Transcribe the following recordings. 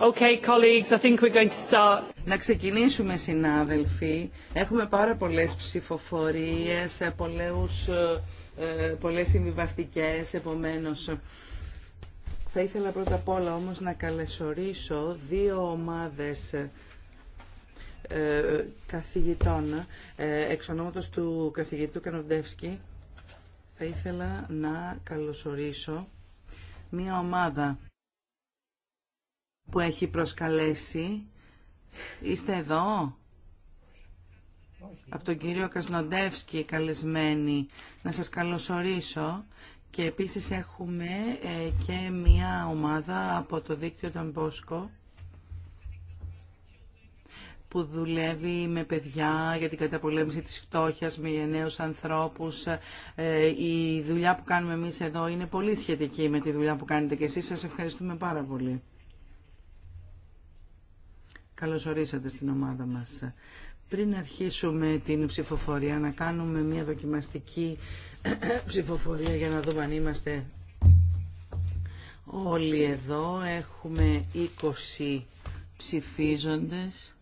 Okay, colleagues, I think we're Να ξεκινήσουμε, συνάδελφοι. Έχουμε πάρα πολλές ψηφοφορίες, ε, πολλές, ε, ε, πολλές συμβιβαστικές, επομένως. Θα ήθελα πρώτα απ' όλα όμως να καλεσορίσω δύο ομάδες καθηγητών εξ ονόματος του καθηγητού Κανοντεύσκη. Θα ήθελα να καλωσορίσω μία ομάδα που έχει προσκαλέσει. Είστε εδώ. Από τον κύριο Κασνοντεύσκη καλεσμένοι να σας καλωσορίσω και επίσης έχουμε ε, και μία ομάδα από το δίκτυο των πόσκο που δουλεύει με παιδιά για την καταπολέμηση της φτώχειας, με νέους ανθρώπους. Ε, η δουλειά που κάνουμε εμείς εδώ είναι πολύ σχετική με τη δουλειά που κάνετε και εσείς. Σας ευχαριστούμε πάρα πολύ. Καλώς ορίσατε στην ομάδα μας. Πριν αρχίσουμε την ψηφοφορία, να κάνουμε μια δοκιμαστική ψηφοφορία για να δούμε αν είμαστε όλοι εδώ. Έχουμε 20 ψηφίζοντες.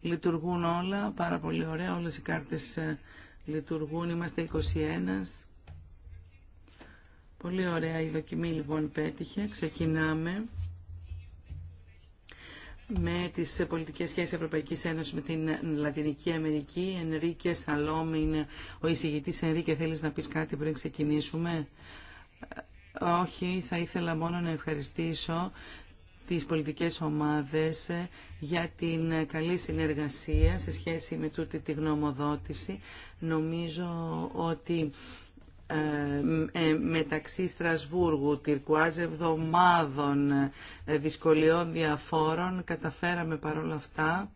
Λειτουργούν όλα, πάρα πολύ ωραία, όλες οι κάρτες ε, λειτουργούν, είμαστε 21. Πολύ ωραία η δοκιμή λοιπόν πέτυχε, ξεκινάμε με τις πολιτικές σχέσεις Ευρωπαϊκής Ένωσης με την Λατινική Αμερική. Ενρίκε είναι ο εισηγητή. Ενρίκε, θέλεις να πεις κάτι πριν ξεκινήσουμε. Όχι, θα ήθελα μόνο να ευχαριστήσω τις πολιτικές ομάδες για την καλή συνεργασία σε σχέση με τούτη τη γνωμοδότηση. Νομίζω ότι ε, ε, μεταξύ Στρασβούργου, Τυρκουάζ εβδομάδων, ε, δυσκολιών διαφόρων, καταφέραμε παρόλα αυτά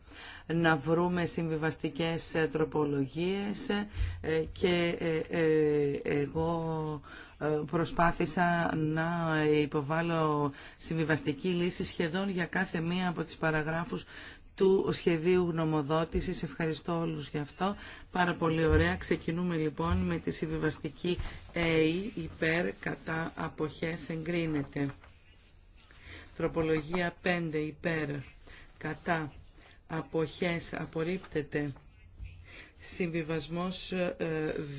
να βρούμε συμβιβαστικές τροπολογίες και εγώ προσπάθησα να υποβάλω συμβιβαστική λύση σχεδόν για κάθε μία από τις παραγράφους του σχεδίου γνωμοδότησης. Ευχαριστώ όλους για αυτό. Πάρα πολύ ωραία. Ξεκινούμε λοιπόν με τη συμβιβαστική A υπέρ κατά αποχές εγκρίνεται. Τροπολογία 5 υπέρ κατά αποχές απορρίπτεται. Συμβιβασμός ε,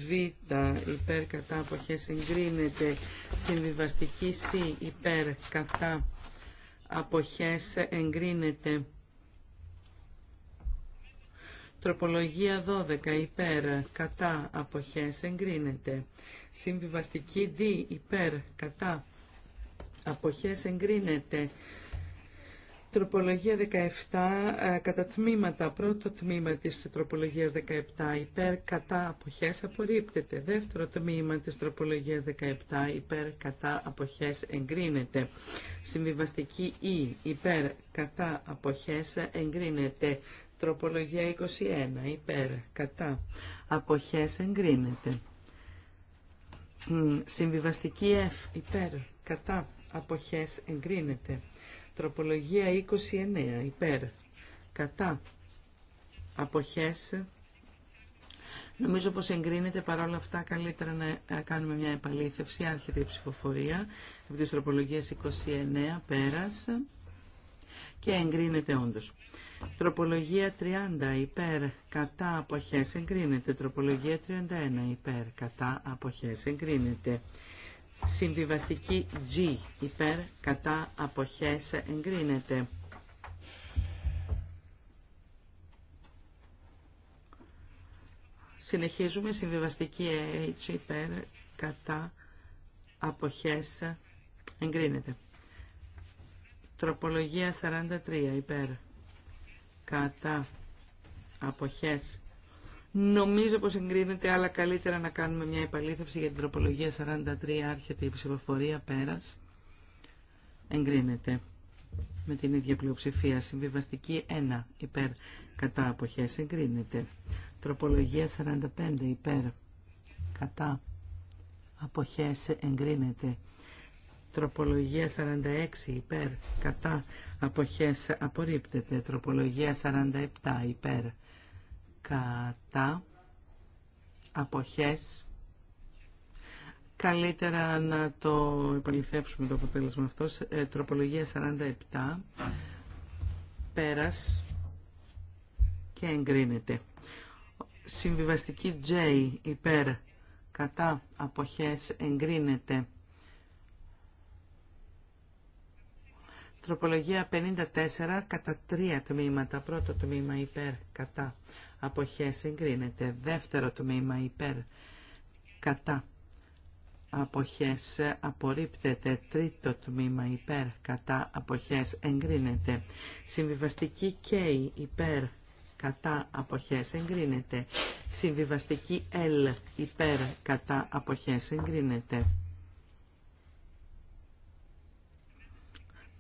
Β υπέρ κατά αποχές εγκρίνεται. Συμβιβαστική C υπέρ κατά αποχές εγκρίνεται. Τροπολογία 12 υπέρ κατά αποχές εγκρίνεται. Συμβιβαστική D υπέρ κατά αποχές εγκρίνεται. Τροπολογία 17 ε, κατά τμήματα. Πρώτο τμήμα της τροπολογίας 17 υπέρ κατά αποχές απορρίπτεται. Δεύτερο τμήμα της τροπολογίας 17 υπέρ κατά αποχές εγκρίνεται. Συμβιβαστική e, υπέρ κατά αποχές εγκρίνεται. Τροπολογία 21. Υπέρ. Κατά. Αποχές εγκρίνεται. Συμβιβαστική F. Υπέρ. Κατά. Αποχές εγκρίνεται. Τροπολογία 29. Υπέρ. Κατά. Αποχές. Νομίζω πως εγκρίνεται παρόλα αυτά καλύτερα να ε, κάνουμε μια επαλήθευση. Άρχεται η ψηφοφορία. Από τις τροπολογίες 29. Πέρας. Και εγκρίνεται όντως. Τροπολογία 30 υπέρ κατά αποχές εγκρίνεται. Τροπολογία 31 υπέρ κατά αποχές εγκρίνεται. Συμβιβαστική G υπέρ κατά αποχές εγκρίνεται. Συνεχίζουμε συμβιβαστική H υπέρ κατά αποχές εγκρίνεται. Τροπολογία 43 υπέρ κατά αποχές. Νομίζω πως εγκρίνεται, αλλά καλύτερα να κάνουμε μια επαλήθευση για την τροπολογία 43, άρχεται η ψηφοφορία πέρας. Εγκρίνεται με την ίδια πλειοψηφία. Συμβιβαστική 1 υπέρ κατά αποχές εγκρίνεται. Τροπολογία 45 υπέρ κατά αποχές εγκρίνεται. Τροπολογία 46 υπέρ κατά αποχές απορρίπτεται. Τροπολογία 47 υπέρ κατά αποχές Καλύτερα να το επαληθεύσουμε το αποτέλεσμα αυτό. Ε, τροπολογία 47. Πέρας και εγκρίνεται. Συμβιβαστική J υπέρ κατά αποχές εγκρίνεται. Τροπολογία 54 κατά τρία τμήματα. Πρώτο τμήμα υπέρ κατά αποχές εγκρίνεται. Δεύτερο τμήμα υπέρ κατά αποχές απορρίπτεται. Τρίτο τμήμα υπέρ κατά αποχές εγκρίνεται. Συμβιβαστική K υπέρ κατά αποχές εγκρίνεται. Συμβιβαστική L υπέρ κατά αποχές εγκρίνεται.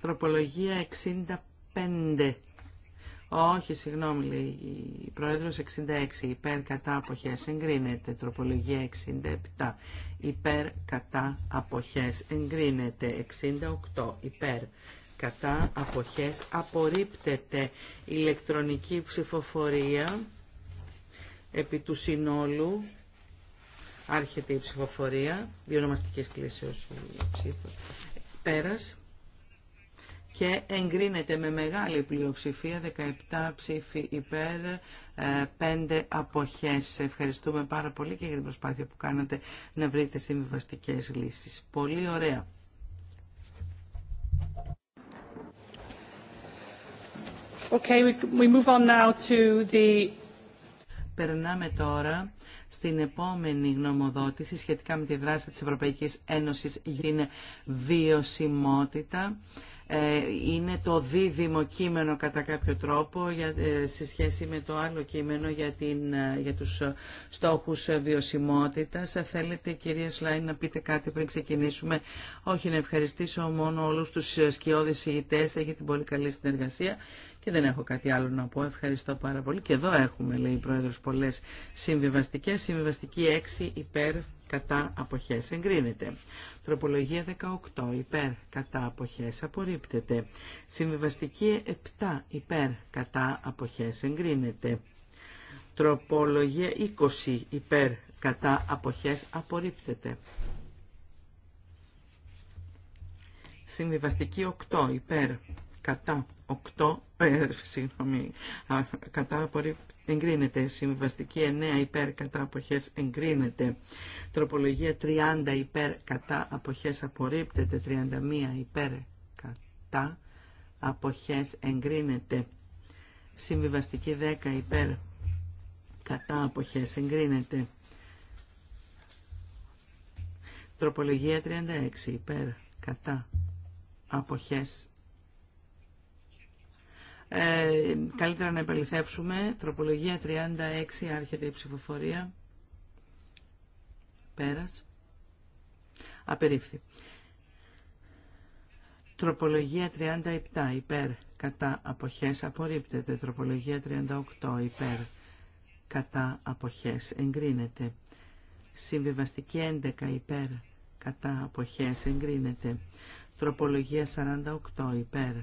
Τροπολογία 65. Όχι, συγγνώμη, λέει η Πρόεδρος 66. Υπέρ κατά αποχές εγκρίνεται. Τροπολογία 67. Υπέρ κατά αποχές εγκρίνεται. 68. Υπέρ κατά αποχές απορρίπτεται. Ηλεκτρονική ψηφοφορία επί του συνόλου. Άρχεται η ψηφοφορία. Διονομαστικής κλήσεως η Πέρας και εγκρίνεται με μεγάλη πλειοψηφία 17 ψήφοι υπέρ, 5 ε, αποχές. Ευχαριστούμε πάρα πολύ και για την προσπάθεια που κάνατε να βρείτε συμβιβαστικέ λύσεις. Πολύ ωραία. Okay, we move on now to the... Περνάμε τώρα στην επόμενη γνωμοδότηση σχετικά με τη δράση της Ευρωπαϊκής Ένωσης για την βιωσιμότητα. Ε, είναι το δίδυμο κείμενο κατά κάποιο τρόπο για, ε, σε σχέση με το άλλο κείμενο για, την, ε, για τους στόχους βιωσιμότητας. Θέλετε κυρία Σλάιν να πείτε κάτι πριν ξεκινήσουμε. Όχι να ευχαριστήσω μόνο όλους τους σκιώδεις ηγητές για την πολύ καλή συνεργασία και δεν έχω κάτι άλλο να πω. Ευχαριστώ πάρα πολύ. Και εδώ έχουμε, λέει η Πρόεδρος, πολλές συμβιβαστικές. Συμβιβαστική 6 υπέρ κατά αποχές εγκρίνεται. Τροπολογία 18 υπέρ κατά αποχές απορρίπτεται. Συμβιβαστική 7 υπέρ κατά αποχές εγκρίνεται. Τροπολογία 20 υπέρ κατά αποχές απορρίπτεται. Συμβιβαστική 8 υπέρ κατά 8, ε, συγγνώμη, κατά εγκρίνεται, συμβαστική 9 υπέρ κατά αποχές εγκρίνεται, τροπολογία 30 υπέρ κατά αποχές απορρίπτεται, 31 υπέρ κατά αποχές εγκρίνεται, συμβιβαστική 10 υπέρ κατά αποχές εγκρίνεται, τροπολογία 36 υπέρ κατά αποχές ε, καλύτερα να επαληθεύσουμε. Τροπολογία 36, άρχεται η ψηφοφορία. Πέρας. Απερίφθη. Τροπολογία 37, υπέρ, κατά, αποχές, απορρίπτεται. Τροπολογία 38, υπέρ, κατά, αποχές, εγκρίνεται. Συμβιβαστική 11, υπέρ, κατά, αποχές, εγκρίνεται. Τροπολογία 48, υπέρ,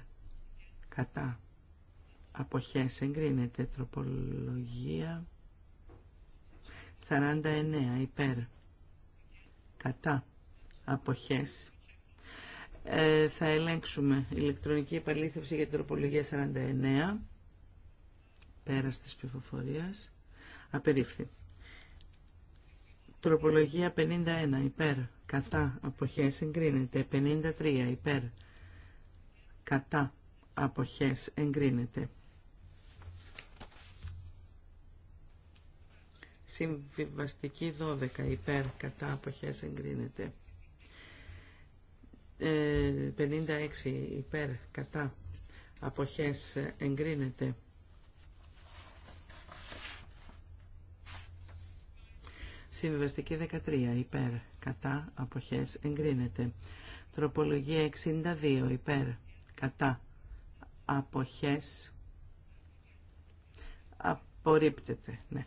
κατά, αποχές εγκρίνεται τροπολογία 49 υπέρ κατά αποχές ε, θα ελέγξουμε ηλεκτρονική επαλήθευση για την τροπολογία 49 πέρας της ψηφοφορίας απερίφθη τροπολογία 51 υπέρ κατά αποχές εγκρίνεται 53 υπέρ κατά αποχές εγκρίνεται Συμβιβαστική 12 υπέρ κατά αποχές εγκρίνεται. 56 ε, υπέρ κατά αποχές εγκρίνεται. Συμβιβαστική 13 υπέρ κατά αποχές εγκρίνεται. Τροπολογία 62 υπέρ κατά αποχές απορρίπτεται. Ναι.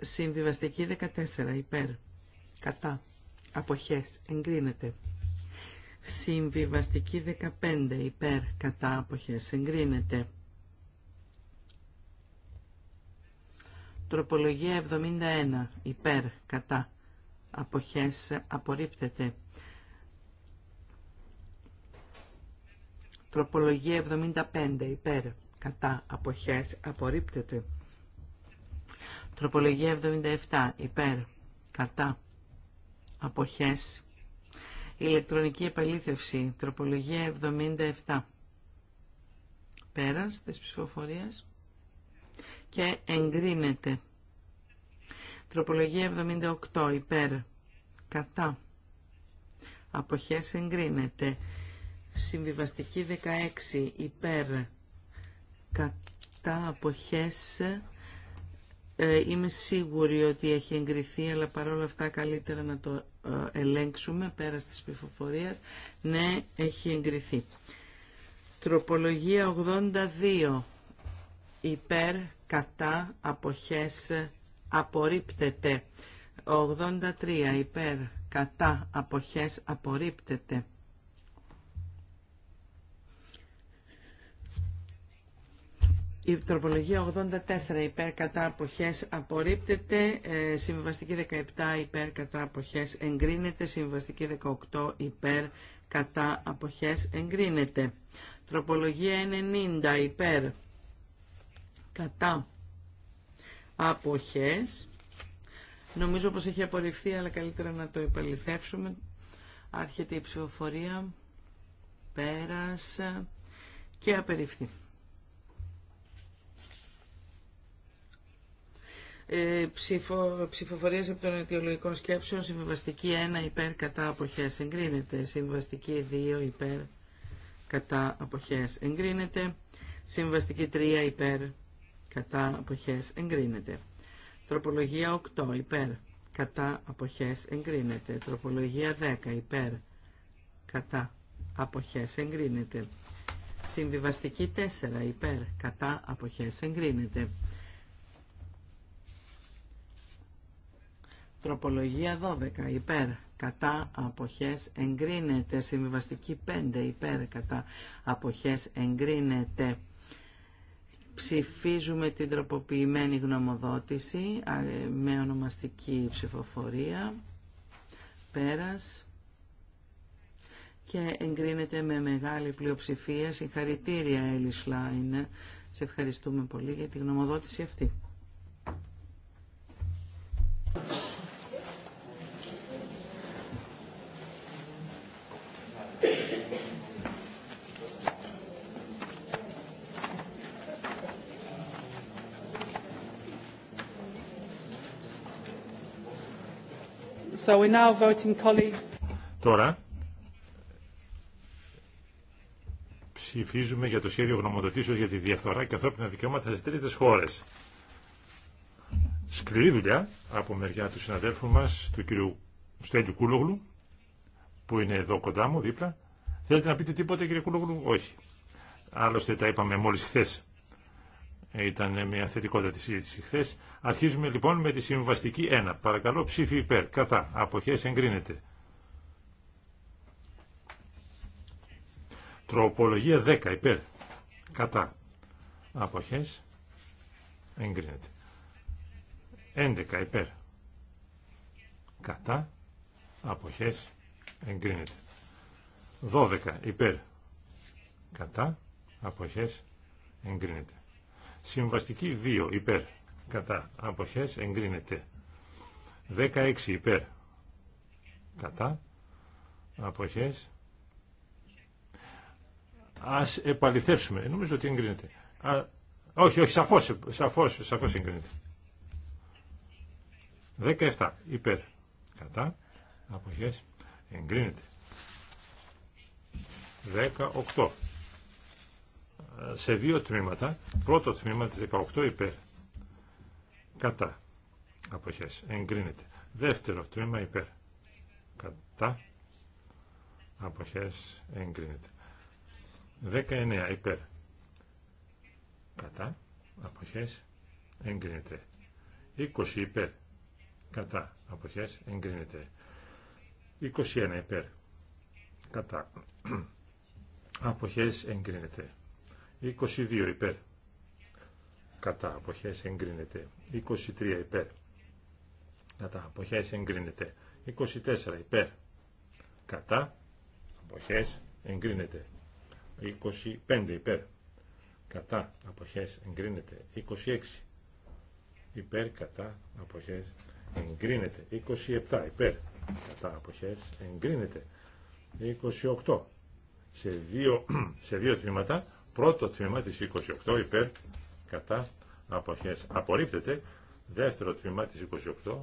Συμβιβαστική 14 υπέρ. Κατά. Αποχές. Εγκρίνεται. Συμβιβαστική 15 υπέρ. Κατά. Αποχές. Εγκρίνεται. Τροπολογία 71 υπέρ. Κατά. Αποχές. Απορρίπτεται. Τροπολογία 75 υπέρ. Κατά. Αποχές. Απορρίπτεται. Τροπολογία 77. Υπέρ. Κατά. Αποχές. Ηλεκτρονική επαλήθευση. Τροπολογία 77. Πέρας της ψηφοφορίας. Και εγκρίνεται. Τροπολογία 78. Υπέρ. Κατά. Αποχές εγκρίνεται. Συμβιβαστική 16. Υπέρ. Κατά. Αποχές ε, είμαι σίγουρη ότι έχει εγκριθεί, αλλά παρόλα αυτά καλύτερα να το ε, ελέγξουμε πέρα της ψηφοφορίας. Ναι, έχει εγκριθεί. Τροπολογία 82. Υπέρ, κατά, αποχές, απορρίπτεται. 83. Υπέρ, κατά, αποχές, απορρίπτεται. Η τροπολογία 84 υπέρ κατά αποχές απορρίπτεται, ε, συμβιβαστική 17 υπέρ κατά αποχές εγκρίνεται, συμβιβαστική 18 υπέρ κατά αποχές εγκρίνεται. Τροπολογία 90 υπέρ κατά αποχές. Νομίζω πως έχει απορριφθεί, αλλά καλύτερα να το επαληθεύσουμε. Άρχεται η ψηφοφορία, πέρασε και απεριφθεί. Ε, ψηφο, ψηφοφορίες από τον αιτιολογικών σκέψεων, συμβιβαστική 1 υπέρ κατά αποχές εγκρίνεται, συμβιβαστική 2 υπέρ κατά αποχές εγκρίνεται, συμβιβαστική 3 υπέρ κατά αποχές εγκρίνεται. Τροπολογία 8 υπέρ κατά αποχές εγκρίνεται. Τροπολογία 10 υπέρ κατά αποχές εγκρίνεται. Συμβιβαστική 4 υπέρ κατά αποχές εγκρίνεται. Τροπολογία 12 υπέρ κατά αποχές εγκρίνεται. Συμβιβαστική 5 υπέρ κατά αποχές εγκρίνεται. Ψηφίζουμε την τροποποιημένη γνωμοδότηση με ονομαστική ψηφοφορία. Πέρας και εγκρίνεται με μεγάλη πλειοψηφία. Συγχαρητήρια, Έλλη Σλάιν. Σε ευχαριστούμε πολύ για τη γνωμοδότηση αυτή. Τώρα ψηφίζουμε για το σχέδιο γνωμοδοτήσεως για τη διαφθορά και ανθρώπινα δικαιώματα στις τρίτες χώρες. Σκληρή δουλειά από μεριά του συναδέλφου μας, του κύριου Στέλιου Κούλογλου, που είναι εδώ κοντά μου, δίπλα. Θέλετε να πείτε τίποτα κύριε Κούλογλου, όχι. Άλλωστε τα είπαμε μόλις χθες. Ήταν μια θετικότητα τη συζήτηση χθες. Αρχίζουμε λοιπόν με τη συμβαστική 1. Παρακαλώ ψήφι υπέρ. Κατά. Αποχές εγκρίνεται. Τροπολογία 10 υπέρ. Κατά. Αποχές εγκρίνεται. 11 υπέρ. Κατά. Αποχές εγκρίνεται. 12 υπέρ. Κατά. Αποχές εγκρίνεται. Συμβαστική 2 υπέρ κατά αποχές εγκρίνεται 16 υπέρ κατά αποχές ας επαληθεύσουμε νομίζω ότι εγκρίνεται Α, όχι όχι σαφώς, σαφώς, σαφώς εγκρίνεται 17 υπέρ κατά αποχές εγκρίνεται 18 σε δύο τμήματα πρώτο τμήμα της 18 υπέρ κατά αποχές εγκρίνεται δεύτερο τμήμα υπέρ κατά αποχές εγκρίνεται 19 υπέρ κατά αποχές εγκρίνεται 20 υπέρ κατά αποχές εγκρίνεται 21 υπέρ κατά αποχές εγκρίνεται 22 υπέρ κατά αποχές εγκρίνεται 23 υπέρ κατά αποχές εγκρίνεται 24 υπέρ κατά αποχές εγκρίνεται 25 υπέρ κατά αποχές εγκρίνεται 26 υπέρ κατά αποχές εγκρίνεται 27 υπέρ κατά αποχές εγκρίνεται 28 σε δύο, σε δύο τμήματα πρώτο τμήμα της 28 υπέρ κατά αποχές απορρίπτεται δεύτερο τμήμα της 28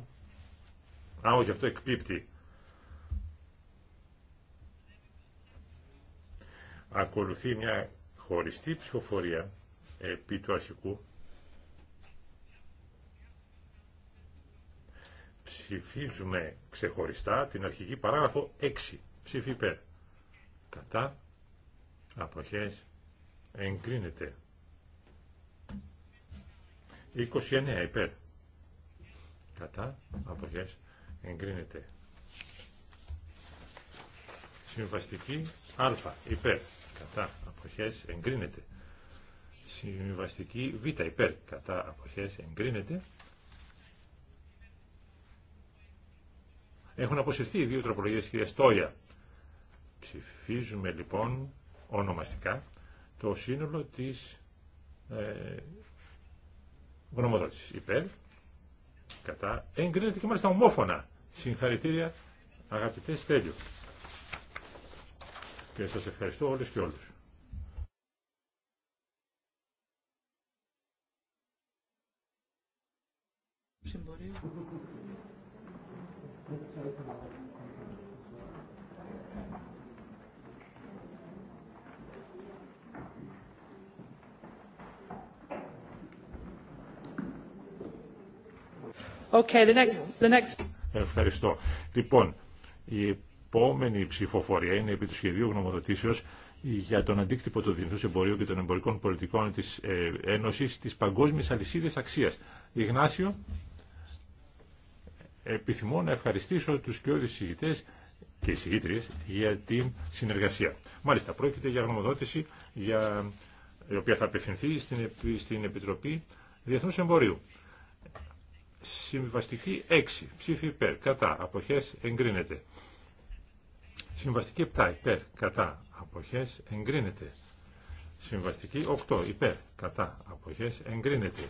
α όχι αυτό εκπίπτει ακολουθεί μια χωριστή ψηφοφορία επί του αρχικού ψηφίζουμε ξεχωριστά την αρχική παράγραφο 6 ψήφι κατά αποχές εγκρίνεται 29 υπέρ. Κατά αποχές εγκρίνεται. Συμβαστική α υπέρ. Κατά αποχές εγκρίνεται. Συμβαστική β υπέρ. Κατά αποχές εγκρίνεται. Έχουν αποσυρθεί οι δύο τροπολογίες κυρία Στόια. Ψηφίζουμε λοιπόν ονομαστικά το σύνολο της ε, γνωμοδότηση. Υπέρ, κατά, εγκρίνεται και μάλιστα ομόφωνα. Συγχαρητήρια, αγαπητέ Στέλιο. Και σας ευχαριστώ όλες και όλους. Okay, the next, the next... Ευχαριστώ. Λοιπόν, η επόμενη ψηφοφορία είναι επί του σχεδίου γνωμοδοτήσεως για τον αντίκτυπο του διεθνούς εμπορίου και των εμπορικών πολιτικών της ε, Ένωσης της Παγκόσμιας Αλυσίδας Αξίας. Ιγνάσιο, επιθυμώ να ευχαριστήσω τους και όλους τους και εισηγήτριες για την συνεργασία. Μάλιστα, πρόκειται για γνωμοδότηση για, η οποία θα απευθυνθεί στην, στην Επιτροπή Διεθνούς Εμπορίου. Συμβαστική 6. Ψήφι υπέρ. Κατά. Αποχές εγκρίνεται. Συμβαστική 7. Υπέρ. Κατά. Αποχές εγκρίνεται. Συμβαστική 8. Υπέρ. Κατά. Αποχές εγκρίνεται.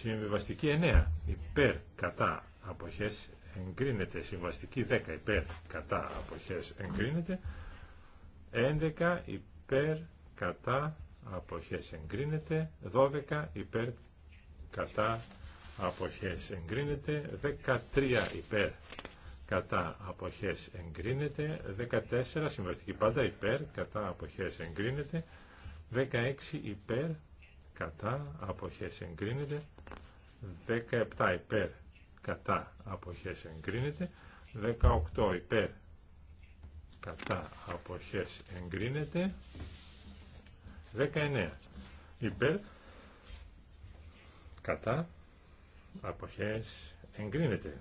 Συμβαστική 9. Υπέρ. Κατά. Αποχές εγκρίνεται. Συμβαστική 10. Υπέρ. Κατά. Αποχές εγκρίνεται. 11. Υπέρ. Κατά. Αποχές εγκρίνεται. 12. Υπέρ κατά αποχές εγκρίνεται 13 υπέρ κατά αποχές εγκρίνεται 14 συμβαστική πάντα υπέρ κατά αποχές εγκρίνεται 16 υπέρ κατά αποχές εγκρίνεται 17 υπέρ κατά αποχές εγκρίνεται 18 υπέρ κατά αποχές εγκρίνεται 19 υπέρ κατά αποχές εγκρίνεται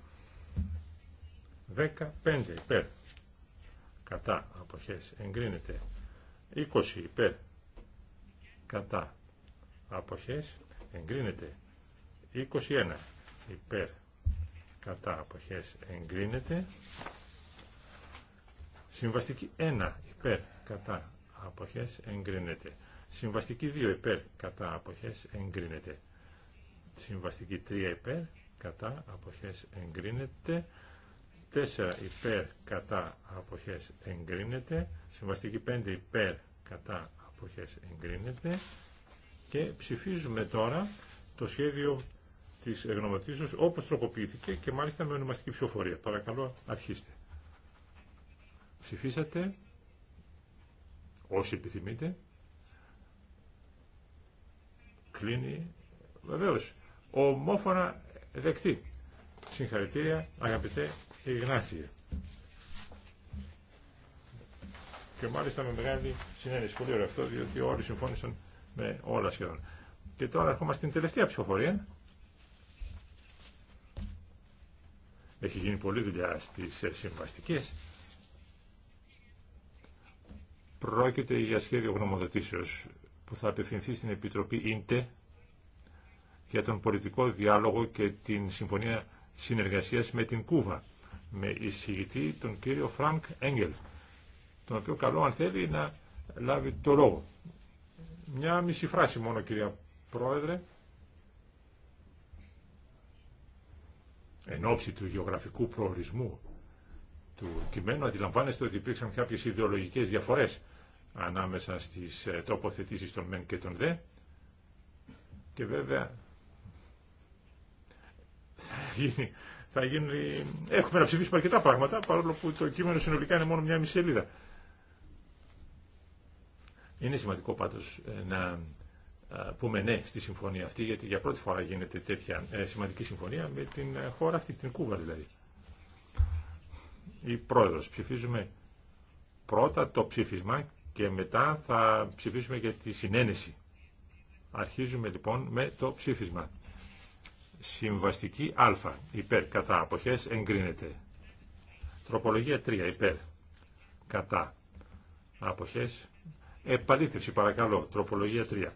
15 υπέρ κατά αποχές εγκρίνεται 20 υπέρ κατά αποχές εγκρίνεται 21 υπέρ κατά αποχές εγκρίνεται συμβαστική 1 υπέρ κατά αποχές εγκρίνεται συμβαστική 2 υπέρ κατά αποχές εγκρίνεται Συμβαστική 3 υπέρ, κατά αποχές εγκρίνεται. 4 υπέρ, κατά αποχές εγκρίνεται. Συμβαστική 5 υπέρ, κατά αποχές εγκρίνεται. Και ψηφίζουμε τώρα το σχέδιο της εγγνωματήσεως όπως τροποποιήθηκε και μάλιστα με ονομαστική ψηφοφορία. Παρακαλώ αρχίστε. Ψηφίσατε όσοι επιθυμείτε. Κλείνει. Βεβαίως ομόφωνα δεκτή. Συγχαρητήρια αγαπητέ Ιγνάσιε. Και μάλιστα με μεγάλη συνέντευξη. Πολύ ωραίο αυτό, διότι όλοι συμφώνησαν με όλα σχεδόν. Και τώρα ερχόμαστε στην τελευταία ψηφοφορία. Έχει γίνει πολλή δουλειά στις ε, συμβαστικές. Πρόκειται για σχέδιο γνωμοδοτήσεως που θα απευθυνθεί στην Επιτροπή ΙΝΤΕ για τον πολιτικό διάλογο και την συμφωνία συνεργασίας με την Κούβα με εισηγητή τον κύριο Φρανκ Έγγελ τον οποίο καλό αν θέλει να λάβει το λόγο. Μια μισή φράση μόνο κυρία Πρόεδρε. Εν ώψη του γεωγραφικού προορισμού του κειμένου αντιλαμβάνεστε ότι υπήρξαν κάποιες ιδεολογικές διαφορές ανάμεσα στις τοποθετήσεις των μεν και των δε και βέβαια θα γίνει έχουμε να ψηφίσουμε αρκετά πράγματα, παρόλο που το κείμενο συνολικά είναι μόνο μια μισή σελίδα. Είναι σημαντικό πάντως ε, να πούμε ναι στη συμφωνία αυτή, γιατί για πρώτη φορά γίνεται τέτοια ε, σημαντική συμφωνία με την ε, χώρα αυτή, την Κούβα δηλαδή. Η πρόεδρος. Ψηφίζουμε πρώτα το ψήφισμα και μετά θα ψηφίσουμε για τη συνένεση. Αρχίζουμε λοιπόν με το ψήφισμα. Συμβαστική α. Υπέρ. Κατά. Αποχές. Εγκρίνεται. Τροπολογία 3. Υπέρ. Κατά. Αποχές. Επαλήθευση παρακαλώ. Τροπολογία 3.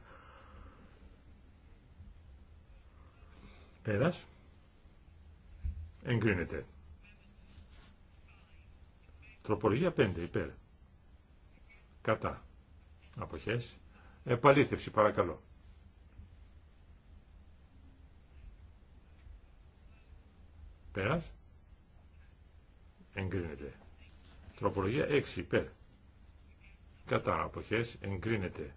Πέρας. Εγκρίνεται. Τροπολογία 5. Υπέρ. Κατά. Αποχές. Επαλήθευση παρακαλώ. Πέρας. Εγκρίνεται. Τροπολογία 6 υπέρ. Κατά αποχές εγκρίνεται.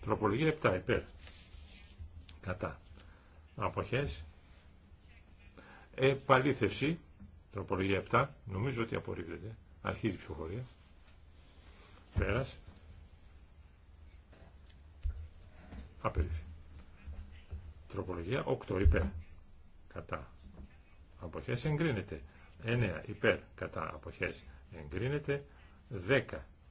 Τροπολογία 7 υπέρ. Κατά. Αποχές. Επαλήθευση. Τροπολογία 7. Νομίζω ότι απορρίπτεται. Αρχίζει η ψηφοφορία. Πέρας. Απερίφθη. Τροπολογία 8 υπέρ κατά αποχές εγκρίνεται. 9 υπέρ κατά αποχές εγκρίνεται. 10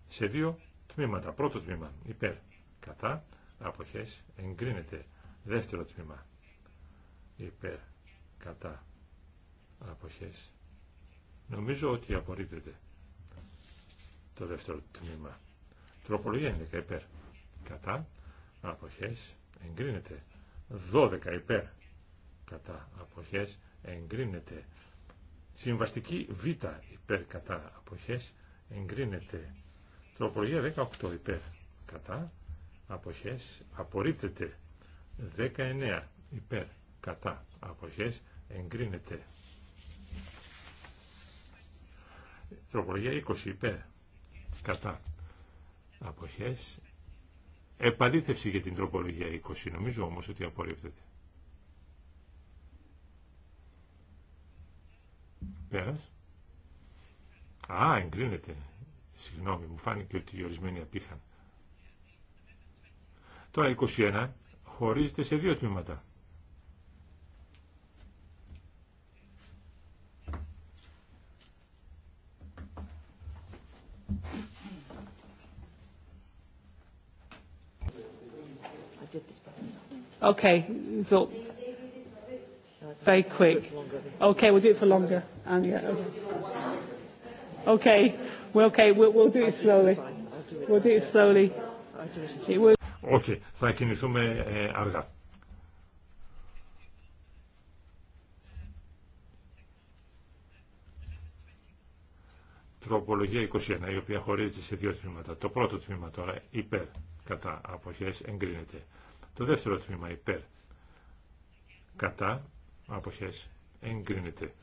σε δύο τμήματα. Πρώτο τμήμα υπέρ κατά αποχές εγκρίνεται. Δεύτερο τμήμα υπέρ κατά αποχές. Νομίζω ότι απορρίπτεται το δεύτερο τμήμα. Τροπολογία 11 υπέρ κατά αποχές εγκρίνεται. 12 υπέρ κατά αποχές εγκρίνεται. Συμβαστική Β υπέρ κατά αποχές εγκρίνεται. Τροπολογία 18 υπέρ κατά αποχές απορρίπτεται. 19 υπέρ κατά αποχές εγκρίνεται. Τροπολογία 20 υπέρ κατά αποχές επαλήθευση για την τροπολογία 20. Νομίζω όμως ότι απορρίπτεται. Πέρας. Α, εγκρίνεται. Συγγνώμη, μου φάνηκε ότι οι ορισμένοι απήχαν. Τώρα 21 χωρίζεται σε δύο τμήματα. Okay, so very quick. Okay, we'll do it for longer. And yeah. Okay, we're okay, we'll, we'll do it slowly. We'll do it slowly. It will... Okay, θα κινηθούμε ε, αργά. Τροπολογία 21, η οποία χωρίζεται σε δύο τμήματα. Το πρώτο τμήμα τώρα, υπέρ κατά αποχές, εγκρίνεται. Το δεύτερο τμήμα υπέρ. Κατά αποχές εγκρίνεται.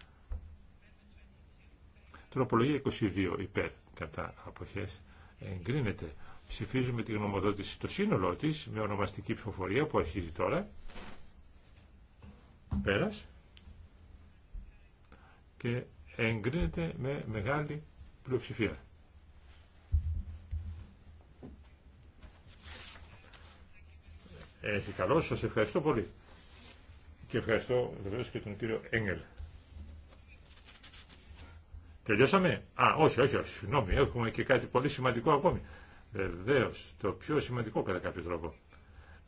Τροπολογία 22 υπέρ. Κατά αποχές εγκρίνεται. Ψηφίζουμε τη γνωμοδότηση στο σύνολό της με ονομαστική ψηφοφορία που αρχίζει τώρα. Πέρας. Και εγκρίνεται με μεγάλη πλειοψηφία. έχει καλώ. Σας ευχαριστώ πολύ. Και ευχαριστώ βεβαίω και τον κύριο Έγγελ. Τελειώσαμε. Α, όχι, όχι, όχι, συγγνώμη, έχουμε και κάτι πολύ σημαντικό ακόμη. Βεβαίω, το πιο σημαντικό κατά κάποιο τρόπο.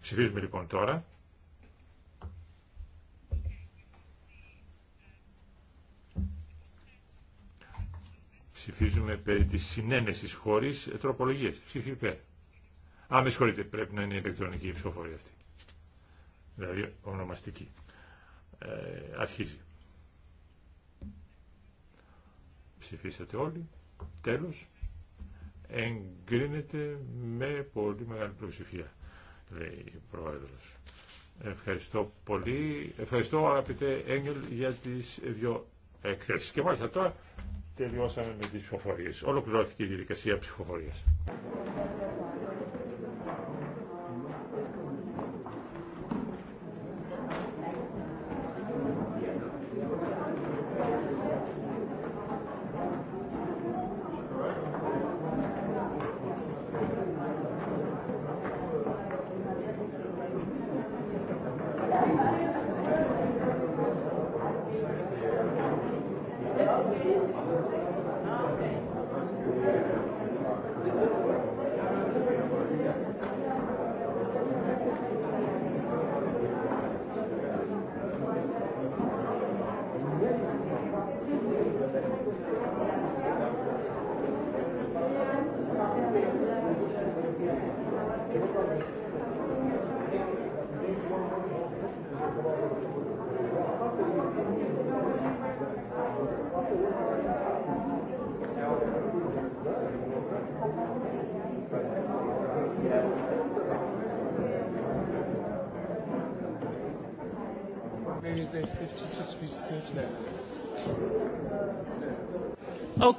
Ψηφίζουμε λοιπόν τώρα. Ψηφίζουμε περί της συνένεσης χωρίς τροπολογίας. Ψήφι Α, με συγχωρείτε, πρέπει να είναι ηλεκτρονική η ψηφοφορία αυτή. Δηλαδή ονομαστική. Ε, αρχίζει. Ψηφίσατε όλοι. Τέλος. Εγκρίνεται με πολύ μεγάλη προσοχή. λέει Πρόεδρος. Ευχαριστώ πολύ. Ευχαριστώ αγαπητέ Έγγελ για τις δύο εκθέσεις. Και μάλιστα τώρα τελειώσαμε με τις ψηφοφορίες. Ολοκληρώθηκε η διαδικασία ψηφοφορίας.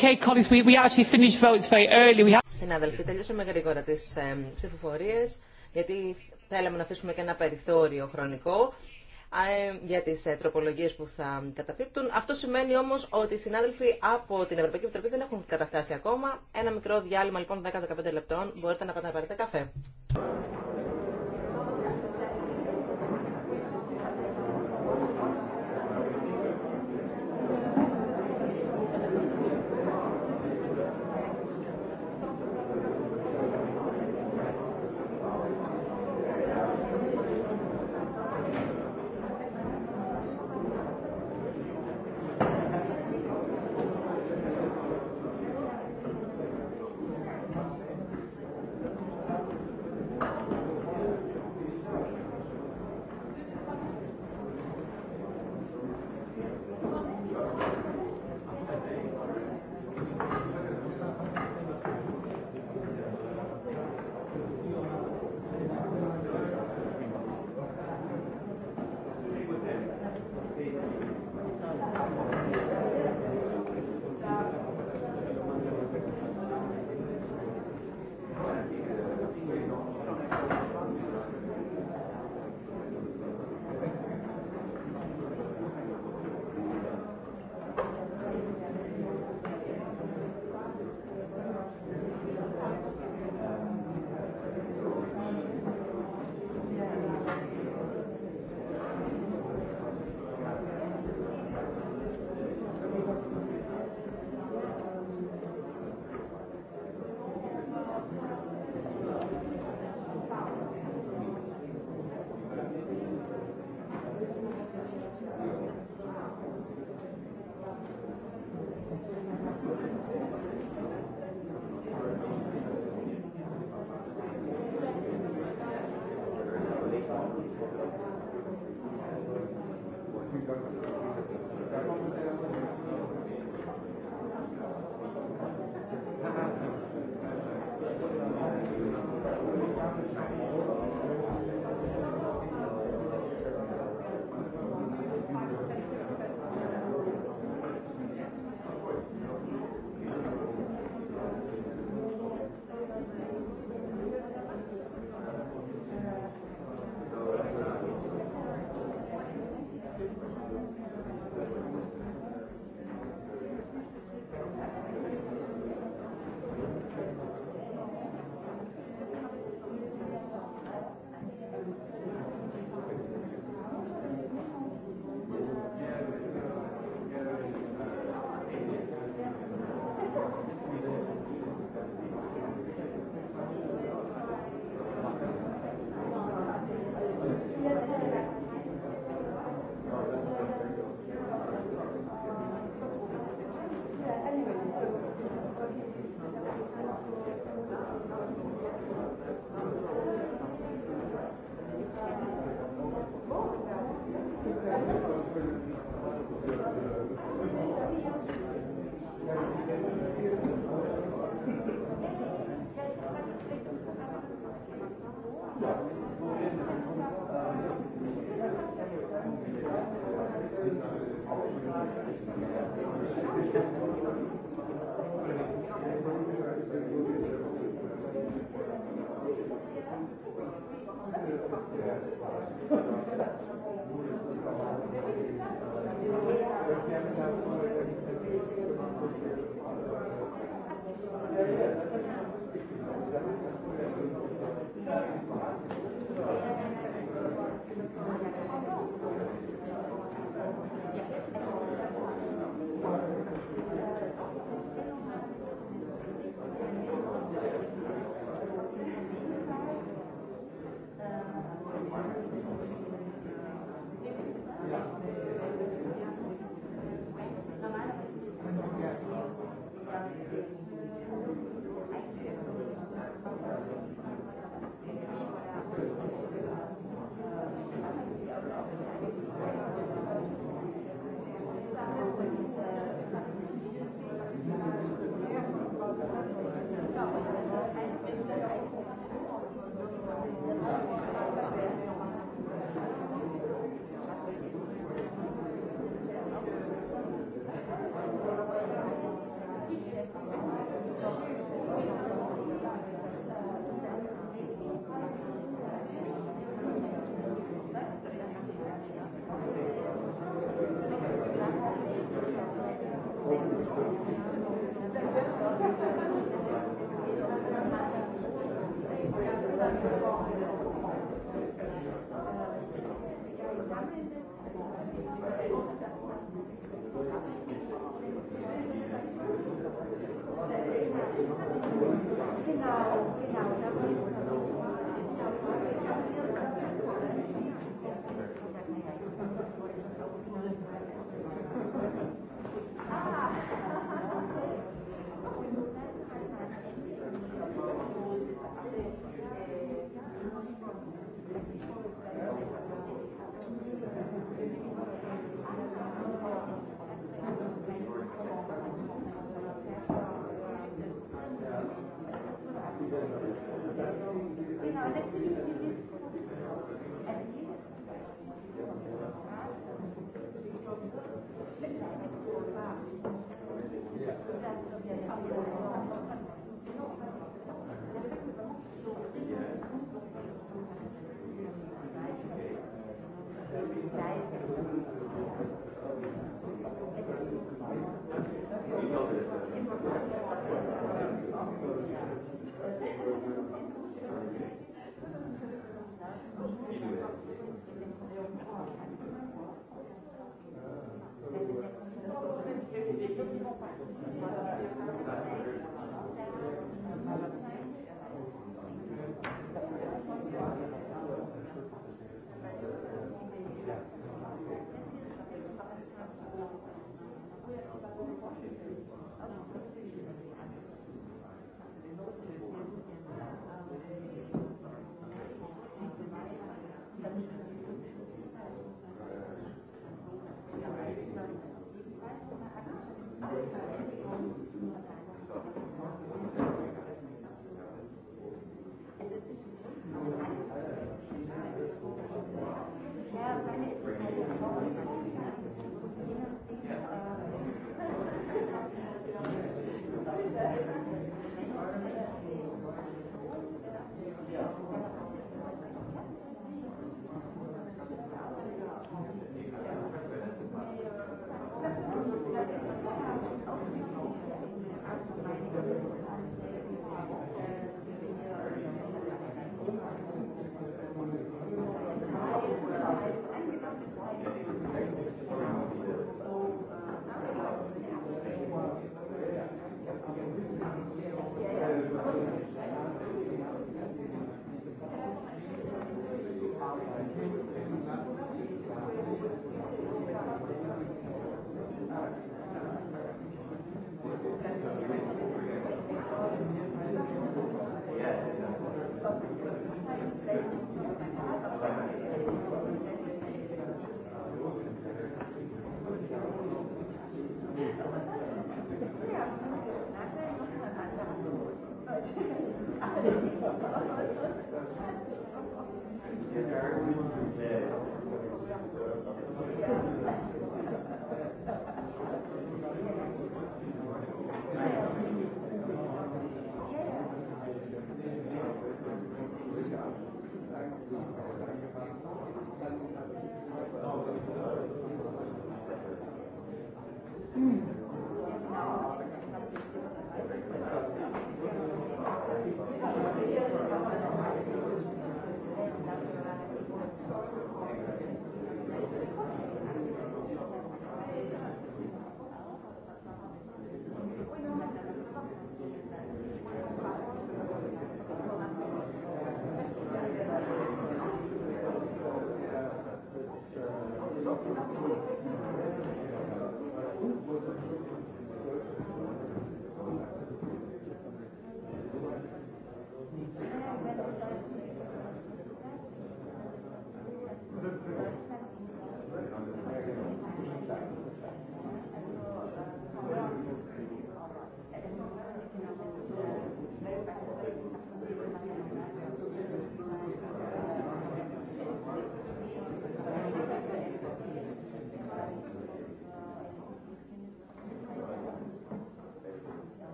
Okay, colleagues, we, we actually finished votes very early. We have... Συνάδελφοι, τελειώσαμε γρήγορα τις ε, ψηφοφορίες, γιατί θέλαμε να αφήσουμε και ένα περιθώριο χρονικό ε, για τις ε, τροπολογίες που θα καταπίπτουν. Αυτό σημαίνει όμως ότι οι συνάδελφοι από την Ευρωπαϊκή Επιτροπή δεν έχουν καταφτάσει ακόμα. Ένα μικρό διάλειμμα λοιπόν 10-15 λεπτών μπορείτε να πάτε να πάρετε καφέ.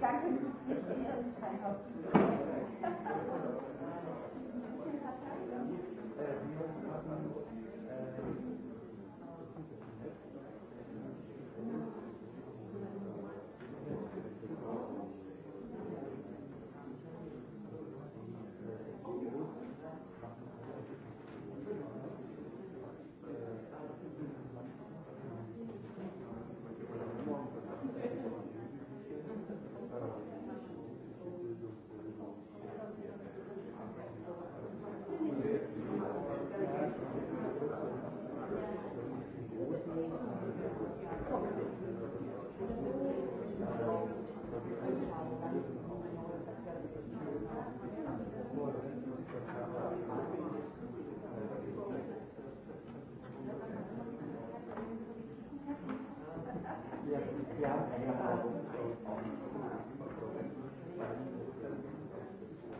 Danke. Danke.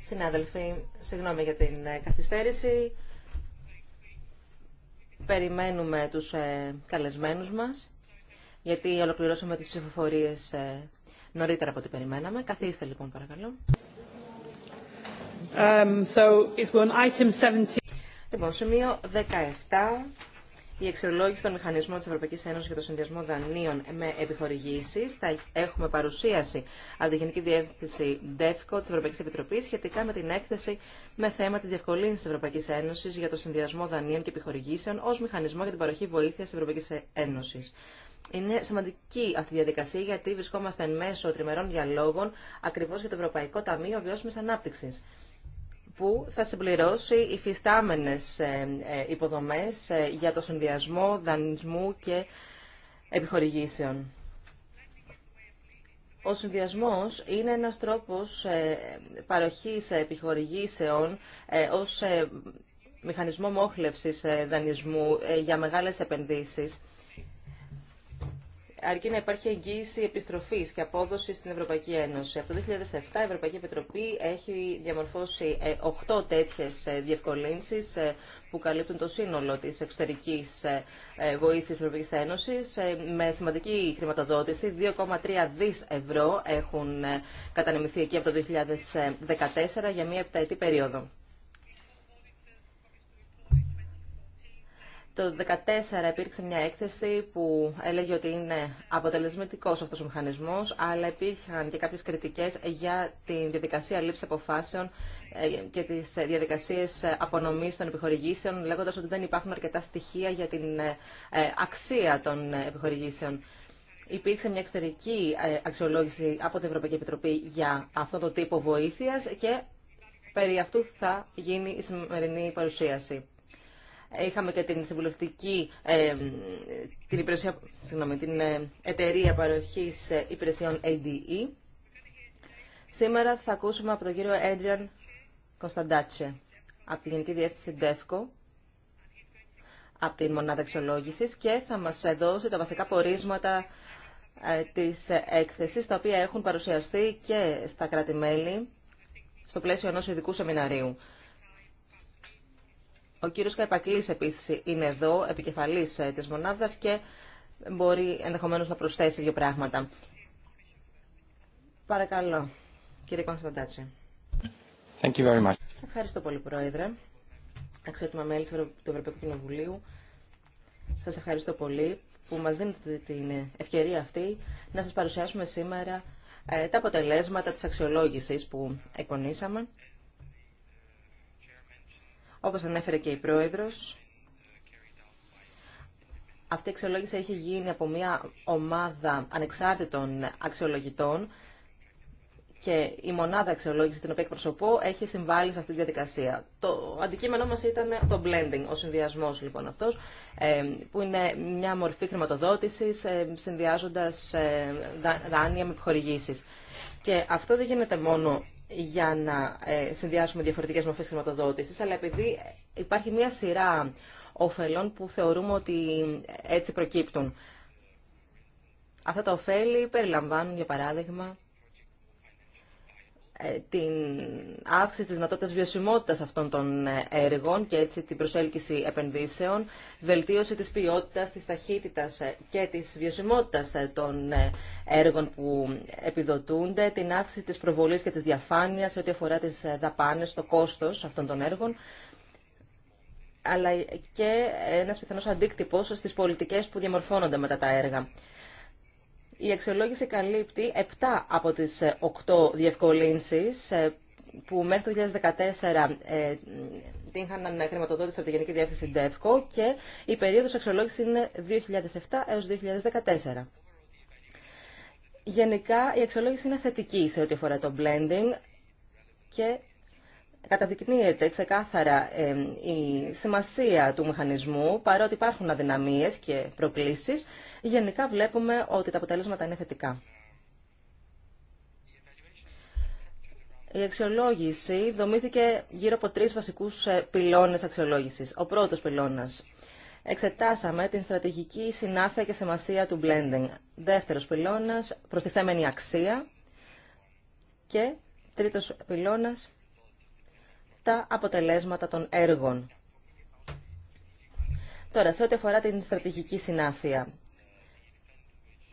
Συνάδελφοι, συγγνώμη για την ε, καθυστέρηση. Περιμένουμε τους ε, καλεσμένους μας, γιατί ολοκληρώσαμε τις ψηφοφορίες ε, νωρίτερα από ό,τι περιμέναμε. Καθίστε λοιπόν, παρακαλώ. Um, so it's item 17. Λοιπόν, σημείο 17 η αξιολόγηση των μηχανισμών τη Ευρωπαϊκή Ένωση για το συνδυασμό δανείων με επιχορηγήσει. θα έχουμε παρουσίαση από τη Γενική Διεύθυνση ΔΕΦΚΟ τη Ευρωπαϊκή Επιτροπή σχετικά με την έκθεση με θέμα τη διευκολύνσης τη Ευρωπαϊκή Ένωση, για το συνδυασμό δανείων και επιχορηγήσεων ω μηχανισμό για την παροχή βοήθεια τη Ευρωπαϊκή Ένωση. Είναι σημαντική αυτή η διαδικασία γιατί βρισκόμαστε εν μέσω τριμερών διαλόγων ακριβώ για το Ευρωπαϊκό Ταμείο Βιώσιμη Ανάπτυξη που θα συμπληρώσει οι ε, ε, υποδομές ε, για το συνδυασμό δανεισμού και επιχορηγήσεων. Ο συνδυασμός είναι ένας τρόπος παροχής επιχορηγήσεων ως μηχανισμό μόχλευσης δανεισμού για μεγάλες επενδύσεις αρκεί να υπάρχει εγγύηση επιστροφής και απόδοση στην Ευρωπαϊκή Ένωση. Από το 2007 η Ευρωπαϊκή Επιτροπή έχει διαμορφώσει 8 ε, τέτοιε ε, διευκολύνσεις ε, που καλύπτουν το σύνολο της εξωτερικής βοήθεια της Ευρωπαϊκής Ένωσης με σημαντική χρηματοδότηση. 2,3 δι ευρώ έχουν κατανεμηθεί εκεί από το 2014 για μια επταετή περίοδο. Το 2014 υπήρξε μια έκθεση που έλεγε ότι είναι αποτελεσματικός αυτός ο μηχανισμός, αλλά υπήρχαν και κάποιες κριτικές για τη διαδικασία λήψη αποφάσεων ε, και τις διαδικασίες απονομής των επιχορηγήσεων, λέγοντας ότι δεν υπάρχουν αρκετά στοιχεία για την ε, ε, αξία των επιχορηγήσεων. Υπήρξε μια εξωτερική αξιολόγηση από την Ευρωπαϊκή Επιτροπή για αυτό το τύπο βοήθειας και περί αυτού θα γίνει η σημερινή παρουσίαση. Είχαμε και την συμβουλευτική, ε, την, υπηρεσία, την ε, εταιρεία παροχής ε, υπηρεσιών ADE. Σήμερα θα ακούσουμε από τον κύριο Έντριαν Κωνσταντάτσε, από τη Γενική Διεύθυνση ΔΕΦΚΟ, από την Μονάδα αξιολόγηση, και θα μας δώσει τα βασικά πορίσματα της έκθεσης, τα οποία έχουν παρουσιαστεί και στα κράτη-μέλη, στο πλαίσιο ενός ειδικού σεμιναρίου. Ο κύριος Καϊπακλής επίσης είναι εδώ, επικεφαλής ε, της μονάδας και μπορεί ενδεχομένως να προσθέσει δύο πράγματα. Παρακαλώ, κύριε Κωνσταντάτση. Thank you very much. Ευχαριστώ πολύ, Πρόεδρε. Αξιότιμα μέλη του Ευρωπαϊκού Κοινοβουλίου. Σας ευχαριστώ πολύ που μας δίνετε την ευκαιρία αυτή να σας παρουσιάσουμε σήμερα ε, τα αποτελέσματα της αξιολόγησης που εκπονήσαμε όπως ανέφερε και η Πρόεδρος, αυτή η αξιολόγηση έχει γίνει από μια ομάδα ανεξάρτητων αξιολογητών και η μονάδα αξιολόγηση την οποία εκπροσωπώ έχει συμβάλει σε αυτή τη διαδικασία. Το αντικείμενό μας ήταν το blending, ο συνδυασμός λοιπόν αυτός, ε, που είναι μια μορφή χρηματοδότησης ε, συνδυάζοντας ε, δάνεια με επιχορηγήσεις. Και αυτό δεν γίνεται μόνο για να ε, συνδυάσουμε διαφορετικές μορφές χρηματοδότησης, αλλά επειδή υπάρχει μια σειρά ωφελών που θεωρούμε ότι έτσι προκύπτουν. Αυτά τα ωφέλη περιλαμβάνουν, για παράδειγμα, ε, την αύξηση της δυνατότητας βιωσιμότητας αυτών των ε, έργων και έτσι την προσέλκυση επενδύσεων, βελτίωση της ποιότητας, της ταχύτητας ε, και της βιωσιμότητας των έργων που επιδοτούνται, την αύξηση της προβολής και της διαφάνειας ό,τι αφορά τις δαπάνες, το κόστος αυτών των έργων, αλλά και ένας πιθανός αντίκτυπος στις πολιτικές που διαμορφώνονται μετά τα έργα. Η αξιολόγηση καλύπτει 7 από τις 8 ε, διευκολύνσεις ε, που μέχρι το 2014 ε, είχαν χρηματοδότηση από τη Γενική Διεύθυνση ΔΕΦΚΟ και η περίοδος αξιολόγησης είναι 2007 έως 2014. Γενικά η αξιολόγηση είναι θετική σε ό,τι αφορά το blending και καταδεικνύεται ξεκάθαρα η σημασία του μηχανισμού, παρότι υπάρχουν αδυναμίες και προκλήσεις, γενικά βλέπουμε ότι τα αποτελέσματα είναι θετικά. Η αξιολόγηση δομήθηκε γύρω από τρεις βασικούς ε, πυλώνες αξιολόγησης. Ο πρώτος πυλώνας. Εξετάσαμε την στρατηγική συνάφεια και σημασία του blending. Δεύτερος πυλώνας, προστιθέμενη αξία. Και τρίτος πυλώνας, αποτελέσματα των έργων. Τώρα, σε ό,τι αφορά την στρατηγική συνάφεια,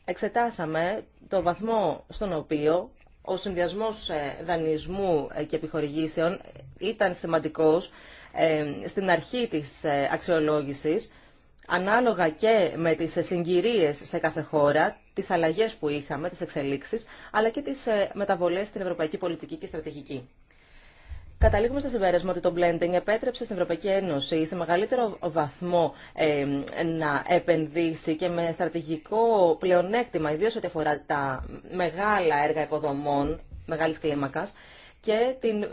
εξετάσαμε το βαθμό στον οποίο ο συνδυασμός ε, δανεισμού ε, και επιχορηγήσεων ήταν σημαντικός ε, στην αρχή της αξιολόγησης, ανάλογα και με τις συγκυρίες σε κάθε χώρα, τις αλλαγές που είχαμε, τις εξελίξεις, αλλά και τις μεταβολές στην ευρωπαϊκή πολιτική και στρατηγική. Καταλήγουμε στο συμπέρασμα ότι το blending επέτρεψε στην Ευρωπαϊκή Ένωση σε μεγαλύτερο βαθμό να επενδύσει και με στρατηγικό πλεονέκτημα, ιδίως ό,τι αφορά τα μεγάλα έργα οικοδομών μεγάλης κλίμακας και την,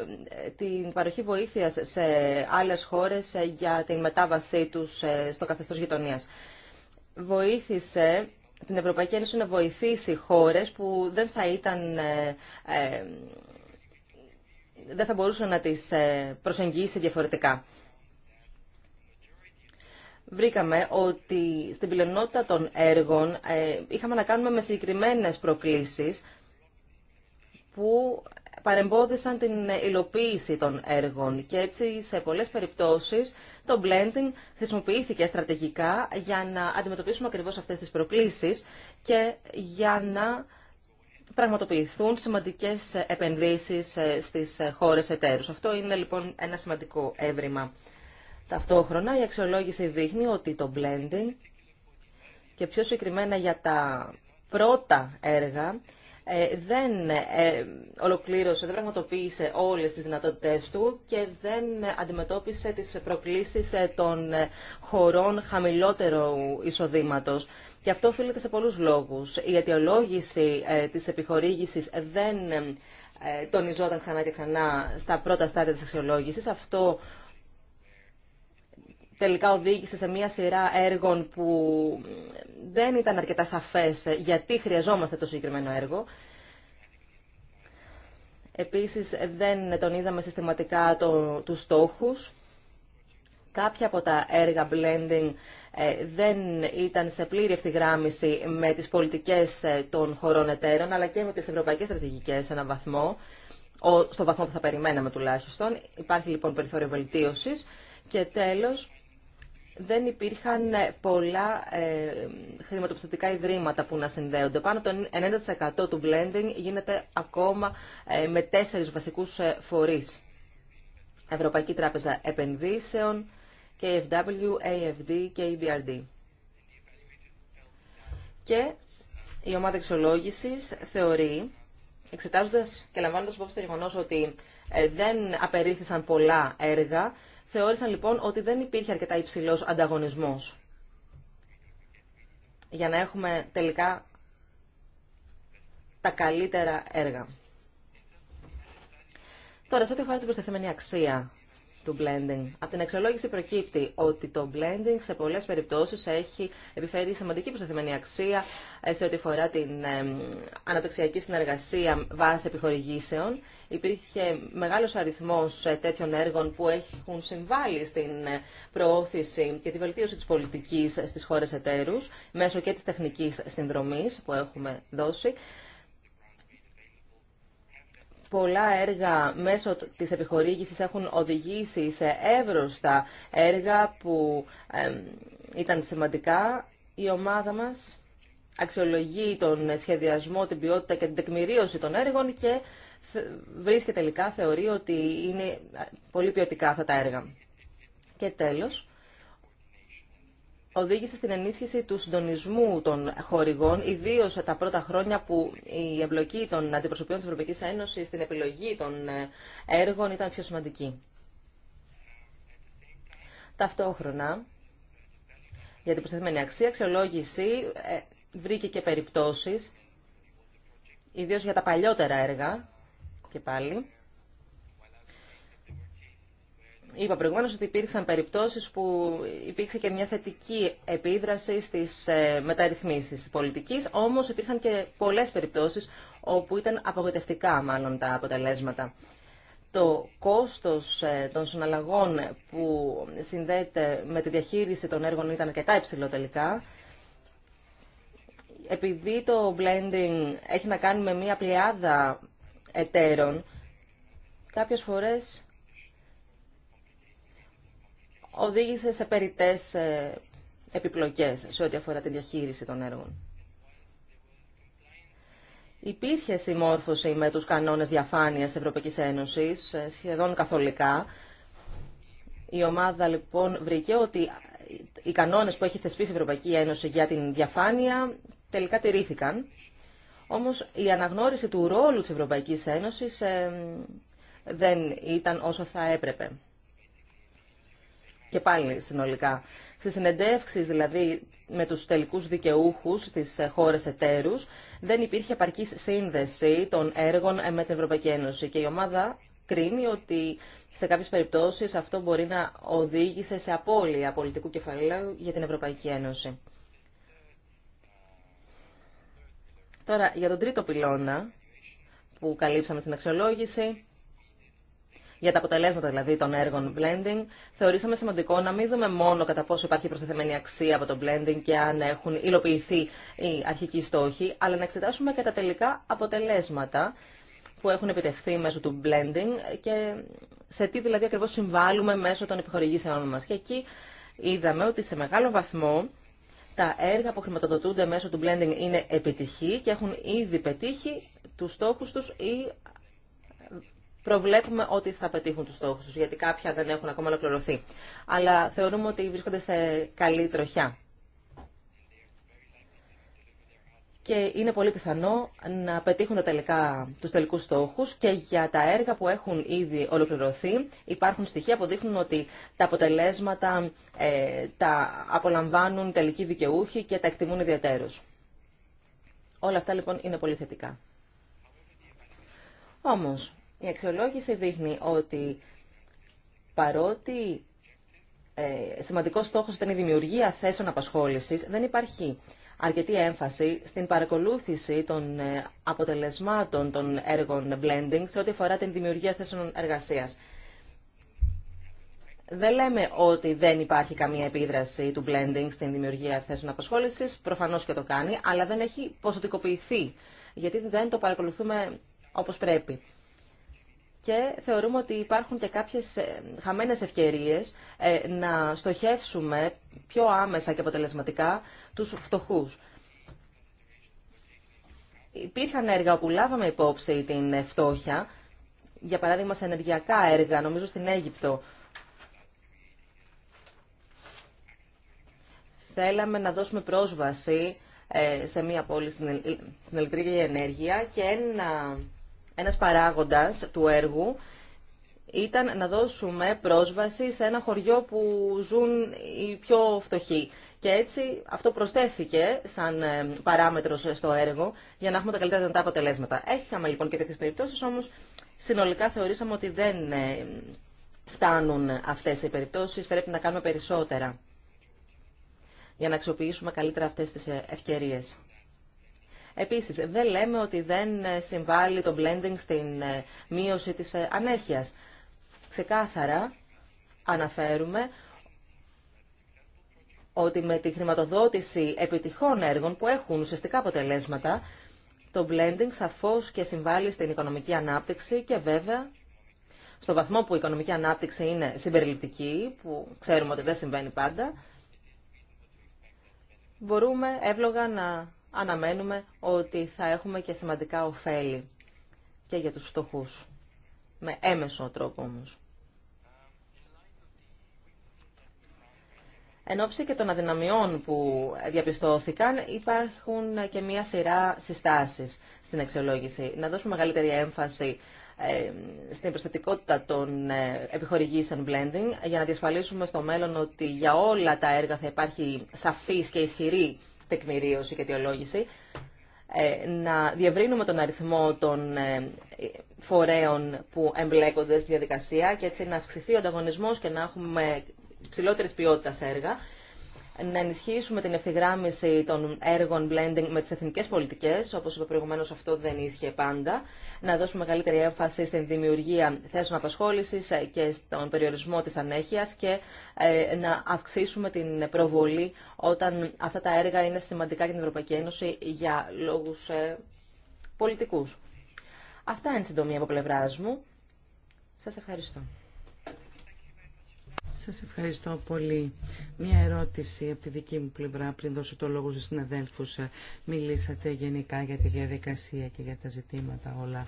την παροχή βοήθειας σε άλλες χώρες ε, για την μετάβασή τους ε, στο καθεστώς γειτονίας. Βοήθησε την Ευρωπαϊκή Ένωση να βοηθήσει χώρες που δεν θα ήταν ε, δεν θα μπορούσε να τις ε, προσεγγίσει διαφορετικά. Βρήκαμε ότι στην πλειονότητα των έργων ε, είχαμε να κάνουμε με συγκεκριμένες προκλήσεις που παρεμπόδισαν την υλοποίηση των έργων και έτσι σε πολλές περιπτώσεις το blending χρησιμοποιήθηκε στρατηγικά για να αντιμετωπίσουμε ακριβώς αυτές τις προκλήσεις και για να πραγματοποιηθούν σημαντικές επενδύσεις ε, στις ε, χώρες εταίρους. Αυτό είναι λοιπόν ένα σημαντικό έβριμα. Ταυτόχρονα η αξιολόγηση δείχνει ότι το blending και πιο συγκεκριμένα για τα πρώτα έργα ε, δεν ολοκλήρωσε, δεν πραγματοποίησε όλες τις δυνατότητές του και δεν αντιμετώπισε τις προκλήσεις των χωρών χαμηλότερου εισοδήματος και αυτό οφείλεται σε πολλούς λόγους. Η αιτιολόγηση ε, της επιχορήγησης δεν ε, τονιζόταν ξανά και ξανά στα πρώτα στάδια της αξιολόγησης. Αυτό τελικά οδήγησε σε μία σειρά έργων που δεν ήταν αρκετά σαφές γιατί χρειαζόμαστε το συγκεκριμένο έργο. Επίσης δεν τονίζαμε συστηματικά το, τους στόχους. Κάποια από τα έργα blending ε, δεν ήταν σε πλήρη ευθυγράμμιση με τις πολιτικές ε, των χωρών εταίρων, αλλά και με τις ευρωπαϊκές στρατηγικές σε έναν βαθμό, στο βαθμό που θα περιμέναμε τουλάχιστον. Υπάρχει λοιπόν περιθώριο βελτίωσης. Και τέλος, δεν υπήρχαν ε, πολλά ε, χρηματοπιστωτικά ιδρύματα που να συνδέονται. Πάνω το 90% του blending γίνεται ακόμα με τέσσερις βασικούς ε, φορείς. Ευρωπαϊκή Τράπεζα Επενδύσεων, KFW, AFD και EBRD. Και η ομάδα εξολόγηση θεωρεί, εξετάζοντα και λαμβάνοντα υπόψη το γεγονό ότι ε, δεν απερίφθησαν πολλά έργα, θεώρησαν λοιπόν ότι δεν υπήρχε αρκετά υψηλό ανταγωνισμό. Για να έχουμε τελικά τα καλύτερα έργα. Τώρα, σε ό,τι αφορά την προστεθέμενη αξία του blending. Από την αξιολόγηση προκύπτει ότι το blending σε πολλές περιπτώσεις έχει επιφέρει σημαντική προσταθημένη αξία ε, σε ό,τι αφορά την ε, αναπτυξιακή συνεργασία βάσει επιχορηγήσεων. Υπήρχε μεγάλος αριθμός ε, τέτοιων έργων που έχουν συμβάλει στην προώθηση και τη βελτίωση της πολιτικής στι χώρε εταίρου μέσω και τη τεχνική συνδρομή που έχουμε δώσει πολλά έργα μέσω της επιχορήγησης έχουν οδηγήσει σε εύρωστα έργα που ήταν σημαντικά. Η ομάδα μας αξιολογεί τον σχεδιασμό, την ποιότητα και την τεκμηρίωση των έργων και βρίσκεται τελικά, θεωρεί ότι είναι ε, πολύ ποιοτικά αυτά τα έργα. Και τέλος, οδήγησε στην ενίσχυση του συντονισμού των χορηγών, ιδίω τα πρώτα χρόνια που η εμπλοκή των αντιπροσωπείων τη Ευρωπαϊκή Ένωση στην επιλογή των ε, έργων ήταν πιο σημαντική. Ταυτόχρονα, για την προσθεθμένη αξία, αξιολόγηση ε, βρήκε και περιπτώσεις, ιδίως για τα παλιότερα έργα και πάλι, Είπα προηγουμένως ότι υπήρξαν περιπτώσεις που υπήρξε και μια θετική επίδραση στις ε, μεταρρυθμίσεις πολιτικής, όμως υπήρχαν και πολλές περιπτώσεις όπου ήταν απογοητευτικά μάλλον τα αποτελέσματα. Το κόστος ε, των συναλλαγών που συνδέεται με τη διαχείριση των έργων ήταν αρκετά υψηλό τελικά. Επειδή το blending έχει να κάνει με μια πλειάδα εταίρων, κάποιες φορές οδήγησε σε περιττές ε, επιπλοκές σε ό,τι αφορά τη διαχείριση των έργων. Υπήρχε συμμόρφωση με τους κανόνες διαφάνειας της Ευρωπαϊκής Ένωσης, ε, σχεδόν καθολικά. Η ομάδα λοιπόν βρήκε ότι οι κανόνες που έχει θεσπίσει η Ευρωπαϊκή Ένωση για την διαφάνεια τελικά τηρήθηκαν. Όμως η αναγνώριση του ρόλου της Ευρωπαϊκής Ένωσης ε, δεν ήταν όσο θα έπρεπε και πάλι συνολικά. Στις συνεντεύξει δηλαδή με τους τελικού δικαιούχου της ε, χώρες εταίρου, δεν υπήρχε επαρκή σύνδεση των έργων ε, με την Ευρωπαϊκή Ένωση και η ομάδα κρίνει ότι σε κάποιε περιπτώσεις αυτό μπορεί να οδήγησε σε απώλεια πολιτικού κεφαλαίου για την Ευρωπαϊκή Ένωση. Τώρα, για τον τρίτο πυλώνα που καλύψαμε στην αξιολόγηση, για τα αποτελέσματα δηλαδή των έργων blending, θεωρήσαμε σημαντικό να μην δούμε μόνο κατά πόσο υπάρχει προστιθεμένη αξία από το blending και αν έχουν υλοποιηθεί οι αρχικοί στόχοι, αλλά να εξετάσουμε και τα τελικά αποτελέσματα που έχουν επιτευχθεί μέσω του blending και σε τι δηλαδή ακριβώς συμβάλλουμε μέσω των επιχορηγήσεών μας. Και εκεί είδαμε ότι σε μεγάλο βαθμό τα έργα που χρηματοδοτούνται μέσω του blending είναι επιτυχή και έχουν ήδη πετύχει τους στόχους τους ή προβλέπουμε ότι θα πετύχουν τους στόχους τους, γιατί κάποια δεν έχουν ακόμα ολοκληρωθεί. Αλλά θεωρούμε ότι βρίσκονται σε καλή τροχιά. Και είναι πολύ πιθανό να πετύχουν τα τελικά, τους τελικούς στόχους και για τα έργα που έχουν ήδη ολοκληρωθεί υπάρχουν στοιχεία που δείχνουν ότι τα αποτελέσματα ε, τα απολαμβάνουν τελικοί δικαιούχοι και τα εκτιμούν ιδιαίτερως. Όλα αυτά λοιπόν είναι πολύ θετικά. Όμως, η αξιολόγηση δείχνει ότι παρότι ε, σημαντικό στόχο ήταν η δημιουργία θέσεων απασχόλησης, δεν υπάρχει αρκετή έμφαση στην παρακολούθηση των ε, αποτελεσμάτων των έργων blending σε ό,τι αφορά την δημιουργία θέσεων εργασίας. Δεν λέμε ότι δεν υπάρχει καμία επίδραση του blending στην δημιουργία θέσεων απασχόλησης, προφανώ και το κάνει, αλλά δεν έχει ποσοτικοποιηθεί, γιατί δεν το παρακολουθούμε όπω πρέπει και θεωρούμε ότι υπάρχουν και κάποιες ε, χαμένες ευκαιρίες ε, να στοχεύσουμε πιο άμεσα και αποτελεσματικά τους φτωχούς. Υπήρχαν έργα όπου λάβαμε υπόψη την φτώχεια, για παράδειγμα σε ενεργειακά έργα, νομίζω στην Αίγυπτο. Θέλαμε να δώσουμε πρόσβαση ε, σε μία πόλη στην ηλεκτρική ενέργεια και ένα ένας παράγοντας του έργου ήταν να δώσουμε πρόσβαση σε ένα χωριό που ζουν οι πιο φτωχοί. Και έτσι αυτό προσθέθηκε σαν ε, παράμετρος στο έργο για να έχουμε τα καλύτερα δυνατά αποτελέσματα. Έχαμε λοιπόν και τέτοιες περιπτώσεις, όμως συνολικά θεωρήσαμε ότι δεν ε, φτάνουν αυτές οι περιπτώσεις, πρέπει να κάνουμε περισσότερα για να αξιοποιήσουμε καλύτερα αυτές τις ε, ευκαιρίες. Επίσης, δεν λέμε ότι δεν συμβάλλει το blending στην ε, μείωση της ε, ανέχειας. Ξεκάθαρα αναφέρουμε ότι με τη χρηματοδότηση επιτυχών έργων που έχουν ουσιαστικά αποτελέσματα, το blending σαφώς και συμβάλλει στην οικονομική ανάπτυξη και βέβαια στο βαθμό που η οικονομική ανάπτυξη είναι συμπεριληπτική, που ξέρουμε ότι δεν συμβαίνει πάντα, μπορούμε εύλογα να αναμένουμε ότι θα έχουμε και σημαντικά ωφέλη και για τους φτωχούς, με έμεσο τρόπο όμως. Εν ώψη και των αδυναμιών που διαπιστώθηκαν, υπάρχουν και μία σειρά συστάσεις στην αξιολόγηση. Να δώσουμε μεγαλύτερη έμφαση ε, στην προσθετικότητα των ε, επιχορηγήσεων blending για να διασφαλίσουμε στο μέλλον ότι για όλα τα έργα θα υπάρχει σαφής και ισχυρή τεκμηρίωση και αιτιολόγηση, ε, να διευρύνουμε τον αριθμό των ε, φορέων που εμπλέκονται στη διαδικασία και έτσι να αυξηθεί ο ανταγωνισμός και να έχουμε ψηλότερη ποιότητα έργα να ενισχύσουμε την ευθυγράμμιση των έργων blending με τις εθνικές πολιτικές, όπως είπε προηγουμένως αυτό δεν ίσχυε πάντα, να δώσουμε μεγαλύτερη έμφαση στην δημιουργία θέσεων απασχόλησης και στον περιορισμό της ανέχειας και ε, να αυξήσουμε την προβολή όταν αυτά τα έργα είναι σημαντικά για την Ευρωπαϊκή Ένωση για λόγους ε, πολιτικούς. Αυτά είναι συντομία από πλευρά μου. Σας ευχαριστώ. Σας ευχαριστώ πολύ. Μια ερώτηση από τη δική μου πλευρά πριν δώσω το λόγο στους συναδέλφους. Μιλήσατε γενικά για τη διαδικασία και για τα ζητήματα όλα.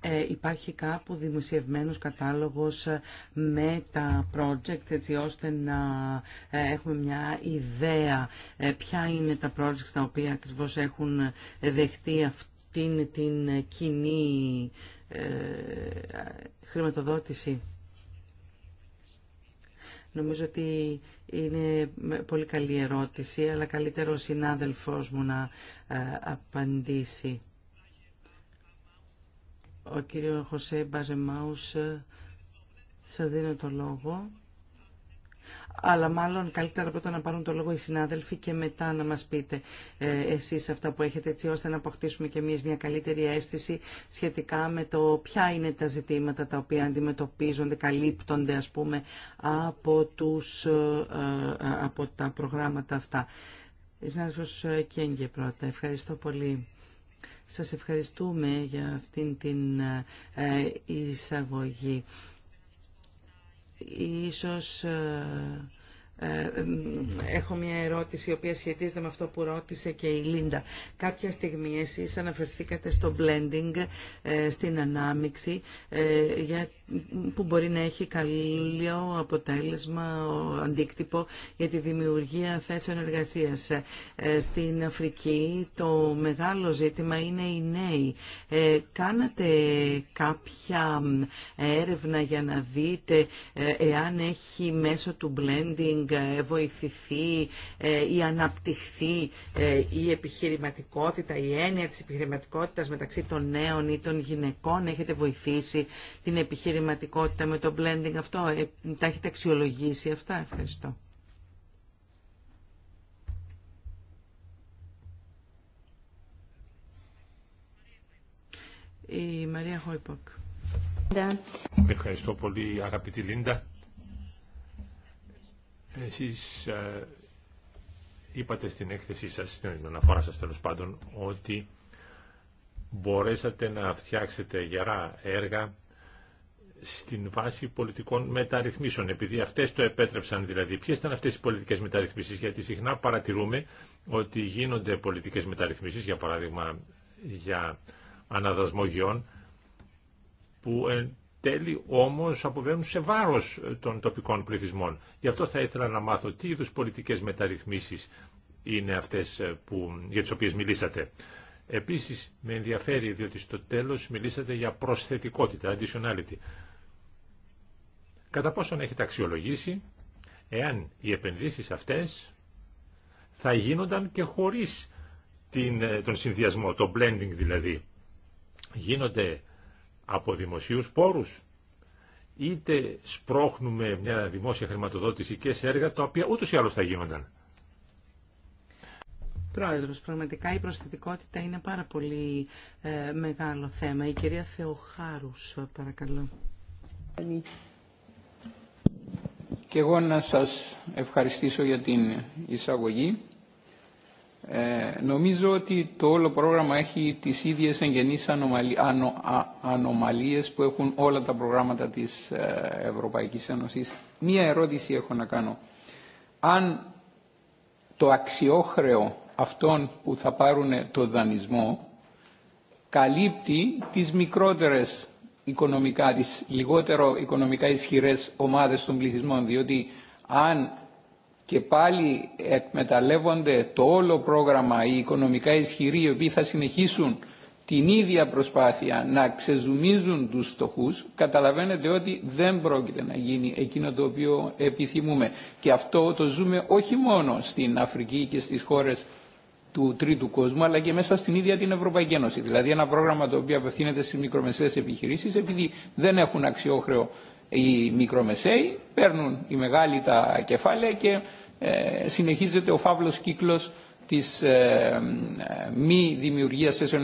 Ε, υπάρχει κάπου δημοσιευμένος κατάλογος ε, με τα project έτσι ώστε να ε, έχουμε μια ιδέα ε, ποια είναι τα project τα οποία ακριβώς έχουν δεχτεί αυτήν την κοινή ε, χρηματοδότηση. Νομίζω ότι είναι πολύ καλή ερώτηση, αλλά καλύτερο ο μου να ε, απαντήσει. Ο κύριο Χωσέ Μπαζεμάους, ε, σας δίνω το λόγο αλλά μάλλον καλύτερα πρώτα να πάρουν το λόγο οι συνάδελφοι και μετά να μας πείτε ε, εσείς αυτά που έχετε έτσι ώστε να αποκτήσουμε και εμείς μια καλύτερη αίσθηση σχετικά με το ποια είναι τα ζητήματα τα οποία αντιμετωπίζονται, καλύπτονται ας πούμε από, τους, ε, ε, από τα προγράμματα αυτά. Συνάδελφος Κέγγε πρώτα. Ευχαριστώ πολύ. Σας ευχαριστούμε για αυτήν την εισαγωγή ίσως ε, ε, έχω μια ερώτηση η οποία σχετίζεται με αυτό που ρώτησε και η Λίντα. Κάποια στιγμή εσείς αναφερθήκατε στο blending, ε, στην ανάμιξη, ε, που μπορεί να έχει καλό αποτέλεσμα, αντίκτυπο για τη δημιουργία θέσεων εργασίας. Στην Αφρική το μεγάλο ζήτημα είναι οι νέοι. Κάνατε κάποια έρευνα για να δείτε εάν έχει μέσω του blending ε, βοηθηθεί ε, ή αναπτυχθεί ε, η επιχειρηματικότητα, η έννοια της επιχειρηματικότητας μεταξύ των νέων ή των γυναικών. Έχετε βοηθήσει την επιχειρηματικότητα με το blending αυτό. Τα έχετε αξιολογήσει αυτά. Ευχαριστώ. Η Μαρία Χόιποκ. Ευχαριστώ πολύ αγαπητή Λίντα. Εσείς ε, είπατε στην έκθεσή σας, στην αναφορά σας τέλος πάντων, ότι μπορέσατε να φτιάξετε γερά έργα στην βάση πολιτικών μεταρρυθμίσεων, επειδή αυτές το επέτρεψαν δηλαδή. Ποιες ήταν αυτές οι πολιτικές μεταρρυθμίσεις, γιατί συχνά παρατηρούμε ότι γίνονται πολιτικές μεταρρυθμίσεις, για παράδειγμα για αναδασμογιών, που τέλη όμως αποβαίνουν σε βάρος των τοπικών πληθυσμών. Γι' αυτό θα ήθελα να μάθω τι είδου πολιτικές μεταρρυθμίσεις είναι αυτές ε, που, για τις οποίες μιλήσατε. Επίσης με ενδιαφέρει διότι στο τέλος μιλήσατε για προσθετικότητα, additionality. Κατά πόσον έχετε αξιολογήσει εάν οι επενδύσεις αυτές θα γίνονταν και χωρίς την, ε, τον συνδυασμό, το blending δηλαδή. Γίνονται από δημοσίους πόρους. Είτε σπρώχνουμε μια δημόσια χρηματοδότηση και σε έργα τα οποία ούτως ή άλλως θα γίνονταν. Πρόεδρος, πραγματικά η προσθετικότητα είναι πάρα πολύ ε, μεγάλο θέμα. Η κυρία μεγαλο θεμα η κυρια θεοχαρου παρακαλω Και εγώ να σας ευχαριστήσω για την εισαγωγή. Ε, νομίζω ότι το όλο πρόγραμμα έχει τις ίδιες εγγενείς ανομαλίες που έχουν όλα τα προγράμματα της ε, Ευρωπαϊκής Ένωσης. Μία ερώτηση έχω να κάνω. Αν το αξιόχρεο αυτών που θα πάρουν το δανεισμό καλύπτει τις μικρότερες οικονομικά, τις λιγότερο οικονομικά ισχυρές ομάδες των πληθυσμών, διότι αν και πάλι εκμεταλλεύονται το όλο πρόγραμμα οι οικονομικά ισχυροί οι οποίοι θα συνεχίσουν την ίδια προσπάθεια να ξεζουμίζουν τους στόχους καταλαβαίνετε ότι δεν πρόκειται να γίνει εκείνο το οποίο επιθυμούμε. Και αυτό το ζούμε όχι μόνο στην Αφρική και στις χώρες του τρίτου κόσμου, αλλά και μέσα στην ίδια την Ευρωπαϊκή Ένωση. Δηλαδή ένα πρόγραμμα το οποίο απευθύνεται στις μικρομεσαίες επιχειρήσεις, επειδή δεν έχουν αξιόχρεο οι μικρομεσαίοι, παίρνουν οι μεγάλοι τα κεφάλαια και ε, συνεχίζεται ο φαύλος κύκλος της ε, μη δημιουργίας θέσεων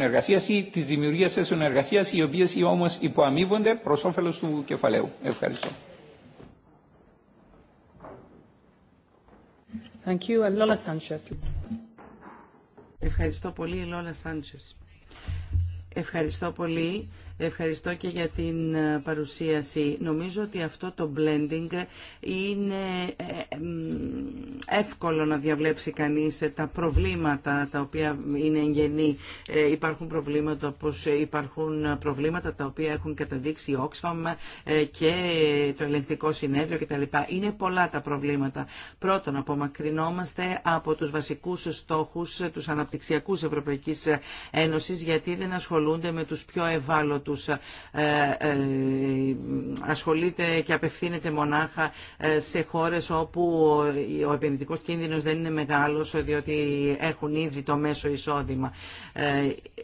ή της δημιουργίας θέσεων οι οποίες όμως υποαμείβονται προς όφελος του κεφαλαίου. Ευχαριστώ. Thank you. Lola Ευχαριστώ πολύ, Λόλα Σάντσες. Ευχαριστώ πολύ. Ευχαριστώ και για την ε, παρουσίαση. Νομίζω ότι αυτό το blending είναι ε, ε, εύκολο να διαβλέψει κανείς τα προβλήματα τα οποία είναι εγγενή. Υπάρχουν προβλήματα όπως υπάρχουν προβλήματα τα οποία έχουν καταδείξει η Oxfam και το ελεγκτικό συνέδριο κτλ. Είναι πολλά τα προβλήματα. Πρώτον, απομακρυνόμαστε από τους βασικούς στόχους, τους αναπτυξιακούς Ευρωπαϊκής Ένωσης, γιατί δεν ασχολούνται με τους πιο ευάλωτους τους ε, ε, ασχολείται και απευθύνεται μονάχα ε, σε χώρες όπου ο επενδυτικός κίνδυνος δεν είναι μεγάλος διότι έχουν ήδη το μέσο εισόδημα.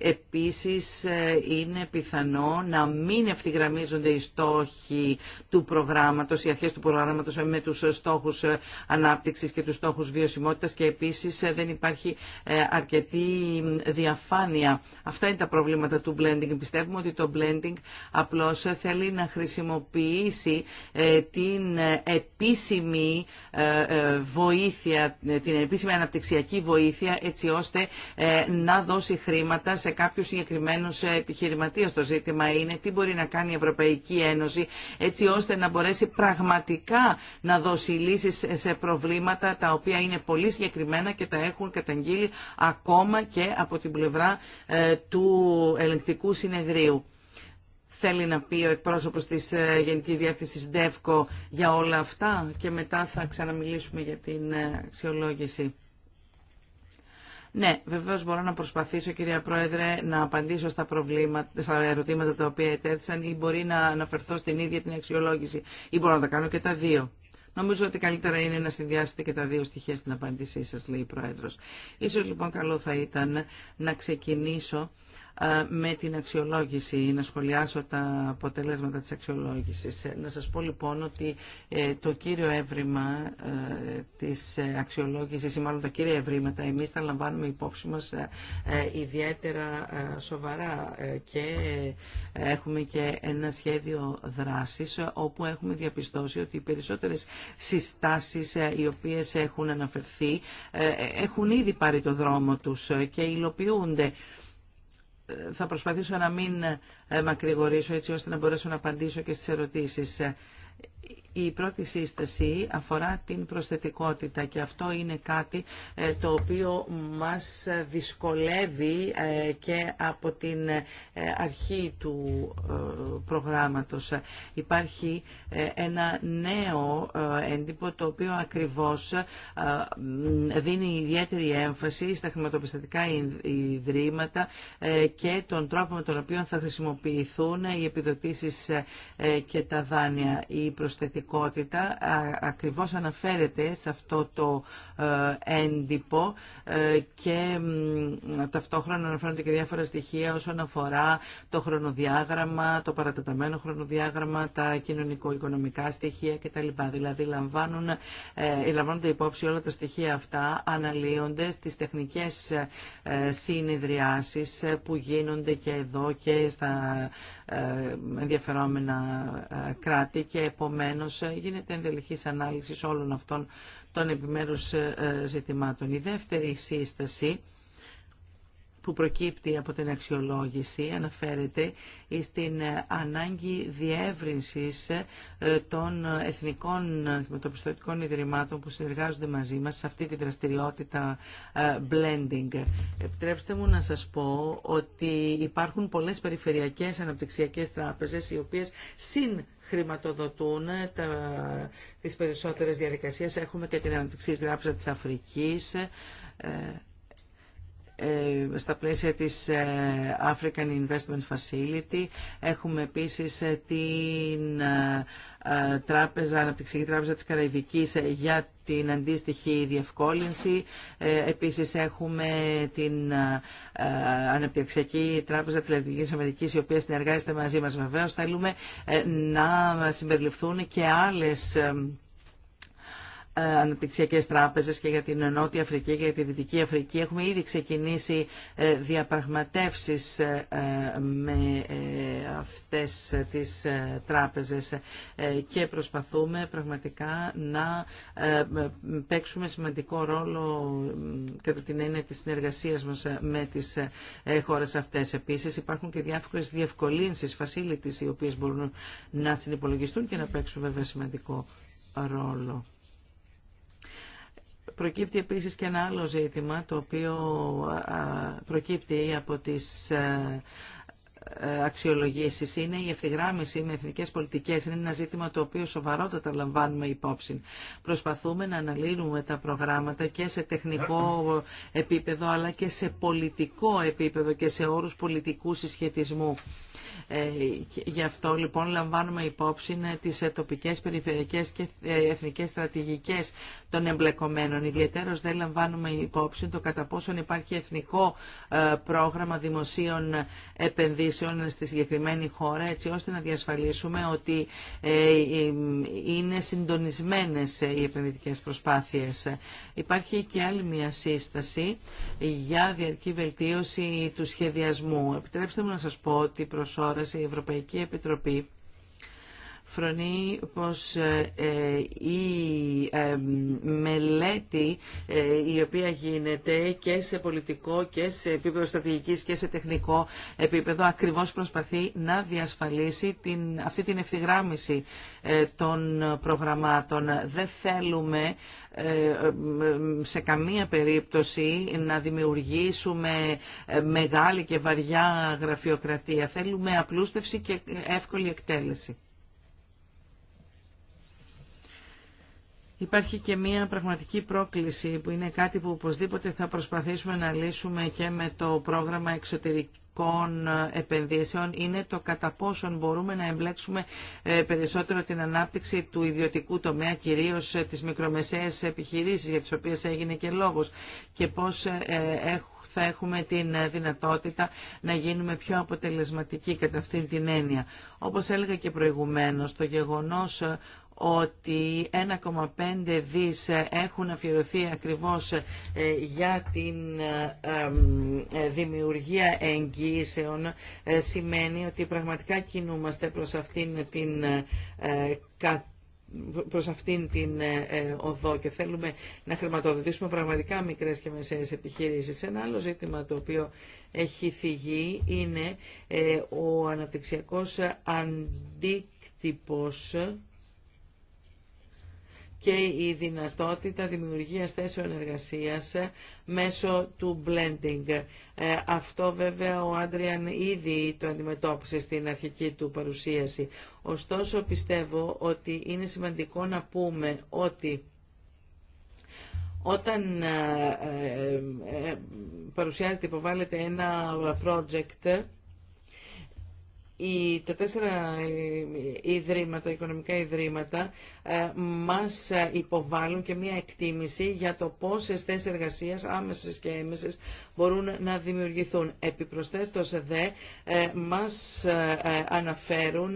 Επίσης είναι πιθανό να μην ευθυγραμμίζονται οι στόχοι του προγράμματος, οι αρχές του προγράμματος με τους στόχους ανάπτυξης και τους στόχους βιωσιμότητας και επίσης δεν υπάρχει αρκετή διαφάνεια. Αυτά είναι τα προβλήματα του blending. Πιστεύουμε ότι το blending απλώς θέλει να χρησιμοποιήσει ε, την επίσημη ε, ε, βοήθεια, την επίσημη αναπτυξιακή βοήθεια έτσι ώστε να δώσει χρήματα σε κάποιους συγκεκριμένους επιχειρηματίες. Το ζήτημα είναι τι μπορεί να κάνει η Ευρωπαϊκή Ένωση έτσι ώστε να μπορέσει πραγματικά να δώσει λύσεις σε προβλήματα τα οποία είναι πολύ συγκεκριμένα και τα έχουν καταγγείλει ακόμα και από την πλευρά του ελεγκτικού συνεδρίου θέλει να πει ο εκπρόσωπο τη ε, Γενική Διεύθυνση ΔΕΦΚΟ για όλα αυτά και μετά θα ξαναμιλήσουμε για την ε, αξιολόγηση. Ναι, βεβαίω μπορώ να προσπαθήσω, κυρία Πρόεδρε, να απαντήσω στα, προβλήματα, στα ερωτήματα τα οποία ετέθησαν ή μπορεί να αναφερθώ στην ίδια την αξιολόγηση ή μπορώ να τα κάνω και τα δύο. Νομίζω ότι καλύτερα είναι να συνδυάσετε και τα δύο στοιχεία στην απάντησή σας, λέει η Πρόεδρος. Ίσως λοιπόν καλό θα ήταν να ξεκινήσω με την αξιολόγηση, να σχολιάσω τα αποτελέσματα της αξιολόγησης. Ε, να σας πω λοιπόν ότι ε, το κύριο έβριμα ε, της αξιολόγησης ή μάλλον τα κύρια ευρήματα εμείς τα λαμβάνουμε υπόψη μας ιδιαίτερα σοβαρά και έχουμε και ένα σχέδιο δράσης όπου έχουμε διαπιστώσει ότι οι περισσότερες συστάσεις οι οποίες έχουν αναφερθεί έχουν ήδη πάρει το δρόμο τους και υλοποιούνται θα προσπαθήσω να μην ε, μακρηγορήσω έτσι ώστε να μπορέσω να απαντήσω και στις ερωτήσεις. Η πρώτη σύσταση αφορά την προσθετικότητα και αυτό είναι κάτι ε, το οποίο μας δυσκολεύει ε, και από την ε, αρχή του προγράμματος. Υπάρχει ένα νέο έντυπο το οποίο ακριβώς δίνει ιδιαίτερη έμφαση στα χρηματοπιστωτικά ιδρύματα και τον τρόπο με τον οποίο θα χρησιμοποιηθούν οι επιδοτήσεις και τα δάνεια. Η προσθετικότητα πραγματικότητα ακριβώς αναφέρεται σε αυτό το ε, έντυπο ε, και ταυτόχρονα αναφέρονται και διάφορα στοιχεία όσον αφορά το χρονοδιάγραμμα, το παρατεταμένο χρονοδιάγραμμα, τα κοινωνικο-οικονομικά στοιχεία κτλ. Δηλαδή λαμβάνουν, ε, λαμβάνονται υπόψη όλα τα στοιχεία αυτά, αναλύονται στις τεχνικές ε, που γίνονται και εδώ και στα ενδιαφερόμενα κράτη και επομένω ε, γίνεται ενδελεχής ανάλυση όλων αυτών των επιμέρους ε, ε, ζητημάτων. Η δεύτερη σύσταση που προκύπτει από την αξιολόγηση αναφέρεται στην ανάγκη διεύρυνσης των εθνικών χρηματοπιστωτικών ιδρυμάτων που συνεργάζονται μαζί μας σε αυτή τη δραστηριότητα blending. Επιτρέψτε μου να σας πω ότι υπάρχουν πολλές περιφερειακές αναπτυξιακές τράπεζες οι οποίες συν χρηματοδοτούν τα, τις περισσότερες διαδικασίες. Έχουμε και την Αναπτυξή Γράψα της Αφρικής ε, ε, στα πλαίσια της ε, African Investment Facility. Έχουμε επίσης την ε, τράπεζα, Αναπτυξιακή Τράπεζα της Καραϊβικής ε, για την αντίστοιχη διευκόλυνση. Ε, επίσης έχουμε την Αναπτυξιακή Τράπεζα της Λατινικής Αμερικής η οποία συνεργάζεται μαζί μας βεβαίως. Θέλουμε να συμπεριληφθούν και άλλες αναπτυξιακές τράπεζε και για την Νότια Αφρική και για τη Δυτική Αφρική. Έχουμε ήδη ξεκινήσει ε, διαπραγματεύσεις ε, με ε, αυτές τις τράπεζες και προσπαθούμε πραγματικά να παίξουμε σημαντικό ρόλο κατά την έννοια τη συνεργασία μας με τις χώρες αυτές. Επίσης υπάρχουν και διάφορες διευκολύνσεις, facilities οι οποίε μπορούν να συνυπολογιστούν και να παίξουν βέβαια σημαντικό ρόλο. Προκύπτει επίσης και ένα άλλο ζήτημα το οποίο προκύπτει από τις ε, ε, αξιολογήσεις είναι η ευθυγράμμιση με εθνικές πολιτικές. Είναι ένα ζήτημα το οποίο σοβαρότατα λαμβάνουμε υπόψη. Προσπαθούμε να αναλύνουμε τα προγράμματα και σε τεχνικό επίπεδο αλλά και σε πολιτικό επίπεδο και σε όρους πολιτικού συσχετισμού. Ε, γι' αυτό λοιπόν λαμβάνουμε υπόψη ε, τις ε, τοπικές, περιφερειακές και εθνικές στρατηγικές των εμπλεκομένων. Ιδιαίτερως δεν λαμβάνουμε υπόψη το κατά πόσον υπάρχει εθνικό πρόγραμμα δημοσίων επενδύσεων στη συγκεκριμένη χώρα έτσι ώστε να διασφαλίσουμε ότι είναι συντονισμένες οι επενδυτικές προσπάθειες. Υπάρχει και άλλη μια σύσταση για διαρκή βελτίωση του σχεδιασμού. Επιτρέψτε μου να σας πω ότι προς ώρας η Ευρωπαϊκή Επιτροπή φρονεί πως ε, ε, η ε, μελέτη η οποία γίνεται και σε πολιτικό και σε επίπεδο στρατηγικής και σε τεχνικό επίπεδο ακριβώς προσπαθεί να διασφαλίσει την, αυτή την ευθυγράμμιση των προγραμμάτων. Δεν θέλουμε ε, ε, σε καμία περίπτωση να δημιουργήσουμε ε, μεγάλη και βαριά γραφειοκρατία. Θέλουμε απλούστευση και εύκολη εκτέλεση. Υπάρχει και μία πραγματική πρόκληση που είναι κάτι που οπωσδήποτε θα προσπαθήσουμε να λύσουμε και με το πρόγραμμα εξωτερικών επενδύσεων είναι το κατά πόσον μπορούμε να εμπλέξουμε ε, περισσότερο την ανάπτυξη του ιδιωτικού τομέα, κυρίως ε, τις μικρομεσαίες επιχειρήσεις για τις οποίες έγινε και λόγος και πώς ε, θα έχουμε την δυνατότητα να γίνουμε πιο αποτελεσματικοί κατά αυτήν την έννοια. Όπως έλεγα και προηγουμένως, το γεγονός ότι 1,5 δις έχουν αφιερωθεί ακριβώς ε, για την ε, ε, δημιουργία εγγυήσεων σημαίνει ότι πραγματικά κινούμαστε προς αυτήν την προς αυτήν την οδό και θέλουμε να χρηματοδοτήσουμε πραγματικά μικρές και μεσαίες επιχειρήσεις. Ένα άλλο ζήτημα το οποίο έχει θυγεί είναι ο αναπτυξιακός αντίκτυπος και η δυνατότητα δημιουργίας θέσεων εργασίας μέσω του blending. Ε, αυτό βέβαια ο Άντριαν ήδη το αντιμετώπισε στην αρχική του παρουσίαση. Ωστόσο πιστεύω ότι είναι σημαντικό να πούμε ότι όταν ε, ε, παρουσιάζεται, υποβάλλεται ένα project, οι, τα τέσσερα ιδρύματα, οικονομικά ιδρύματα ε, μας υποβάλλουν και μία εκτίμηση για το πόσες θέσεις εργασίας άμεσες και έμεσες μπορούν να δημιουργηθούν. Επιπροσθέτως δε ε, μας ε, αναφέρουν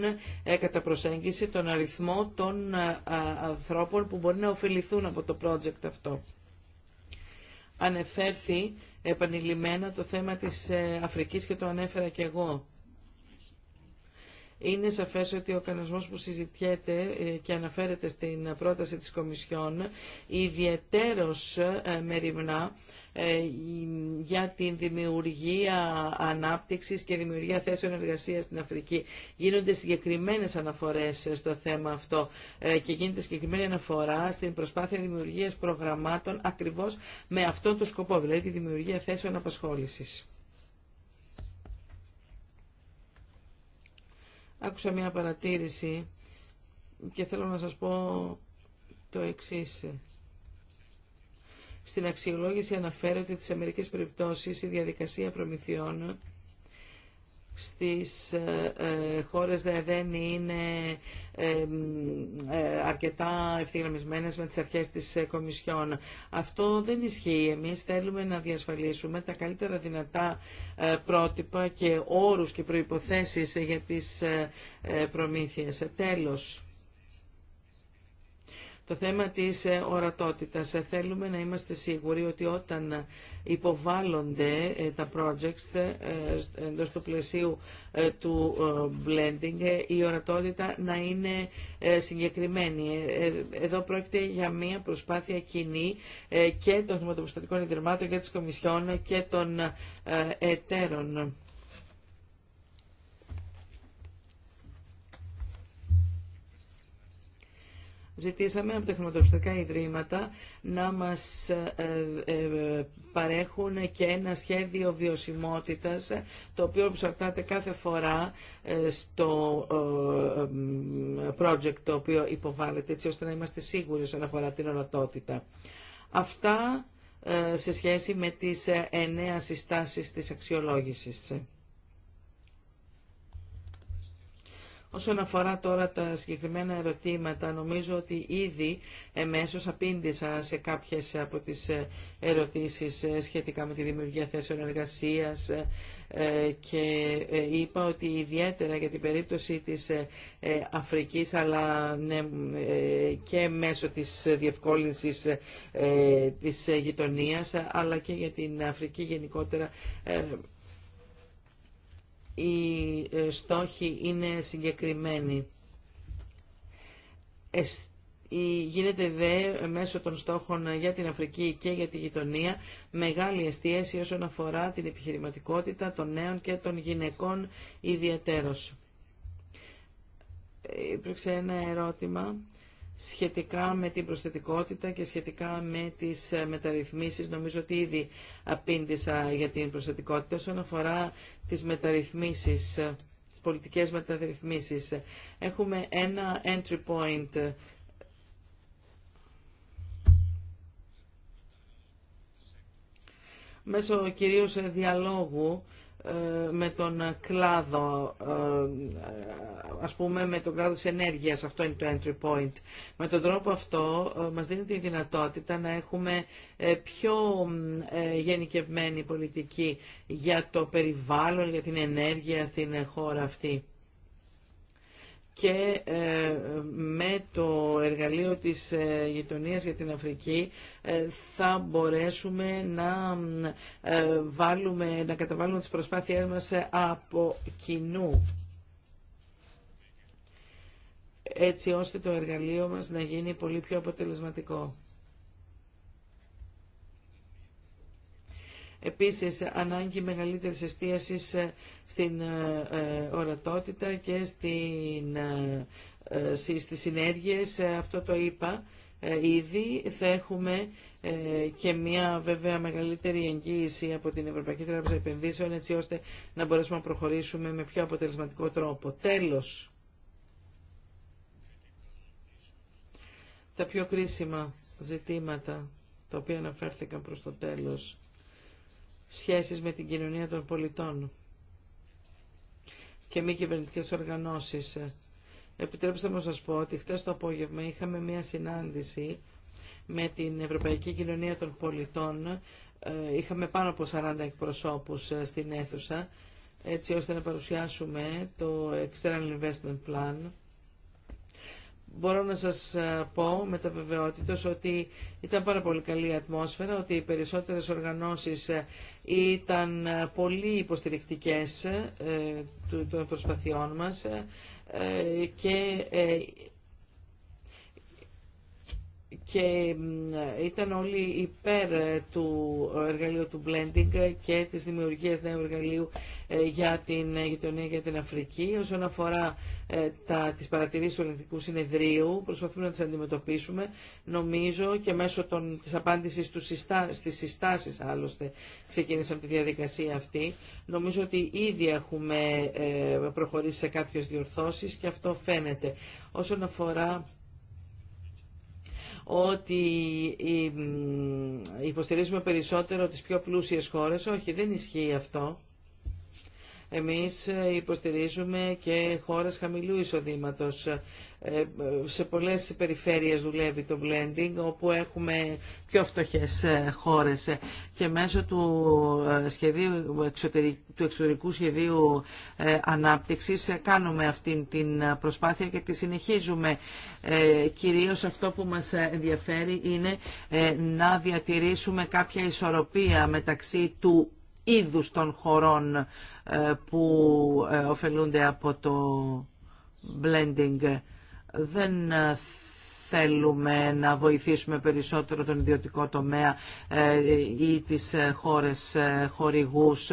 κατά προσέγγιση τον αριθμό των ανθρώπων που μπορεί να ωφεληθούν από το project αυτό. Ανεφέρθη επανειλημμένα το θέμα της Αφρικής και το ανέφερα και εγώ είναι σαφές ότι ο κανονισμός που συζητιέται ε, και αναφέρεται στην πρόταση της Κομισιόν ιδιαιτέρως ε, μεριμνά ε, για την δημιουργία ανάπτυξης και δημιουργία θέσεων εργασίας στην Αφρική. Γίνονται συγκεκριμένες αναφορές στο θέμα αυτό και γίνεται συγκεκριμένη αναφορά στην προσπάθεια δημιουργίας προγραμμάτων ακριβώς με αυτόν τον σκοπό, δηλαδή τη δημιουργία θέσεων απασχόλησης. Άκουσα μια παρατήρηση και θέλω να σας πω το εξής. Στην αξιολόγηση αναφέρεται ότι σε μερικές περιπτώσεις η διαδικασία προμηθειών στις ε, ε, χώρες δεν είναι ε, αρκετά ευθυγραμμισμένες με τις αρχές της Κομισιόν. Αυτό δεν ισχύει. Εμείς θέλουμε να διασφαλίσουμε τα καλύτερα δυνατά πρότυπα και όρους και προϋποθέσεις για τις προμήθειες. Τέλος. Το θέμα της ε, ορατότητας. Ε, θέλουμε να είμαστε σίγουροι ότι όταν υποβάλλονται ε, τα projects εντό του πλαισίου του blending, η ορατότητα να είναι συγκεκριμένη. Εδώ πρόκειται για μια προσπάθεια κοινή και των χρηματοπιστωτικών ιδρυμάτων και της Κομισιόν και των εταίρων. Ζητήσαμε από τα χρηματοπιστωτικά ιδρύματα να μας ε, ε, παρέχουν και ένα σχέδιο βιωσιμότητας, το οποίο εξαρτάται κάθε φορά ε, στο project το οποίο υποβάλλεται, έτσι ώστε να είμαστε σίγουροι όσον αφορά την ορατότητα. Αυτά σε σχέση με τις εννέα συστάσεις της αξιολόγησης. Όσον αφορά τώρα τα συγκεκριμένα ερωτήματα, νομίζω ότι ήδη εμέσως απήντησα σε κάποιες από τις ε, ερωτήσεις ε, σχετικά με τη δημιουργία θέσεων εργασίας ε, και είπα ότι ιδιαίτερα για την περίπτωση της Αφρικής αλλά ναι, και μέσω της διευκόλυνσης της γειτονίας αλλά και για την Αφρική γενικότερα οι ε, στόχοι είναι συγκεκριμένοι. Γίνεται δε μέσω των στόχων για την Αφρική και για τη γειτονία μεγάλη εστίαση όσον αφορά την επιχειρηματικότητα των νέων και των γυναικών ιδιαίτερως. Ε, υπήρξε ένα ερώτημα σχετικά με την προσθετικότητα και σχετικά με τις ε, μεταρρυθμίσεις. Νομίζω ότι ήδη απήντησα για την προσθετικότητα όσον αφορά τις μεταρρυθμίσεις, ε, τις πολιτικές μεταρρυθμίσεις. Έχουμε ένα entry point μέσω κυρίως διαλόγου με τον κλάδο, ε, ας πούμε με τον κλάδο της ενέργειας, αυτό είναι το entry point. Με τον τρόπο αυτό ε, μας δίνει τη δυνατότητα να έχουμε ε, πιο γενικευμένη πολιτική για το περιβάλλον, για την ενέργεια στην χώρα αυτή και ε, με το εργαλείο της ε, γειτονίας για την Αφρική ε, θα μπορέσουμε να βάλουμε, να καταβάλουμε τις προσπάθειές μας από κοινού έτσι ώστε το εργαλείο μας να γίνει πολύ πιο αποτελεσματικό. Επίσης, ανάγκη μεγαλύτερης εστίασης ε, στην ε, ε, ορατότητα και στην, στις συνέργειες, αυτό το είπα ήδη, θα έχουμε και μια βέβαια μεγαλύτερη εγγύηση από την Ευρωπαϊκή Τράπεζα Επενδύσεων, έτσι ώστε να μπορέσουμε να προχωρήσουμε με πιο αποτελεσματικό τρόπο. Τέλος, τα πιο κρίσιμα ζητήματα τα οποία αναφέρθηκαν προς το τέλος σχέσεις με την κοινωνία των πολιτών και μη κυβερνητικέ οργανώσεις. Επιτρέψτε μου να σας πω ότι χτες το απόγευμα είχαμε μία συνάντηση με την Ευρωπαϊκή Κοινωνία των Πολιτών. Ε, είχαμε πάνω από 40 εκπροσώπους ε, στην αίθουσα, έτσι ώστε να παρουσιάσουμε το External Investment Plan. Μπορώ να σας ε, πω με τα βεβαιότητα ότι ήταν πάρα πολύ καλή η ατμόσφαιρα, ότι οι περισσότερες οργανώσεις ήταν πολύ υποστηρικτικές ε, των προσπαθειών μας ε, ε, και και ήταν όλοι υπέρ ε, του εργαλείου του blending και της δημιουργίας νέου εργαλείου ε, για την γειτονία για την Αφρική. Όσον αφορά ε, τα, τις παρατηρήσεις του Ελληνικού Συνεδρίου, προσπαθούμε να τις αντιμετωπίσουμε. Νομίζω και μέσω των, της απάντησης του συστά, στις συστάσεις, άλλωστε, ξεκίνησαμε τη διαδικασία αυτή. Νομίζω ότι ήδη έχουμε προχωρήσει σε κάποιες διορθώσεις και αυτό φαίνεται. Όσον αφορά ότι υποστηρίζουμε περισσότερο τις πιο πλούσιες χώρες. Όχι, δεν ισχύει αυτό. Εμείς ε, υποστηρίζουμε και χώρες χαμηλού εισοδήματος ε, ε, σε πολλές περιφέρειες δουλεύει το blending όπου έχουμε πιο φτωχές ε, χώρες και μέσω του, σχεδίου, του εξωτερικού σχεδίου ανάπτυξης κάνουμε αυτή την προσπάθεια και τη συνεχίζουμε. Κυρίως αυτό που μας ενδιαφέρει είναι να διατηρήσουμε κάποια ισορροπία μεταξύ του είδους των χωρών που ωφελούνται από το blending δεν ε, θέλουμε να βοηθήσουμε περισσότερο τον ιδιωτικό τομέα ε, ή τις ε, χώρες χορηγούς.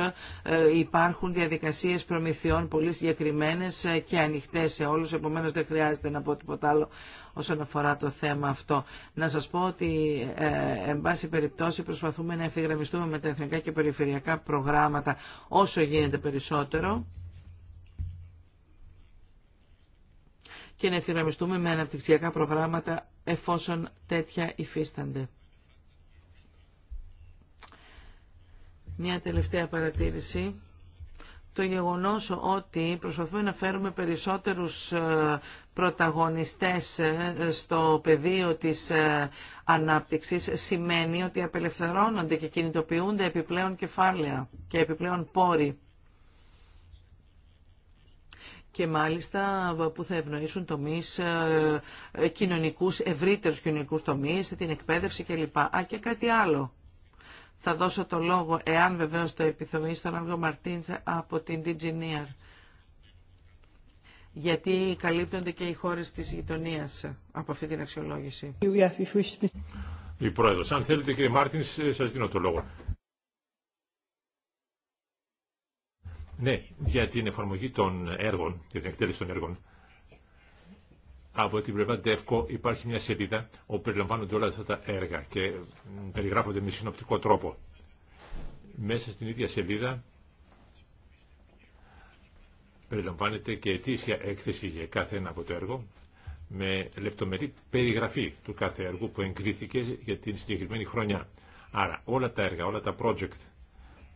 Υπάρχουν διαδικασίες προμηθειών πολύ συγκεκριμένες και ανοιχτές σε όλους, επομένως δεν χρειάζεται να πω τίποτα άλλο όσον αφορά το θέμα αυτό. Να σας πω ότι, ε, εν πάση περιπτώσει, προσπαθούμε να ευθυγραμμιστούμε με τα εθνικά και περιφερειακά προγράμματα όσο γίνεται περισσότερο. και να ευθυγραμμιστούμε με αναπτυξιακά προγράμματα εφόσον τέτοια υφίστανται. Μια τελευταία παρατήρηση. Το γεγονός ότι προσπαθούμε να φέρουμε περισσότερους ε, πρωταγωνιστές ε, στο πεδίο της ε, ανάπτυξης σημαίνει ότι απελευθερώνονται και κινητοποιούνται επιπλέον κεφάλαια και επιπλέον πόροι και μάλιστα που θα ευνοήσουν τομείς ε, ε, κοινωνικού, ευρύτερου κοινωνικούς τομείς, την εκπαίδευση κλπ. Α, και κάτι άλλο. Θα δώσω το λόγο, εάν βεβαίω το επιθυμεί, στον Άλγο Μαρτίνς από την Digineer. Γιατί καλύπτονται και οι χώρε τη γειτονία από αυτή την αξιολόγηση. Η Πρόεδρος, αν θέλετε κύριε Μάρτινς, σα δίνω το λόγο. Ναι, για την εφαρμογή των έργων, για την εκτέλεση των έργων. Από την πλευρά ΔΕΦΚΟ υπάρχει μια σελίδα όπου περιλαμβάνονται όλα αυτά τα έργα και περιγράφονται με συνοπτικό τρόπο. Μέσα στην ίδια σελίδα περιλαμβάνεται και αιτήσια έκθεση για κάθε ένα από το έργο με λεπτομερή περιγραφή του κάθε έργου που εγκρίθηκε για την συγκεκριμένη χρονιά. Άρα όλα τα έργα, όλα τα project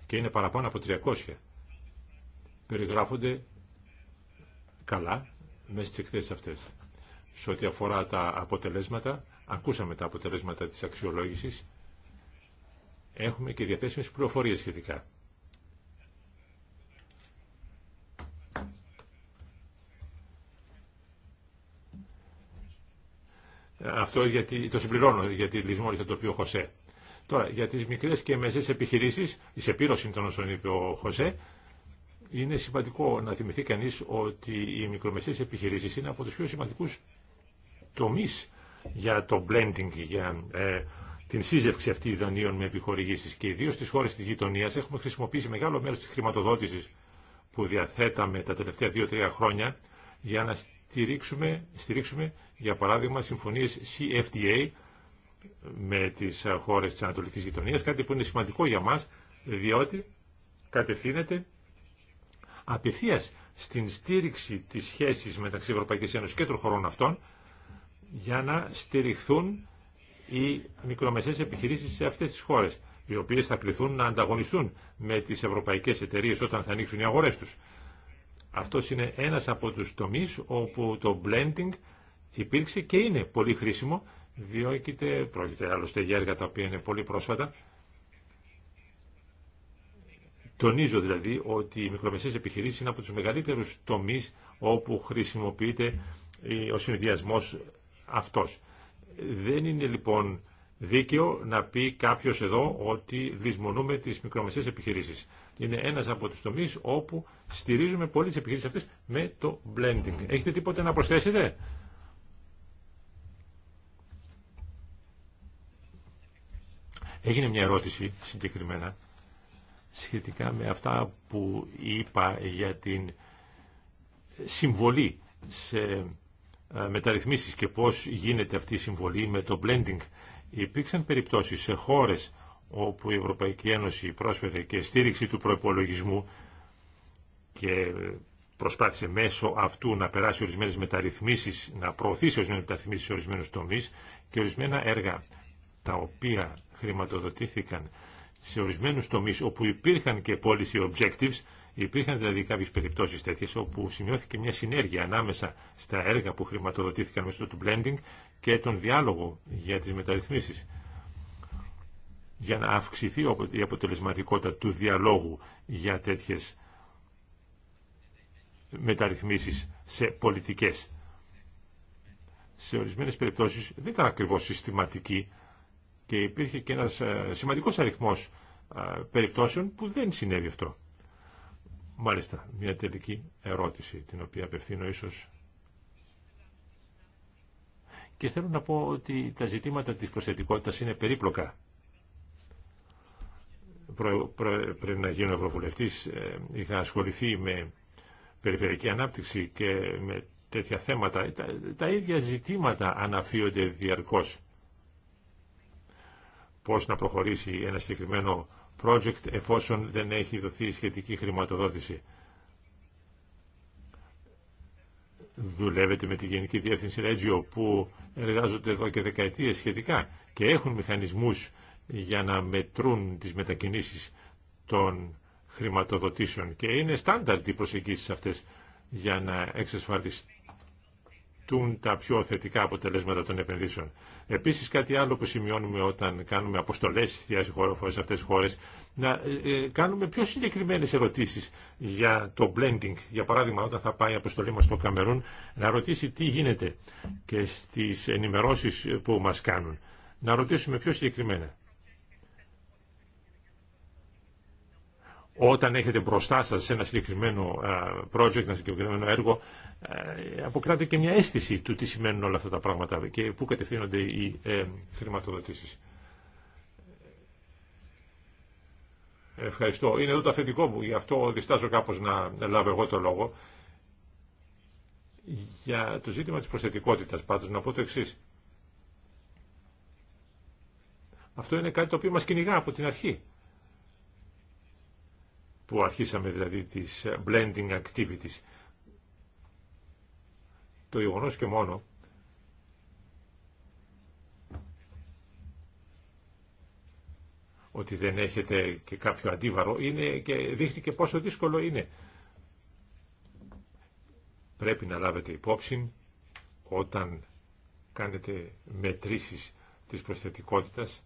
και είναι παραπάνω από 300 περιγράφονται καλά μέσα στις εκθέσεις αυτές. Σε ό,τι αφορά τα αποτελέσματα, ακούσαμε τα αποτελέσματα της αξιολόγησης, έχουμε και διαθέσιμες πληροφορίες σχετικά. Αυτό γιατί, το συμπληρώνω γιατί λυσμόνισε το οποίο Χωσέ. Τώρα, για τις μικρές και μεσές επιχειρήσεις, η σεπήρωση των όσων είπε ο Χωσέ, είναι σημαντικό να θυμηθεί κανείς ότι οι μικρομεσαίες επιχειρήσεις είναι από τους πιο σημαντικούς τομείς για το blending, για ε, την σύζευξη αυτή δανείων με επιχορηγήσεις και ιδίως στις χώρες της γειτονίας έχουμε χρησιμοποιήσει μεγάλο μέρος της χρηματοδότησης που διαθέταμε τα τελευταία 2-3 χρόνια για να στηρίξουμε, στηρίξουμε για παράδειγμα συμφωνίες CFDA με τις χώρες της Ανατολικής Γειτονίας, κάτι που είναι σημαντικό για μας διότι κατευθύνεται απευθείας στην στήριξη της σχέσης μεταξύ Ευρωπαϊκής Ένωσης και των χωρών αυτών για να στηριχθούν οι μικρομεσαίες επιχειρήσεις σε αυτές τις χώρες οι οποίες θα κληθούν να ανταγωνιστούν με τις ευρωπαϊκές εταιρείες όταν θα ανοίξουν οι αγορές τους. Αυτό είναι ένας από τους τομείς όπου το blending υπήρξε και είναι πολύ χρήσιμο διότι πρόκειται άλλωστε για έργα τα οποία είναι πολύ πρόσφατα Τονίζω δηλαδή ότι οι μικρομεσαίες επιχειρήσεις είναι από τους μεγαλύτερους τομείς όπου χρησιμοποιείται ε, ο συνδυασμός αυτός. Δεν είναι λοιπόν δίκαιο να πει κάποιος εδώ ότι λησμονούμε τις μικρομεσαίες επιχειρήσεις. Είναι ένας από τους τομείς όπου στηρίζουμε πολλές επιχειρήσεις αυτές με το blending. Έχετε τίποτε να προσθέσετε? Έγινε μια ερώτηση συγκεκριμένα σχετικά με αυτά που είπα για την συμβολή σε ε, μεταρρυθμίσεις και πώς γίνεται αυτή η συμβολή με το blending. Υπήρξαν περιπτώσεις σε χώρες όπου η Ευρωπαϊκή Ένωση πρόσφερε και στήριξη του προϋπολογισμού και προσπάθησε μέσω αυτού να περάσει ορισμένες μεταρρυθμίσεις, να προωθήσει ορισμένε μεταρρυθμίσεις σε ορισμένου τομείς και ορισμένα έργα τα οποία χρηματοδοτήθηκαν σε ορισμένου τομεί όπου υπήρχαν και policy objectives, υπήρχαν δηλαδή κάποιε περιπτώσει τέτοιε, όπου σημειώθηκε μια συνέργεια ανάμεσα στα έργα που χρηματοδοτήθηκαν μέσω του blending και τον διάλογο για τι μεταρρυθμίσεις για να αυξηθεί η αποτελεσματικότητα του διαλόγου για τέτοιες μεταρρυθμίσεις σε πολιτικές. Σε ορισμένε περιπτώσει δεν ήταν ακριβώ συστηματική, και υπήρχε και ένας ε, σημαντικός αριθμός ε, περιπτώσεων που δεν συνέβη αυτό. Μάλιστα, μια τελική ερώτηση την οποία απευθύνω ίσως και θέλω να πω ότι τα ζητήματα της προσθετικότητας είναι περίπλοκα. Πριν να γίνω ευρωβουλευτής ε, είχα ασχοληθεί με περιφερειακή ανάπτυξη και με τέτοια θέματα. Τα, ίδια ζητήματα αναφύονται διαρκώς πώς να προχωρήσει ένα συγκεκριμένο project εφόσον δεν έχει δοθεί σχετική χρηματοδότηση. Δουλεύετε με τη Γενική Διεύθυνση Regio που εργάζονται εδώ και δεκαετίες σχετικά και έχουν μηχανισμούς για να μετρούν τις μετακινήσεις των χρηματοδοτήσεων και είναι στάνταρτη οι προσεγγίσεις αυτές για να εξασφαλιστεί τούν τα πιο θετικά αποτελέσματα των επενδύσεων. Επίση, κάτι άλλο που σημειώνουμε όταν κάνουμε αποστολέ στι αυτέ τι χώρε, να ε, ε, κάνουμε πιο συγκεκριμένε ερωτήσει για το blending. Για παράδειγμα, όταν θα πάει η αποστολή μα στο Καμερούν, να ρωτήσει τι γίνεται και στι ενημερώσει που μα κάνουν. Να ρωτήσουμε πιο συγκεκριμένα. όταν έχετε μπροστά σας ένα συγκεκριμένο ε, project, ένα συγκεκριμένο έργο, ε, αποκράτε και μια αίσθηση του τι σημαίνουν όλα αυτά τα πράγματα και πού κατευθύνονται οι ε, χρηματοδοτήσεις. Ευχαριστώ. Είναι εδώ το αφεντικό μου, γι' αυτό διστάζω κάπως να λάβω εγώ το λόγο. Για το ζήτημα της προσθετικότητας πάντως να πω το εξής. Αυτό είναι κάτι το οποίο μας κυνηγά από την αρχή που αρχίσαμε δηλαδή τις blending activities. Το γεγονός και μόνο ότι δεν έχετε και κάποιο αντίβαρο είναι και δείχνει και πόσο δύσκολο είναι. Πρέπει να λάβετε υπόψη όταν κάνετε μετρήσεις της προσθετικότητας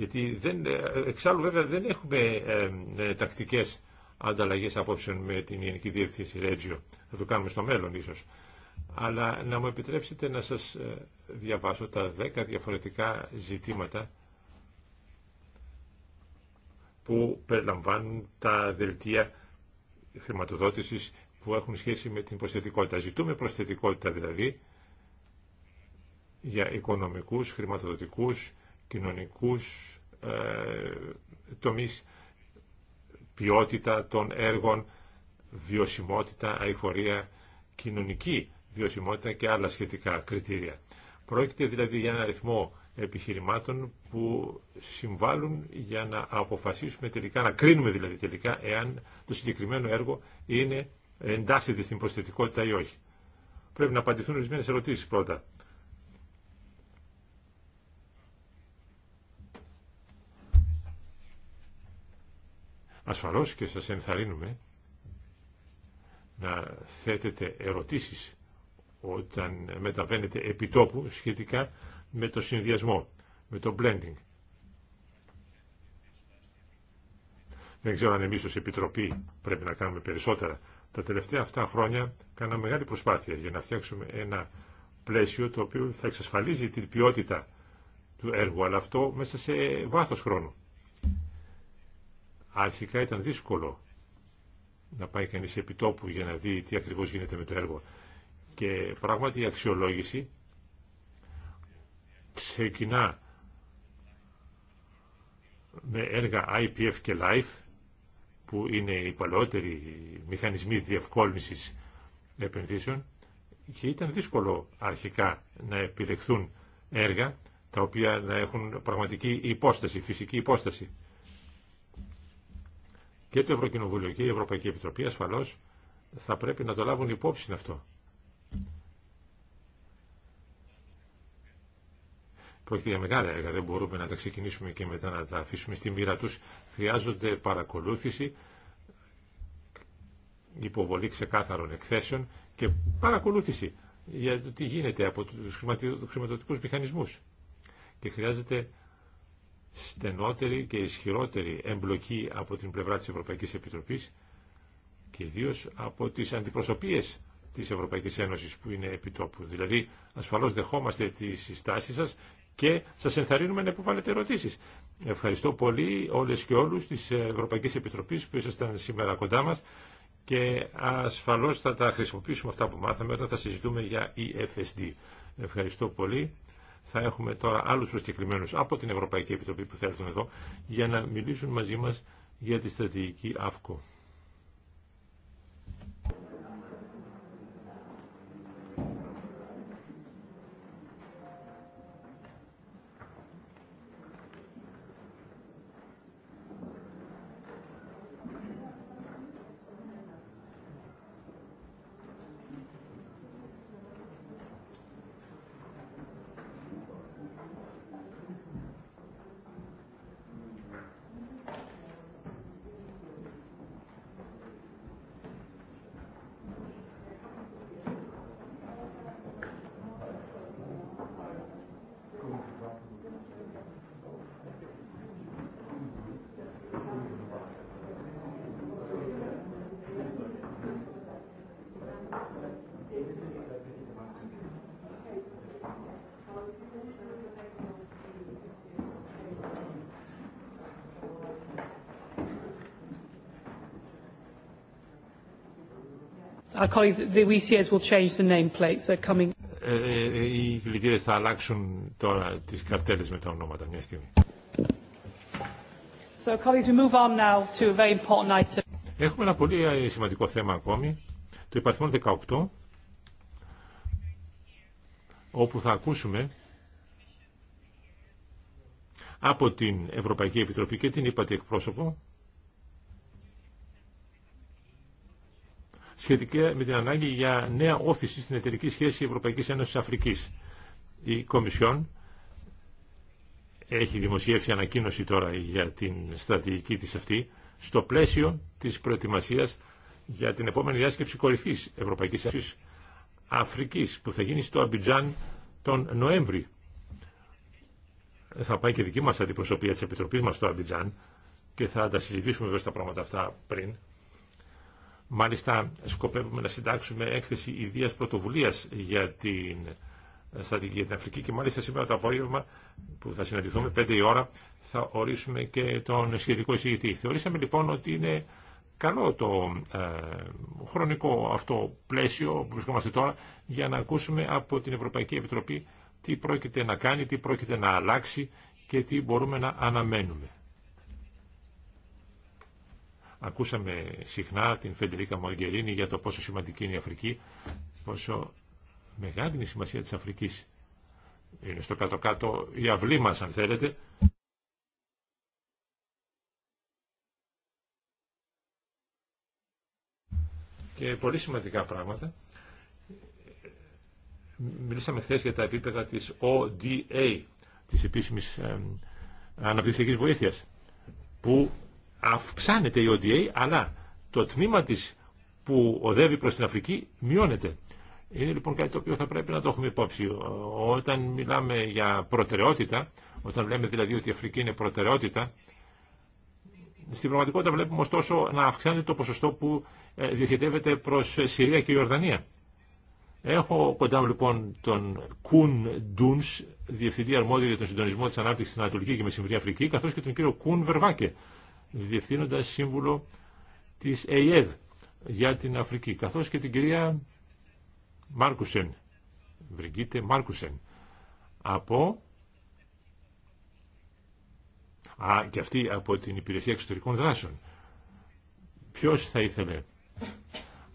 γιατί δεν, ε, εξάλλου βέβαια δεν έχουμε ε, ε, τακτικές ανταλλαγές απόψεων με την Γενική Διεύθυνση Ρέτζιο. Θα το κάνουμε στο μέλλον ίσως. Αλλά να μου επιτρέψετε να σας ε, διαβάσω τα 10 διαφορετικά ζητήματα που περιλαμβάνουν τα δελτία χρηματοδότησης που έχουν σχέση με την προσθετικότητα. Ζητούμε προσθετικότητα δηλαδή για οικονομικούς, χρηματοδοτικούς, κοινωνικούς ε, τομείς, ποιότητα των έργων, βιωσιμότητα, αηφορία, κοινωνική βιωσιμότητα και άλλα σχετικά κριτήρια. Πρόκειται δηλαδή για ένα αριθμό επιχειρημάτων που συμβάλλουν για να αποφασίσουμε τελικά, να κρίνουμε δηλαδή τελικά εάν το συγκεκριμένο έργο είναι εντάσσεται στην προσθετικότητα ή όχι. Πρέπει να απαντηθούν ορισμένε ερωτήσει πρώτα. Ασφαλώς και σας ενθαρρύνουμε να θέτετε ερωτήσεις όταν μεταβαίνετε επιτόπου σχετικά με το συνδυασμό, με το blending. Δεν ξέρω αν εμείς ως Επιτροπή πρέπει να κάνουμε περισσότερα. Τα τελευταία αυτά χρόνια κάναμε μεγάλη προσπάθεια για να φτιάξουμε ένα πλαίσιο το οποίο θα εξασφαλίζει την ποιότητα του έργου, αλλά αυτό μέσα σε βάθος χρόνου. Αρχικά ήταν δύσκολο να πάει κανείς επιτόπου για να δει τι ακριβώς γίνεται με το έργο. Και πράγματι η αξιολόγηση ξεκινά με έργα IPF και LIFE που είναι οι παλαιότεροι μηχανισμοί διευκόλυνσης επενδύσεων και ήταν δύσκολο αρχικά να επιλεχθούν έργα τα οποία να έχουν πραγματική υπόσταση, φυσική υπόσταση και το Ευρωκοινοβούλιο και η Ευρωπαϊκή Επιτροπή ασφαλώς θα πρέπει να το λάβουν υπόψη αυτό. Πρόκειται για μεγάλα έργα, δεν μπορούμε να τα ξεκινήσουμε και μετά να τα αφήσουμε στη μοίρα τους. Χρειάζονται παρακολούθηση, υποβολή ξεκάθαρων εκθέσεων και παρακολούθηση για το τι γίνεται από τους χρηματοδοτικούς μηχανισμούς. Και χρειάζεται στενότερη και ισχυρότερη εμπλοκή από την πλευρά της Ευρωπαϊκής Επιτροπής και ιδίω από τις αντιπροσωπείες της Ευρωπαϊκής Ένωσης που είναι επιτόπου. Δηλαδή, ασφαλώς δεχόμαστε τις συστάσεις σας και σας ενθαρρύνουμε να υποβάλλετε ερωτήσεις. Ευχαριστώ πολύ όλες και όλους της Ευρωπαϊκής Επιτροπής που ήσασταν σήμερα κοντά μας και ασφαλώς θα τα χρησιμοποιήσουμε αυτά που μάθαμε όταν θα συζητούμε για EFSD. Ευχαριστώ πολύ θα έχουμε τώρα άλλου προσκεκλημένους από την Ευρωπαϊκή Επιτροπή που θα εδώ για να μιλήσουν μαζί μας για τη στρατηγική ΑΦΚΟ. colleagues, the e will change the coming. Ε, ε, ε, οι κλητήρε θα αλλάξουν τώρα τι καρτέλε με τα ονόματα μια στιγμή. So, colleagues, we move on now to a very important item. Έχουμε ένα πολύ σημαντικό θέμα ακόμη, το υπαρθμό 18, όπου θα ακούσουμε από την Ευρωπαϊκή Επιτροπή και την ΥΠΑΤΗ εκπρόσωπο σχετικά με την ανάγκη για νέα όθηση στην εταιρική σχέση Ευρωπαϊκής Ένωσης Αφρικής. Η Κομισιόν έχει δημοσιεύσει ανακοίνωση τώρα για την στρατηγική της αυτή στο πλαίσιο της προετοιμασίας για την επόμενη διάσκεψη κορυφής Ευρωπαϊκής Ένωσης Αφρικής που θα γίνει στο Αμπιτζάν τον Νοέμβρη. Θα πάει και δική μας αντιπροσωπεία της Επιτροπής μας στο Αμπιτζάν και θα τα συζητήσουμε βέβαια στα πράγματα αυτά πριν. Μάλιστα σκοπεύουμε να συντάξουμε έκθεση ιδίας πρωτοβουλία για την στρατηγική για την Αφρική και μάλιστα σήμερα το απόγευμα που θα συναντηθούμε 5 η ώρα θα ορίσουμε και τον σχετικό εισηγητή. Θεωρήσαμε λοιπόν ότι είναι καλό το ε, χρονικό αυτό πλαίσιο που βρισκόμαστε τώρα για να ακούσουμε από την Ευρωπαϊκή Επιτροπή τι πρόκειται να κάνει, τι πρόκειται να αλλάξει και τι μπορούμε να αναμένουμε. Ακούσαμε συχνά την Φεντελίκα Μογκερίνη για το πόσο σημαντική είναι η Αφρική, πόσο μεγάλη είναι η σημασία της Αφρικής. Είναι στο κάτω-κάτω η αυλή μας, αν θέλετε. Και πολύ σημαντικά πράγματα. Μιλήσαμε χθε για τα επίπεδα της ODA, της επίσημης αναπτυξιακής βοήθειας, που αυξάνεται η ODA, αλλά το τμήμα της που οδεύει προς την Αφρική μειώνεται. Είναι λοιπόν κάτι το οποίο θα πρέπει να το έχουμε υπόψη. Όταν μιλάμε για προτεραιότητα, όταν λέμε δηλαδή ότι η Αφρική είναι προτεραιότητα, στην πραγματικότητα βλέπουμε ωστόσο να αυξάνεται το ποσοστό που ε, διοχετεύεται προς Συρία και Ιορδανία. Έχω κοντά μου λοιπόν τον Κουν Ντούνς, Διευθυντή Αρμόδιο για τον Συντονισμό της Ανάπτυξης στην Ανατολική και Μεσημβρή Αφρική, καθώς και τον κύριο Κουν Βερβάκε, διευθύνοντα σύμβουλο της ΕΙΕΔ για την Αφρική, καθώς και την κυρία Μάρκουσεν, Βρυγκίτε Μάρκουσεν, από Α, και αυτή από την Υπηρεσία Εξωτερικών Δράσεων. Ποιο θα ήθελε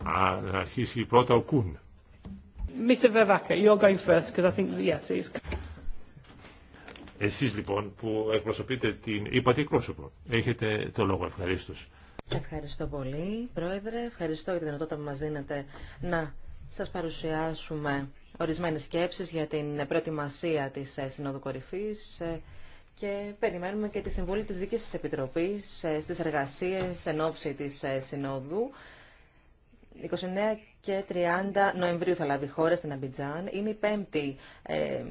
να αρχίσει πρώτα ο Κούν. Mr. Vavaka, you're going first, because I think yes, it's... Εσείς λοιπόν που εκπροσωπείτε την είπατε εκπρόσωπο. Έχετε το λόγο ευχαρίστω. Ευχαριστώ πολύ Πρόεδρε. Ευχαριστώ για την δυνατότητα που μας δίνετε να σας παρουσιάσουμε ορισμένες σκέψεις για την προετοιμασία της ε, Συνόδου Κορυφής ε, και περιμένουμε και τη συμβολή της δικής σας Επιτροπής ε, στις εργασίες εν ώψη της Συνόδου. 29 και 30 Νοεμβρίου θα λάβει η χώρα στην Αμπιτζάν. Είναι η πέμπτη ε,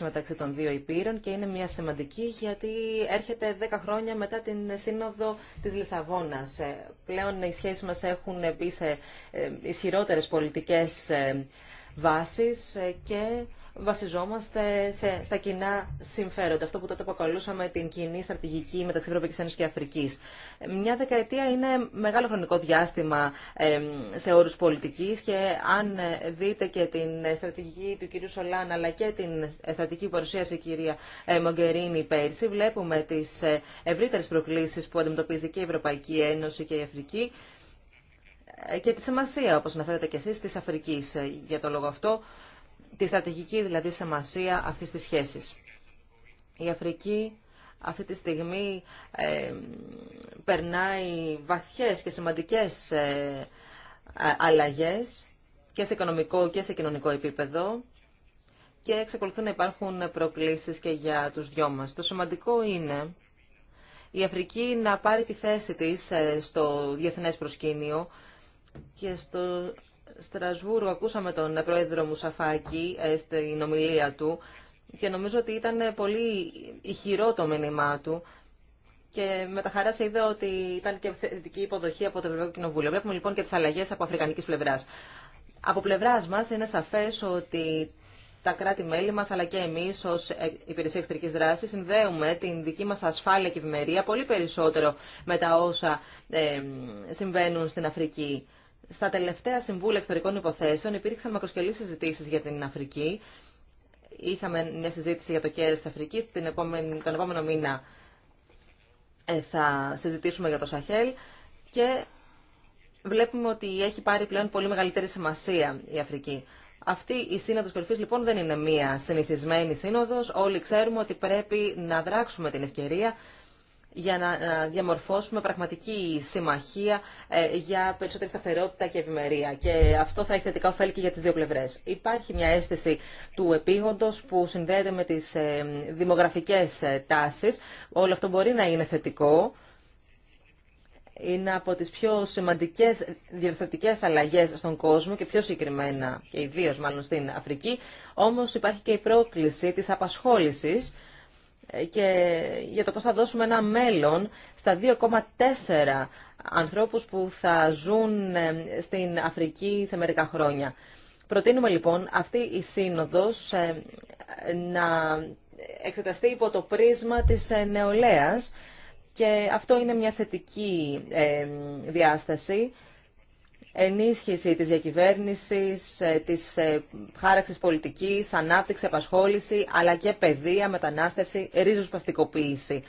μεταξύ των δύο υπήρων και είναι μια σημαντική γιατί έρχεται 10 χρόνια μετά την σύνοδο της Λισαβόνας. Ε, πλέον οι σχέσει μα έχουν μπει σε ε, ισχυρότερες πολιτικές ε, βάσεις και βασιζόμαστε σε, στα κοινά συμφέροντα. Αυτό που τότε αποκαλούσαμε την κοινή στρατηγική μεταξύ Ευρωπαϊκή Ένωση και Αφρική. Μια δεκαετία είναι μεγάλο χρονικό διάστημα σε όρου πολιτική και αν ε, δείτε και την στρατηγική του κ. Σολάν αλλά και την στρατηγική παρουσίαση η κ. Ε, Μογκερίνη πέρσι, βλέπουμε τι ε, ευρύτερε προκλήσει που αντιμετωπίζει και η Ευρωπαϊκή Ένωση και η Αφρική και τη σημασία, όπως αναφέρατε και εσείς, της Αφρικής. Για το λόγο αυτό τη στρατηγική δηλαδή σημασία αυτή της σχέσης. Η Αφρική αυτή τη στιγμή περνάει βαθιές και σημαντικές ε, αλλαγές και σε οικονομικό και σε κοινωνικό επίπεδο και εξακολουθούν να υπάρχουν προκλήσεις και για τους δυο μας. Το σημαντικό είναι η Αφρική να πάρει τη θέση της ε, στο διεθνές προσκήνιο και στο Στρασβούρου ακούσαμε τον πρόεδρο μου Μουσαφάκη ε, στην ομιλία του και νομίζω ότι ήταν πολύ ηχηρό το μήνυμά του και με τα χαρά είδα ότι ήταν και θετική υποδοχή από το Ευρωπαϊκό Κοινοβούλιο. Βλέπουμε λοιπόν και τις αλλαγές από αφρικανικής πλευράς. Από πλευράς μας είναι σαφές ότι τα κράτη-μέλη μας αλλά και εμείς ως ε, υπηρεσία εξωτερικής δράσης συνδέουμε την δική μας ασφάλεια και ευημερία πολύ περισσότερο με τα όσα ε, συμβαίνουν στην Αφρική. Στα τελευταία Συμβούλια Εξωτερικών Υποθέσεων υπήρξαν μακροσκελεί συζητήσει για την Αφρική. Είχαμε μια συζήτηση για το κέρδο τη Αφρικής. τον επόμενο μήνα ε, θα συζητήσουμε για το Σαχέλ. Και βλέπουμε ότι έχει πάρει πλέον πολύ μεγαλύτερη σημασία η Αφρική. Αυτή η σύνοδος κορυφής λοιπόν δεν είναι μία συνηθισμένη σύνοδος. Όλοι ξέρουμε ότι πρέπει να δράξουμε την ευκαιρία για να ε, διαμορφώσουμε πραγματική συμμαχία ε, για περισσότερη σταθερότητα και ευημερία. Και αυτό θα έχει θετικά ωφέλη και για τις δύο πλευρές. Υπάρχει μια αίσθηση του επίγοντος που συνδέεται με τις ε, δημογραφικές τάσεις. Όλο αυτό μπορεί να είναι θετικό. Είναι από τις πιο σημαντικές διευθυντικές αλλαγές στον κόσμο και πιο συγκεκριμένα και ιδίως μάλλον στην Αφρική. Όμως υπάρχει και η πρόκληση της απασχόλησης ε, και για το πώς θα δώσουμε ένα μέλλον στα 2,4 ανθρώπους που θα ζουν ε, στην Αφρική σε μερικά χρόνια. Προτείνουμε λοιπόν αυτή η σύνοδος ε, να εξεταστεί υπό το πρίσμα της νεολαίας και αυτό είναι μια θετική διάσταση ενίσχυση της διακυβέρνησης, ε, της ε, χάραξης πολιτικής, ανάπτυξη, απασχόληση, αλλά και παιδεία, μετανάστευση, ρίζοσπαστικοποίηση.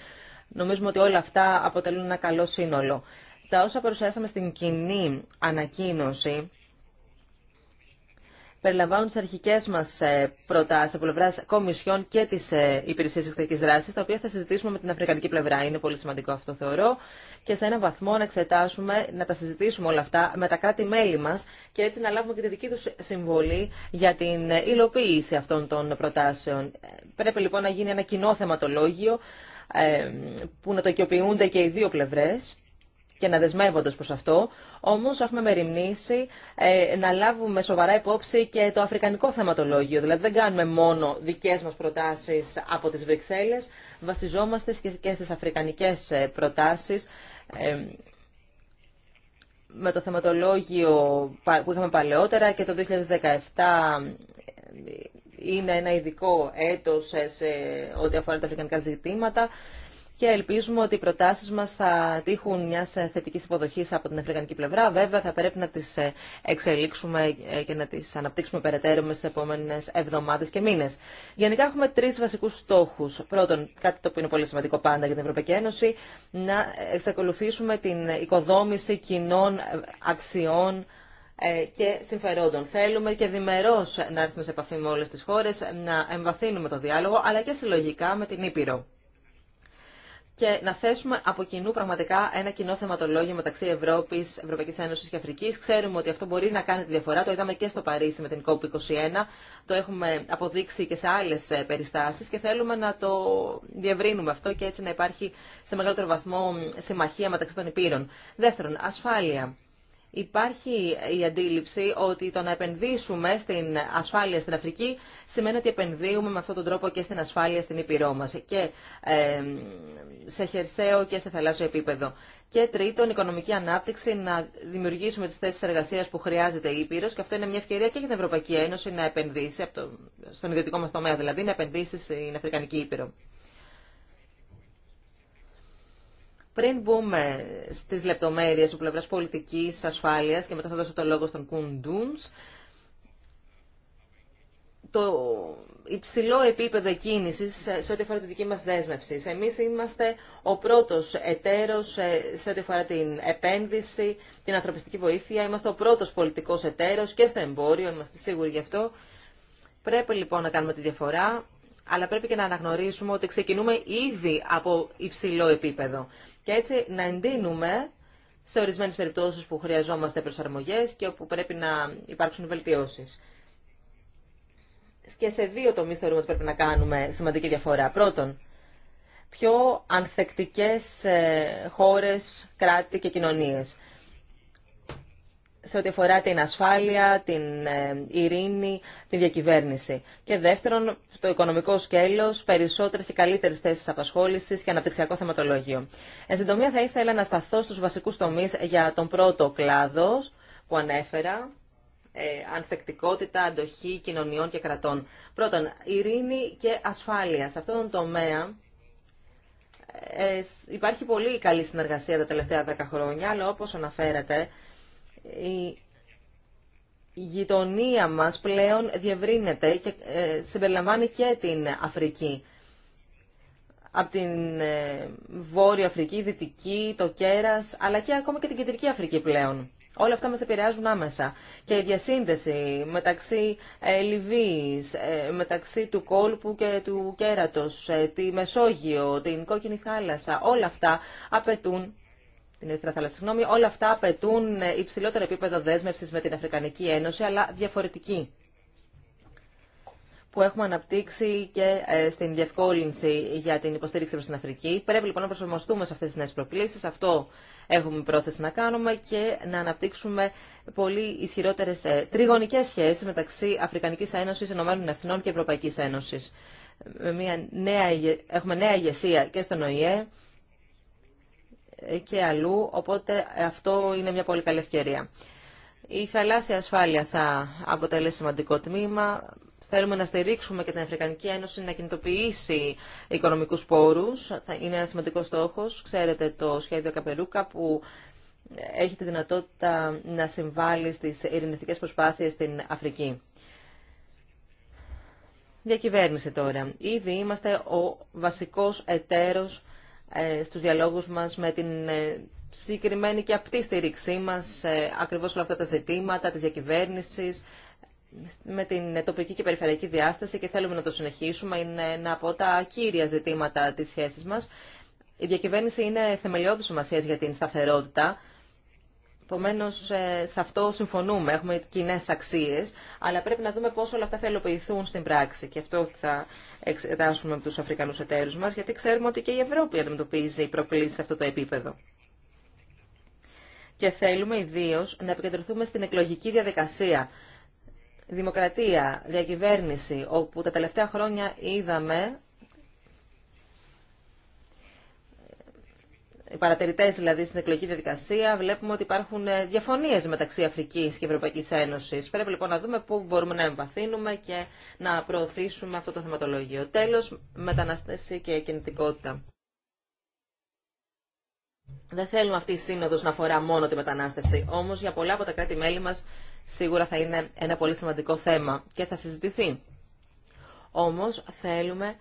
Νομίζουμε ότι όλα αυτά αποτελούν ένα καλό σύνολο. Τα όσα παρουσιάσαμε στην κοινή ανακοίνωση περιλαμβάνουν τι αρχικέ μα ε, προτάσει από πλευρά Κομισιόν και τη ε, Υπηρεσία Εξωτερική Δράση, τα οποία θα συζητήσουμε με την Αφρικανική πλευρά. Είναι πολύ σημαντικό αυτό, θεωρώ. Και σε έναν βαθμό να εξετάσουμε, να τα συζητήσουμε όλα αυτά με τα κράτη-μέλη μα και έτσι να λάβουμε και τη δική του συμβολή για την ε, υλοποίηση αυτών των προτάσεων. Πρέπει λοιπόν να γίνει ένα κοινό θεματολόγιο που να το οικειοποιούνται και οι δύο πλευρές και να δεσμεύονται προς αυτό. Όμως έχουμε μεριμνήσει ε, να λάβουμε σοβαρά υπόψη και το αφρικανικό θεματολόγιο. Δηλαδή δεν κάνουμε μόνο δικές μας προτάσεις από τις Βρυξέλλες, βασιζόμαστε και στις αφρικανικές ε, προτάσεις ε, με το θεματολόγιο που είχαμε παλαιότερα και το 2017 είναι ένα ειδικό έτος σε ό,τι αφορά τα αφρικανικά ζητήματα και ελπίζουμε ότι οι προτάσει μα θα τύχουν μια ε, θετική υποδοχή από την αφρικανική πλευρά. Βέβαια θα πρέπει να τι ε, εξελίξουμε ε, και να τι αναπτύξουμε περαιτέρω με τις επόμενες εβδομάδες και μήνε. Γενικά έχουμε τρει βασικού στόχου. Πρώτον, κάτι το οποίο είναι πολύ σημαντικό πάντα για την Ευρωπαϊκή Ένωση, να εξακολουθήσουμε την οικοδόμηση κοινών αξιών και συμφερόντων. Θέλουμε και διμερώς να έρθουμε σε επαφή με όλε τι χώρε, να εμβαθύνουμε το διάλογο, αλλά και συλλογικά με την Ήπειρο και να θέσουμε από κοινού πραγματικά ένα κοινό θεματολόγιο μεταξύ Ευρώπη, Ευρωπαϊκή Ένωση και Αφρική. Ξέρουμε ότι αυτό μπορεί να κάνει τη διαφορά. Το είδαμε και στο Παρίσι με την COP21. Το έχουμε αποδείξει και σε άλλε περιστάσει και θέλουμε να το διευρύνουμε αυτό και έτσι να υπάρχει σε μεγαλύτερο βαθμό συμμαχία μεταξύ των υπήρων. Δεύτερον, ασφάλεια. Υπάρχει η αντίληψη ότι το να επενδύσουμε στην ασφάλεια στην Αφρική σημαίνει ότι επενδύουμε με αυτόν τον τρόπο και στην ασφάλεια στην Ήπειρό μας και σε χερσαίο και σε θαλάσσιο επίπεδο. Και τρίτον, οικονομική ανάπτυξη, να δημιουργήσουμε τις θέσεις εργασίας που χρειάζεται η Ήπειρος και αυτό είναι μια ευκαιρία και για την Ευρωπαϊκή Ένωση να επενδύσει, στον ιδιωτικό μας τομέα δηλαδή, να επενδύσει στην Αφρικανική Ήπειρο. Πριν μπούμε στις λεπτομέρειες του πλευρά πολιτικής ασφάλειας και μετά θα δώσω το λόγο στον Κουντούνς, το υψηλό επίπεδο κίνηση σε ό,τι αφορά τη δική μας δέσμευση. Εμείς είμαστε ο πρώτος εταίρο ε, σε ό,τι αφορά την επένδυση, την ανθρωπιστική βοήθεια. Είμαστε ο πρώτος πολιτικός εταίρο και στο εμπόριο, είμαστε σίγουροι γι' αυτό. Πρέπει λοιπόν να κάνουμε τη διαφορά αλλά πρέπει και να αναγνωρίσουμε ότι ξεκινούμε ήδη από υψηλό επίπεδο. Και έτσι να εντείνουμε σε ορισμένες περιπτώσεις που χρειαζόμαστε προσαρμογές και όπου πρέπει να υπάρξουν βελτιώσεις. Και σε δύο τομείς θεωρούμε ότι πρέπει να κάνουμε σημαντική διαφορά. Πρώτον, πιο ανθεκτικές ε, χώρες, κράτη και κοινωνίες σε ό,τι αφορά την ασφάλεια, την ε, ειρήνη, την διακυβέρνηση. Και δεύτερον, το οικονομικό σκέλος, περισσότερε και καλύτερε θέσει απασχόληση και αναπτυξιακό θεματολόγιο. Εν συντομία θα ήθελα να σταθώ στου βασικού τομεί για τον πρώτο κλάδο που ανέφερα, ε, ανθεκτικότητα, αντοχή κοινωνιών και κρατών. Πρώτον, ειρήνη και ασφάλεια. Σε αυτόν τον τομέα ε, υπάρχει πολύ καλή συνεργασία τα τελευταία δέκα χρόνια, αλλά όπως αναφέρατε, η γειτονία μας πλέον διευρύνεται και ε, συμπεριλαμβάνει και την Αφρική. Από την ε, Βόρεια Αφρική, Δυτική, το Κέρας, αλλά και ακόμα και την Κεντρική Αφρική πλέον. Όλα αυτά μας επηρεάζουν άμεσα. Και η διασύνδεση μεταξύ ε, Λιβύης, μεταξύ του κόλπου και του κέρατος, τη Μεσόγειο, την Κόκκινη Θάλασσα, όλα αυτά απαιτούν την Ερυθρά Θάλασσα. Συγγνώμη, όλα αυτά απαιτούν υψηλότερο επίπεδο δέσμευση με την Αφρικανική Ένωση, αλλά διαφορετική. Που έχουμε αναπτύξει και ε, στην διευκόλυνση για την υποστήριξη προ την Αφρική. Πρέπει λοιπόν να προσαρμοστούμε σε αυτέ τι νέε προκλήσει. Αυτό έχουμε πρόθεση να κάνουμε και να αναπτύξουμε πολύ ισχυρότερε τριγωνικέ σχέσει μεταξύ Αφρικανική Ένωση, Εθνών και Ευρωπαϊκή Ένωση. Έχουμε νέα ηγεσία και στον ΟΗΕ και αλλού, οπότε αυτό είναι μια πολύ καλή ευκαιρία. Η θαλάσσια ασφάλεια θα αποτελέσει σημαντικό τμήμα. Θέλουμε να στηρίξουμε και την Αφρικανική Ένωση να κινητοποιήσει οικονομικούς πόρους. Θα είναι ένα σημαντικό στόχος. Ξέρετε το σχέδιο Καπερούκα που έχει τη δυνατότητα να συμβάλλει στις ειρηνευτικές προσπάθειες στην Αφρική. Διακυβέρνηση τώρα. Ήδη είμαστε ο βασικός εταίρος ε, στους διαλόγους μας με την ε, συγκεκριμένη και απτή στήριξή μας ακριβώς όλα αυτά τα ζητήματα της διακυβέρνησης με την τοπική και περιφερειακή διάσταση και θέλουμε να το συνεχίσουμε. Είναι ένα από τα κύρια ζητήματα της σχέσης μας. Η διακυβέρνηση είναι θεμελιώδης σημασία για την σταθερότητα Επομένω, ε, σε αυτό συμφωνούμε. Έχουμε κοινέ αξίε, αλλά πρέπει να δούμε πώ όλα αυτά θα υλοποιηθούν στην πράξη. Και αυτό θα εξετάσουμε με του Αφρικανού εταίρου μα, γιατί ξέρουμε ότι και η Ευρώπη αντιμετωπίζει προκλήσει σε αυτό το επίπεδο. Και θέλουμε ιδίω να επικεντρωθούμε στην εκλογική διαδικασία. Δημοκρατία, διακυβέρνηση, όπου τα τελευταία χρόνια είδαμε οι παρατηρητές δηλαδή στην εκλογική διαδικασία βλέπουμε ότι υπάρχουν ε, διαφωνίε μεταξύ Αφρική και Ευρωπαϊκής Ένωση. Πρέπει λοιπόν να δούμε πού μπορούμε να εμβαθύνουμε και να προωθήσουμε αυτό το θεματολόγιο. Τέλος, μεταναστεύση και κινητικότητα. Δεν θέλουμε αυτή η σύνοδος να αφορά μόνο τη μετανάστευση, Όμω, για πολλά από τα κράτη-μέλη μα, σίγουρα θα είναι ένα πολύ σημαντικό θέμα και θα συζητηθεί. Όμως θέλουμε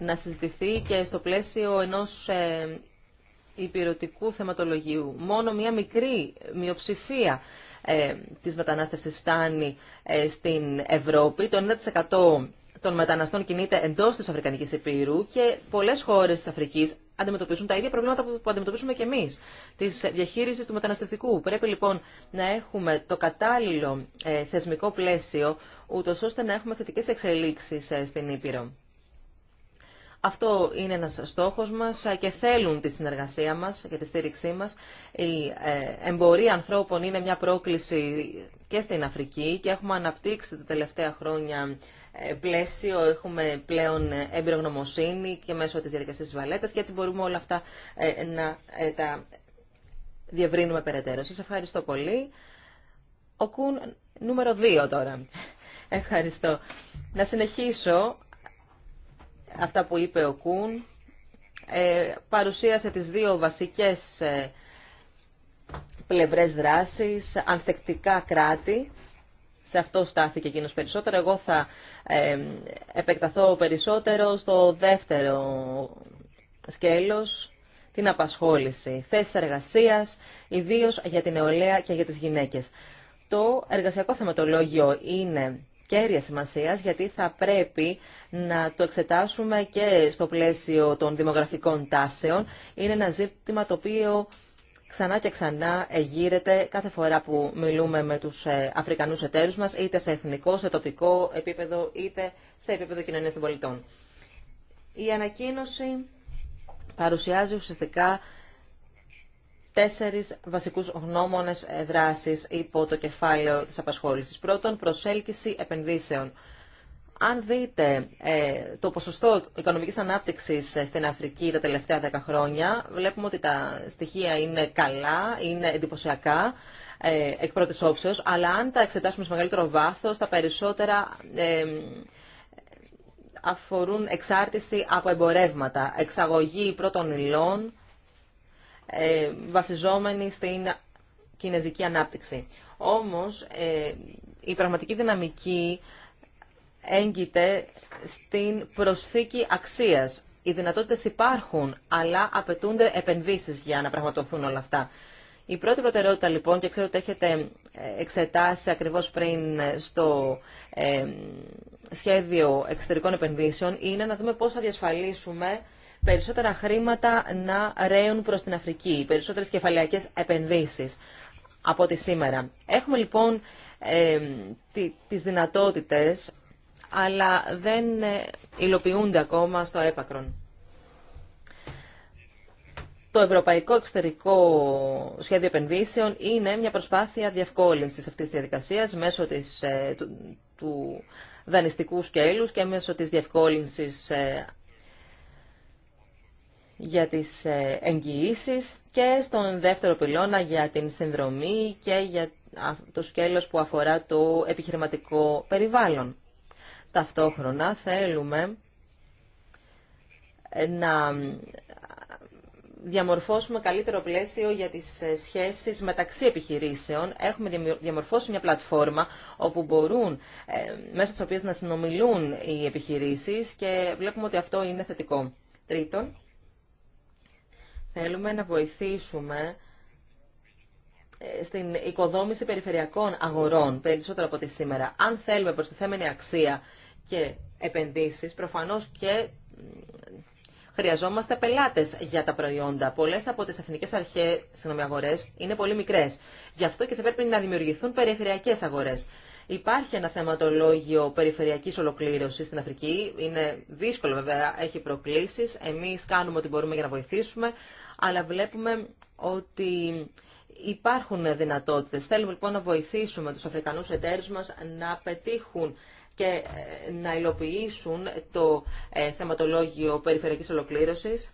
να συζητηθεί και στο πλαίσιο ενός ε, υπηρετικού θεματολογίου. Μόνο μια μικρή μειοψηφία ε, της μετανάστευσης φτάνει ε, στην Ευρώπη. Το 90% των μεταναστών κινείται εντός της Αφρικανικής Επίρου και πολλές χώρες της Αφρικής αντιμετωπίζουν τα ίδια προβλήματα που, που αντιμετωπίζουμε και εμείς, της διαχείρισης του μεταναστευτικού. Πρέπει λοιπόν να έχουμε το κατάλληλο ε, θεσμικό πλαίσιο, ούτως ώστε να έχουμε θετικές εξελίξεις στην Ήπειρο. Αυτό είναι ένας στόχος μας και θέλουν τη συνεργασία μας και τη στήριξή μας. Η ε, εμπορία ανθρώπων είναι μια πρόκληση και στην Αφρική και έχουμε αναπτύξει τα τελευταία χρόνια ε, πλαίσιο, έχουμε πλέον ε, εμπειρογνωμοσύνη και μέσω της διαδικασίας της Βαλέτας και έτσι μπορούμε όλα αυτά να τα διευρύνουμε περαιτέρω. Σας ευχαριστώ πολύ. Ο Κουν νούμερο 2 τώρα. Ευχαριστώ. Να συνεχίσω αυτά που είπε ο Κούν. Ε, παρουσίασε τις δύο βασικές ε, πλευρές δράσης, ανθεκτικά κράτη. Σε αυτό στάθηκε εκείνο περισσότερο. Εγώ θα ε, επεκταθώ περισσότερο στο δεύτερο σκέλος, την απασχόληση. Θέσεις εργασίας, ιδίως για την νεολαία και για τις γυναίκες. Το εργασιακό θεματολόγιο είναι κέρια γιατί θα πρέπει να το εξετάσουμε και στο πλαίσιο των δημογραφικών τάσεων. Είναι ένα ζήτημα το οποίο ξανά και ξανά εγείρεται κάθε φορά που μιλούμε με τους ε, Αφρικανούς εταίρους μας, είτε σε εθνικό, σε τοπικό επίπεδο, είτε σε επίπεδο κοινωνίας των πολιτών. Η ανακοίνωση παρουσιάζει ουσιαστικά τέσσερις βασικούς γνώμονες δράσεις υπό το κεφάλαιο της απασχόλησης. Πρώτον, προσέλκυση επενδύσεων. Αν δείτε ε, το ποσοστό οικονομικής ανάπτυξης ε, στην Αφρική τα τελευταία δέκα χρόνια, βλέπουμε ότι τα στοιχεία είναι καλά, είναι εντυπωσιακά ε, εκ πρώτης όψεως, αλλά αν τα εξετάσουμε σε μεγαλύτερο βάθος, τα περισσότερα αφορούν εξάρτηση από εμπορεύματα, εξαγωγή πρώτων υλών, ε, βασιζόμενοι στην κινέζικη ανάπτυξη. Όμως, ε, η πραγματική δυναμική έγκυται στην προσθήκη αξίας. Οι δυνατότητες υπάρχουν, αλλά απαιτούνται επενδύσεις για να πραγματοθούν όλα αυτά. Η πρώτη προτεραιότητα λοιπόν, και ξέρω ότι έχετε ε, εξετάσει ακριβώς πριν στο σχέδιο εξωτερικών επενδύσεων, είναι να δούμε πώς θα διασφαλίσουμε περισσότερα χρήματα να ρέουν προς την Αφρική, περισσότερες κεφαλαιακές επενδύσεις από ό,τι σήμερα. Έχουμε λοιπόν ε, τις δυνατότητες, αλλά δεν ε, υλοποιούνται ακόμα στο έπακρον. Το Ευρωπαϊκό Εξωτερικό Σχέδιο Επενδύσεων είναι μια προσπάθεια διευκόλυνσης αυτής της διαδικασίας μέσω της, ε, του, του δανειστικού σκέλους και μέσω της διευκόλυνσης ε, για τις ε, εγγυήσει και στον δεύτερο πυλώνα για την συνδρομή και για το σκέλος που αφορά το επιχειρηματικό περιβάλλον. Ταυτόχρονα θέλουμε να διαμορφώσουμε καλύτερο πλαίσιο για τις ε, σχέσεις μεταξύ επιχειρήσεων. Έχουμε διαμορφώσει μια πλατφόρμα όπου μπορούν ε, μέσω της οποίας να συνομιλούν οι επιχειρήσεις και βλέπουμε ότι αυτό είναι θετικό. Τρίτον, Θέλουμε να βοηθήσουμε ε, στην οικοδόμηση περιφερειακών αγορών περισσότερο από τη σήμερα. Αν θέλουμε προστιθέμενη αξία και επενδύσεις, προφανώς και χρειαζόμαστε πελάτες για τα προϊόντα. Πολλές από τις εθνικές αρχές αγορές είναι πολύ μικρές. Γι' αυτό και θα πρέπει να δημιουργηθούν περιφερειακές αγορές. Υπάρχει ένα θεματολόγιο περιφερειακή ολοκλήρωση στην Αφρική. Είναι δύσκολο βέβαια, έχει προκλήσει. Εμεί κάνουμε ό,τι μπορούμε για να βοηθήσουμε, αλλά βλέπουμε ότι υπάρχουν δυνατότητες. Θέλουμε λοιπόν να βοηθήσουμε τους Αφρικανούς εταίρους μας να πετύχουν και ε, να υλοποιήσουν το ε, θεματολόγιο περιφερειακής ολοκλήρωσης.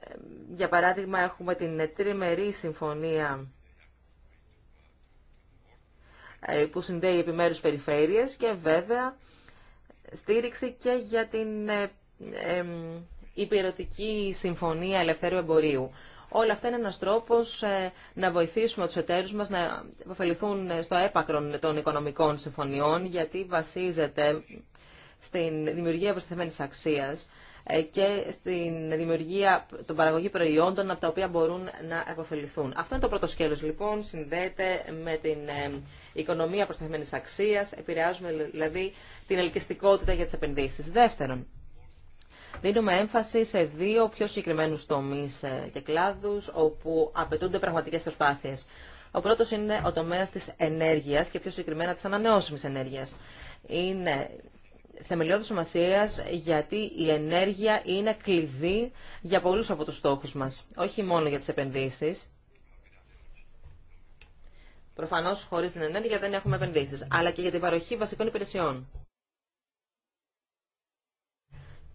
Ε, για παράδειγμα, έχουμε την τριμερή συμφωνία που συνδέει επιμέρους περιφέρειες και βέβαια στήριξη και για την υπηρετική συμφωνία ελευθέρου εμπορίου. Όλα αυτά είναι ένας τρόπος ε, να βοηθήσουμε τους εταίρους μας να υποφεληθούν στο έπακρον των οικονομικών συμφωνιών, γιατί βασίζεται στην δημιουργία προστιθέμενης αξίας ε, και στην δημιουργία των παραγωγή προϊόντων από τα οποία μπορούν να επωφεληθούν. Αυτό είναι το πρώτο σκέλος λοιπόν, συνδέεται με την ε, οικονομία προστιθέμενης αξίας, επηρεάζουμε δηλαδή την ελκυστικότητα για τις επενδύσεις. Δεύτερον, δίνουμε έμφαση σε δύο πιο συγκεκριμένου τομεί ε, και κλάδου όπου απαιτούνται πραγματικέ προσπάθειε. Ο πρώτο είναι ο τομέα τη ενέργεια και πιο συγκεκριμένα τη ανανεώσιμη ενέργεια. Είναι θεμελιώδη σημασία γιατί η ενέργεια είναι κλειδί για πολλούς από τους στόχους μας, όχι μόνο για τι επενδύσει. Προφανώ χωρί την ενέργεια δεν έχουμε επενδύσει. αλλά και για την παροχή βασικών υπηρεσιών.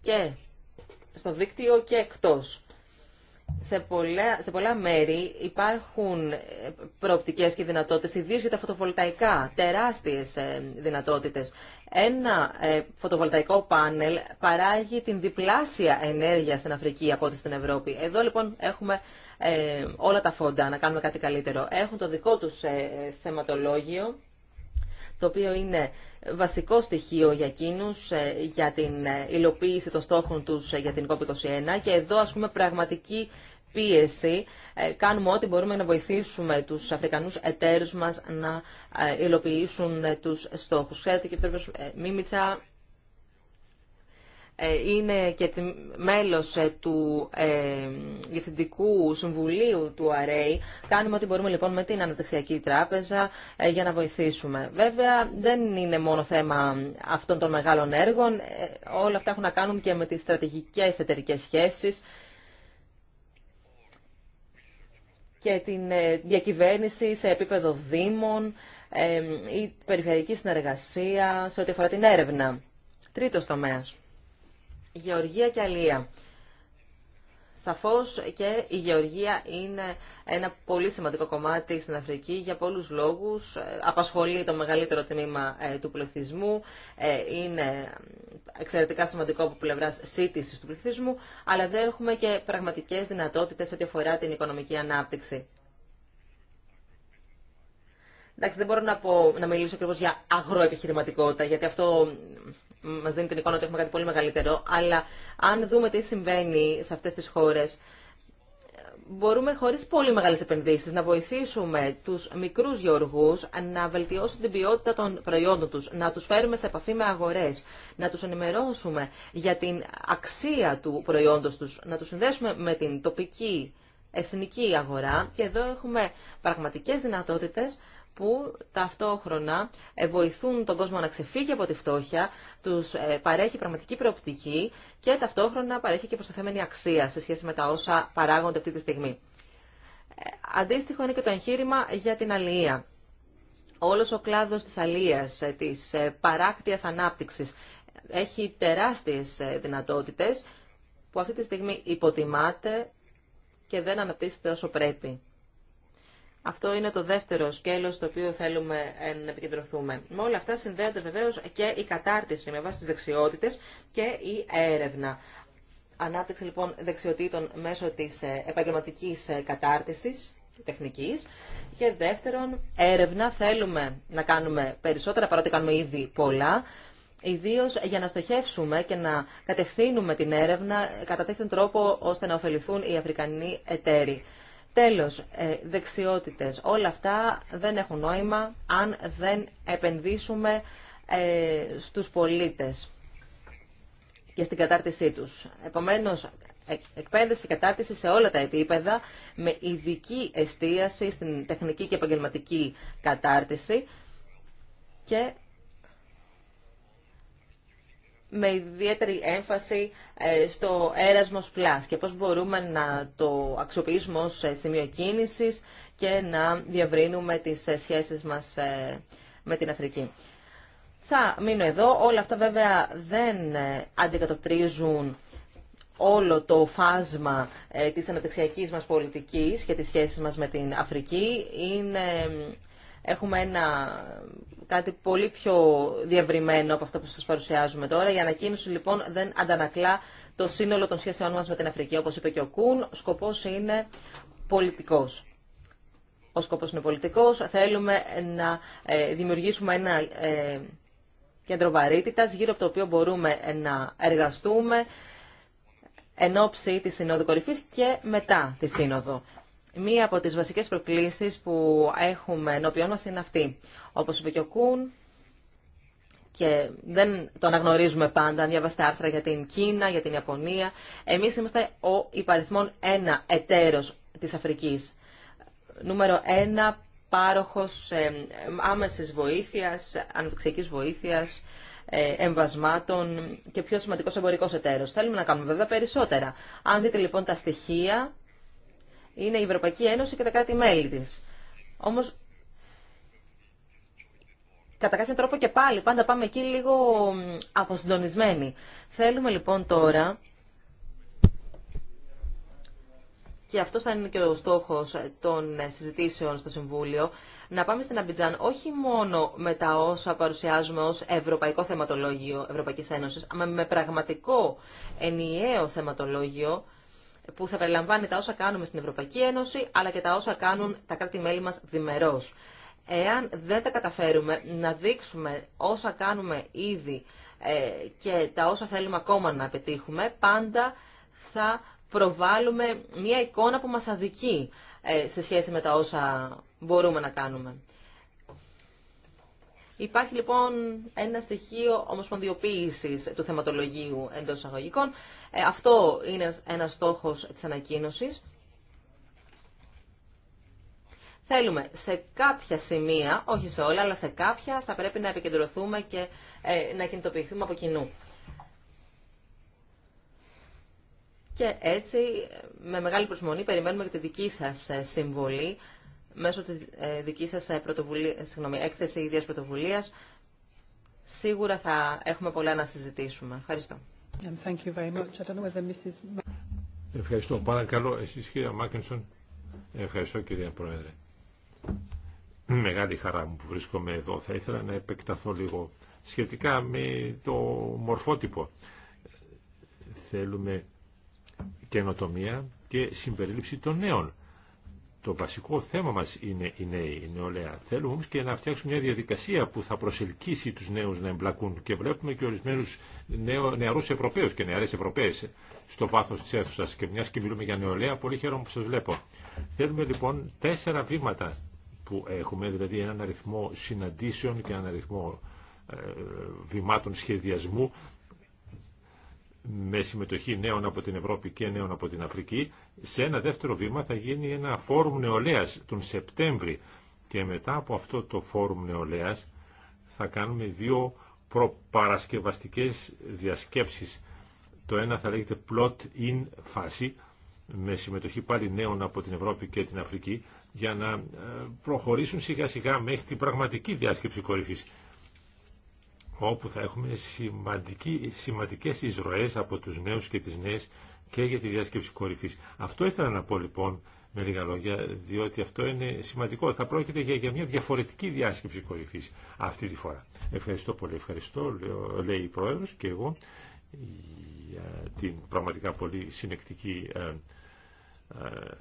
Και στο δίκτυο και εκτός. Σε πολλά, σε πολλά μέρη υπάρχουν ε, προοπτικές και δυνατότητες, ιδίως για τα φωτοβολταϊκά, τεράστιες ε, δυνατότητες. Ένα ε, φωτοβολταϊκό πάνελ παράγει την διπλάσια ενέργεια στην Αφρική από ό,τι στην Ευρώπη. Εδώ λοιπόν έχουμε όλα τα φόντα να κάνουμε κάτι καλύτερο. Έχουν το δικό τους θεματολόγιο, το οποίο είναι βασικό στοιχείο για εκείνου ε, για την ε, υλοποίηση των στόχων τους ε, για την COP21 και εδώ α πούμε πραγματική πίεση κάνουμε ό,τι μπορούμε να βοηθήσουμε τους Αφρικανούς εταίρου μας να υλοποιήσουν τους στόχου. Ξέρετε και Μίμητσα ε, είναι και μέλος ε, του ε, Διευθυντικού Συμβουλίου του ΑΡΕΙ. Κάνουμε ό,τι μπορούμε λοιπόν με την Αναταξιακή Τράπεζα για να βοηθήσουμε. Βέβαια δεν είναι μόνο θέμα αυτών των μεγάλων έργων. Όλα αυτά έχουν να κάνουν και με τις στρατηγικές εταιρικέ σχέσεις και την διακυβέρνηση σε επίπεδο δήμων ή περιφερειακή συνεργασία σε ό,τι αφορά την έρευνα. Τρίτος τομέας. Γεωργία και Αλία. Σαφώς και η γεωργία είναι ένα πολύ σημαντικό κομμάτι στην Αφρική για πολλούς λόγους. Ε, απασχολεί το μεγαλύτερο τμήμα ε, του πληθυσμού, ε, είναι εξαιρετικά σημαντικό από πλευρά σύντησης του πληθυσμού, αλλά δεν έχουμε και πραγματικές δυνατότητες ό,τι αφορά την οικονομική ανάπτυξη. Εντάξει, δεν μπορώ να, μιλήσω ακριβώ για αγροεπιχειρηματικότητα, γιατί αυτό μας δίνει την εικόνα ότι έχουμε κάτι πολύ μεγαλύτερο, αλλά αν δούμε τι συμβαίνει σε αυτές τις χώρες, μπορούμε χωρίς πολύ μεγάλες επενδύσεις να βοηθήσουμε τους μικρούς γεωργούς να βελτιώσουν την ποιότητα των προϊόντων τους, να τους φέρουμε σε επαφή με αγορές, να τους ενημερώσουμε για την αξία του προϊόντος τους, να τους συνδέσουμε με την τοπική εθνική αγορά και εδώ έχουμε πραγματικές δυνατότητες που ταυτόχρονα ε, βοηθούν τον κόσμο να ξεφύγει από τη φτώχεια, τους ε, παρέχει πραγματική προοπτική και ταυτόχρονα παρέχει και προσταθέμενη αξία σε σχέση με τα όσα παράγονται αυτή τη στιγμή. Ε, αντίστοιχο είναι και το εγχείρημα για την αλληλεία. Όλος ο κλάδος της αλληλείας, της παράκτιας ανάπτυξης, έχει τεράστιες δυνατότητες που αυτή τη στιγμή υποτιμάται και δεν αναπτύσσεται όσο πρέπει. Αυτό είναι το δεύτερο σκέλος στο οποίο θέλουμε να επικεντρωθούμε. Με όλα αυτά συνδέονται βεβαίως και η κατάρτιση με βάση τις δεξιότητες και η έρευνα. Ανάπτυξη λοιπόν δεξιοτήτων μέσω της ε, επαγγελματικής ε, κατάρτισης τεχνικής και δεύτερον έρευνα θέλουμε να κάνουμε περισσότερα παρότι κάνουμε ήδη πολλά Ιδίω για να στοχεύσουμε και να κατευθύνουμε την έρευνα κατά τέτοιον τρόπο ώστε να ωφεληθούν οι Αφρικανοί εταίροι. Τέλος, ε, δεξιότητες. Όλα αυτά δεν έχουν νόημα αν δεν επενδύσουμε ε, στους πολίτες και στην κατάρτισή τους. Επομένως, ε, εκπαίδευση και κατάρτιση σε όλα τα επίπεδα με ειδική εστίαση στην τεχνική και επαγγελματική κατάρτιση και με ιδιαίτερη έμφαση ε, στο Erasmus Plus και πώς μπορούμε να το αξιοποιήσουμε ως ε, σημείο κίνησης και να διαβρύνουμε τις ε, σχέσεις μας με την Αφρική. Θα μείνω εδώ. Όλα αυτά βέβαια δεν αντικατοπτρίζουν όλο το φάσμα της αναπτυξιακής μας πολιτικής και τις σχέσεις μας με την Αφρική. Είναι Έχουμε ένα κάτι πολύ πιο διευρυμένο από αυτό που σας παρουσιάζουμε τώρα. Η ανακοίνωση λοιπόν δεν αντανακλά το σύνολο των σχέσεών μας με την Αφρική. Όπως είπε και ο Κούν, ο σκοπός είναι πολιτικός. Ο σκοπός είναι πολιτικός. Θέλουμε να ε, δημιουργήσουμε ένα ε, κέντρο βαρύτητας γύρω από το οποίο μπορούμε να εργαστούμε εν ώψη της Συνόδου Κορυφής και μετά τη Σύνοδο. Μία από τις βασικές προκλήσεις που έχουμε ενώπιόν μας είναι αυτή. Όπως είπε και ο Κούν, και δεν το αναγνωρίζουμε πάντα, αν διαβάστε άρθρα για την Κίνα, για την Ιαπωνία, εμείς είμαστε ο υπαριθμόν ένα εταίρος της Αφρικής. Νούμερο ένα πάροχος ε, άμεσης βοήθειας, βοήθεια, βοήθειας, ε, εμβασμάτων και πιο σημαντικός εμπορικός εταίρος. Θέλουμε να κάνουμε βέβαια περισσότερα. Αν δείτε λοιπόν τα στοιχεία είναι η Ευρωπαϊκή Ένωση και τα κράτη-μέλη της. Όμως, κατά κάποιο τρόπο και πάλι, πάντα πάμε εκεί λίγο αποσυντονισμένοι. Θέλουμε λοιπόν τώρα, και αυτός θα είναι και ο στόχος των συζητήσεων στο Συμβούλιο, να πάμε στην Αμπιτζάν όχι μόνο με τα όσα παρουσιάζουμε ως Ευρωπαϊκό Θεματολόγιο Ευρωπαϊκής Ένωσης, αλλά με πραγματικό ενιαίο θεματολόγιο, που θα περιλαμβάνει τα όσα κάνουμε στην Ευρωπαϊκή Ένωση, αλλά και τα όσα κάνουν τα κράτη-μέλη μας διμερώς. Εάν δεν τα καταφέρουμε να δείξουμε όσα κάνουμε ήδη ε, και τα όσα θέλουμε ακόμα να πετύχουμε, πάντα θα προβάλλουμε μια εικόνα που μας αδικεί ε, σε σχέση με τα όσα μπορούμε να κάνουμε. Υπάρχει λοιπόν ένα στοιχείο ομοσπονδιοποίηση του θεματολογίου εντό εισαγωγικών. Ε, αυτό είναι ένα στόχος της ανακοίνωση. Θέλουμε σε κάποια σημεία, όχι σε όλα, αλλά σε κάποια θα πρέπει να επικεντρωθούμε και ε, να κινητοποιηθούμε από κοινού. Και έτσι, με μεγάλη προσμονή, περιμένουμε και τη δική σας ε, συμβολή μέσω της ε, δικής σας ε, πρωτοβουλία, ε, συγγνώμη, έκθεση ίδιας πρωτοβουλίας σίγουρα θα έχουμε πολλά να συζητήσουμε. Ευχαριστώ. Ευχαριστώ. Παρακαλώ εσείς κύριε Μάκενσον. Ευχαριστώ κυρία Πρόεδρε. Μεγάλη χαρά μου που βρίσκομαι εδώ. Θα ήθελα να επεκταθώ λίγο σχετικά με το μορφότυπο. Θέλουμε καινοτομία και συμπερίληψη των νέων. Το βασικό θέμα μας είναι οι νέοι, η νεολαία. Θέλουμε όμως και να φτιάξουμε μια διαδικασία που θα προσελκύσει τους νέους να εμπλακούν και βλέπουμε και ορισμένους νεο, νεαρούς Ευρωπαίους και νεαρές Ευρωπαίες στο βάθος της αίθουσας και μιας και μιλούμε για νεολαία, πολύ χαίρομαι που σας βλέπω. Θέλουμε λοιπόν τέσσερα βήματα που έχουμε, δηλαδή έναν αριθμό συναντήσεων και έναν αριθμό ε, βημάτων σχεδιασμού με συμμετοχή νέων από την Ευρώπη και νέων από την Αφρική. Σε ένα δεύτερο βήμα θα γίνει ένα φόρουμ νεολαίας τον Σεπτέμβρη και μετά από αυτό το φόρουμ νεολαίας θα κάνουμε δύο προπαρασκευαστικές διασκέψεις. Το ένα θα λέγεται plot in φάση με συμμετοχή πάλι νέων από την Ευρώπη και την Αφρική για να ε, προχωρήσουν σιγά σιγά μέχρι την πραγματική διάσκεψη κορυφής όπου θα έχουμε σημαντική, σημαντικές εισρωές από τους νέους και τις νέες και για τη διάσκεψη κορυφής. Αυτό ήθελα να πω λοιπόν με λίγα λόγια, διότι αυτό είναι σημαντικό. Θα πρόκειται για, μια διαφορετική διάσκεψη κορυφής αυτή τη φορά. Ευχαριστώ πολύ, ευχαριστώ, λέει η Πρόεδρος και εγώ για την πραγματικά πολύ συνεκτική ε, ε,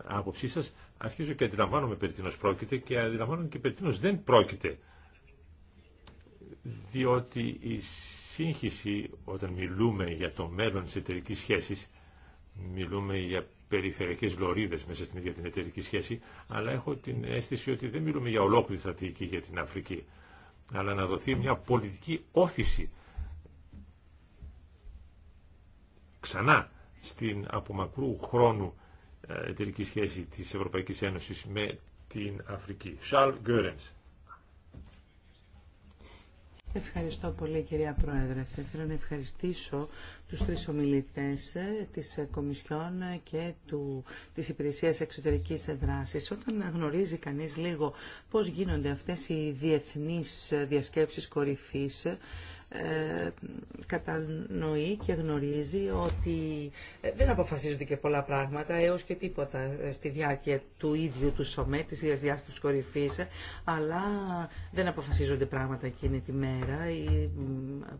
άποψή σας. Αρχίζω και αντιλαμβάνομαι περί τίνος πρόκειται και αντιλαμβάνομαι και περί τίνος δεν πρόκειται διότι η σύγχυση όταν μιλούμε για το μέλλον της εταιρική σχέσης, μιλούμε για περιφερειακές λωρίδες μέσα στην ίδια την εταιρική σχέση, αλλά έχω την αίσθηση ότι δεν μιλούμε για ολόκληρη στρατηγική για την Αφρική, αλλά να δοθεί μια πολιτική όθηση ξανά στην απομακρού χρόνου ε, εταιρική σχέση της Ευρωπαϊκής Ένωσης με την Αφρική. Charles Goerens. Ευχαριστώ πολύ κυρία Πρόεδρε. Θα ήθελα να ευχαριστήσω τους τρεις ομιλητές ε, της ε, Κομισιόν και του, της Υπηρεσίας Εξωτερικής Δράσης. Όταν γνωρίζει κανείς λίγο πώς γίνονται αυτές οι διεθνείς ε, διασκέψεις κορυφής, ε, κατανοεί και γνωρίζει ότι ε, δεν αποφασίζονται και πολλά πράγματα έως και τίποτα ε, στη διάρκεια του ίδιου του ΣΟΜΕ, της ίδιας διάστασης κορυφής, αλλά δεν αποφασίζονται πράγματα εκείνη τη μέρα ή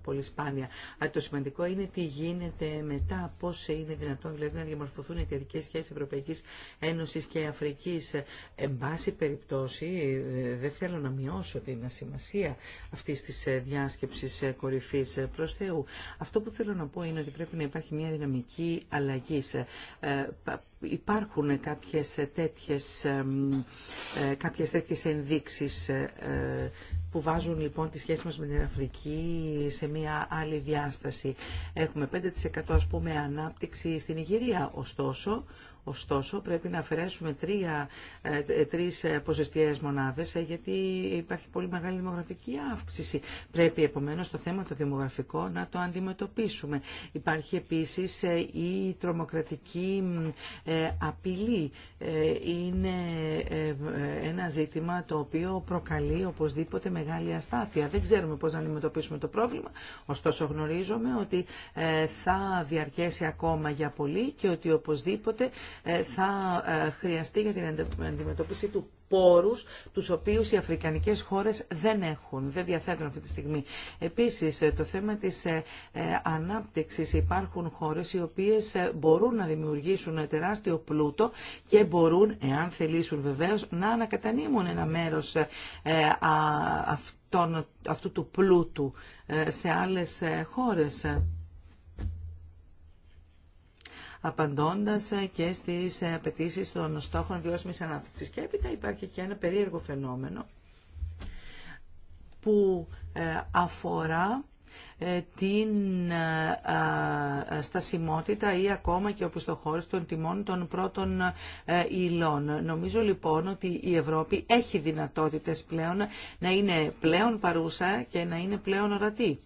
πολύ σπάνια. Αλλά το σημαντικό είναι τι γίνεται μετά, πώς είναι δυνατόν δηλαδή να διαμορφωθούν εταιρικές σχέσεις Ευρωπαϊκής Ένωσης και Αφρικής. Εν πάση περιπτώσει, δεν θέλω να μειώσω την σημασία αυτής της διάσκεψης κορυφής ε, προς Θεού. Αυτό που θέλω να πω είναι ότι πρέπει να υπάρχει μια δυναμική αλλαγή. Ε, υπάρχουν κάποιες τέτοιες, ε, κάποιες τέτοιες ενδείξεις που βάζουν λοιπόν τη σχέση μας με την Αφρική σε μια άλλη διάσταση. Έχουμε 5% ας πούμε ανάπτυξη στην Ιγυρία. Ωστόσο, Ωστόσο, πρέπει να αφαιρέσουμε τρία, ε, τρεις ε, ποσοστιαίες μονάδες, ε, γιατί υπάρχει πολύ μεγάλη δημογραφική αύξηση. Πρέπει, επομένως, το θέμα το δημογραφικό να το αντιμετωπίσουμε. Υπάρχει, επίσης, η τρομοκρατική απειλή. Είναι ένα ζήτημα το οποίο προκαλεί οπωσδήποτε μεγάλη αστάθεια. Δεν ξέρουμε πώς να αντιμετωπίσουμε το πρόβλημα, ωστόσο γνωρίζουμε ότι θα διαρκέσει ακόμα για πολύ και ότι οπωσδήποτε ε, θα ε, χρειαστεί για την αντιμετώπιση του πόρους τους οποίους οι αφρικανικές χώρες δεν έχουν, δεν διαθέτουν αυτή τη στιγμή. Επίσης, ε, το θέμα της ανάπτυξης υπάρχουν χώρες οι οποίες μπορούν να δημιουργήσουν τεράστιο πλούτο και μπορούν, εάν θελήσουν βεβαίως, να ανακατανείμουν ένα μέρος αυτού του πλούτου σε άλλες χώρες. Απαντώντα ε, και στι ε, απαιτήσει των στόχων βιώσιμη ανάπτυξης. Και έπειτα υπάρχει και ένα περίεργο φαινόμενο που ε, αφορά την στασιμότητα ή ακόμα και οπισθοχώρηση των τιμών των πρώτων υλών. Νομίζω λοιπόν ότι η Ευρώπη έχει δυνατότητες πλέον να είναι πλέον παρούσα και να είναι πλέον ορατή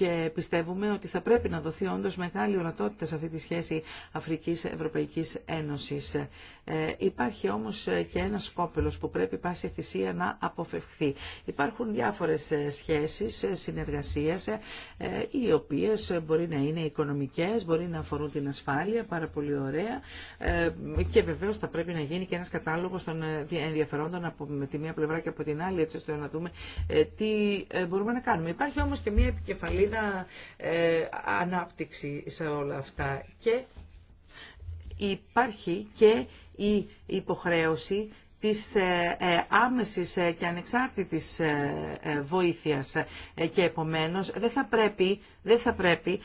και πιστεύουμε ότι θα πρέπει να δοθεί όντω μεγάλη ορατότητα σε αυτή τη σχεση Αφρική Ευρωπαϊκή Ένωση. Ε, υπάρχει όμω και ένα σκόπελο που πρέπει πάση θυσία να αποφευχθεί. Υπάρχουν διάφορε σχέσει ε, συνεργασίες, ε, οι οποίε μπορεί να είναι οικονομικέ, μπορεί να αφορούν την ασφάλεια, πάρα πολύ ωραία ε, και βεβαίω θα πρέπει να γίνει και ένα κατάλογο των ενδιαφερόντων από με τη μία πλευρά και από την άλλη, έτσι ώστε να δούμε τι μπορούμε να κάνουμε. Υπάρχει όμω και μία επικεφαλή να ε, ανάπτυξη σε όλα αυτά. Και υπάρχει και η υποχρέωση της ε, ε, άμεσης και ανεξάρτητης βοήθειας και επομένως δεν θα πρέπει, δεν θα πρέπει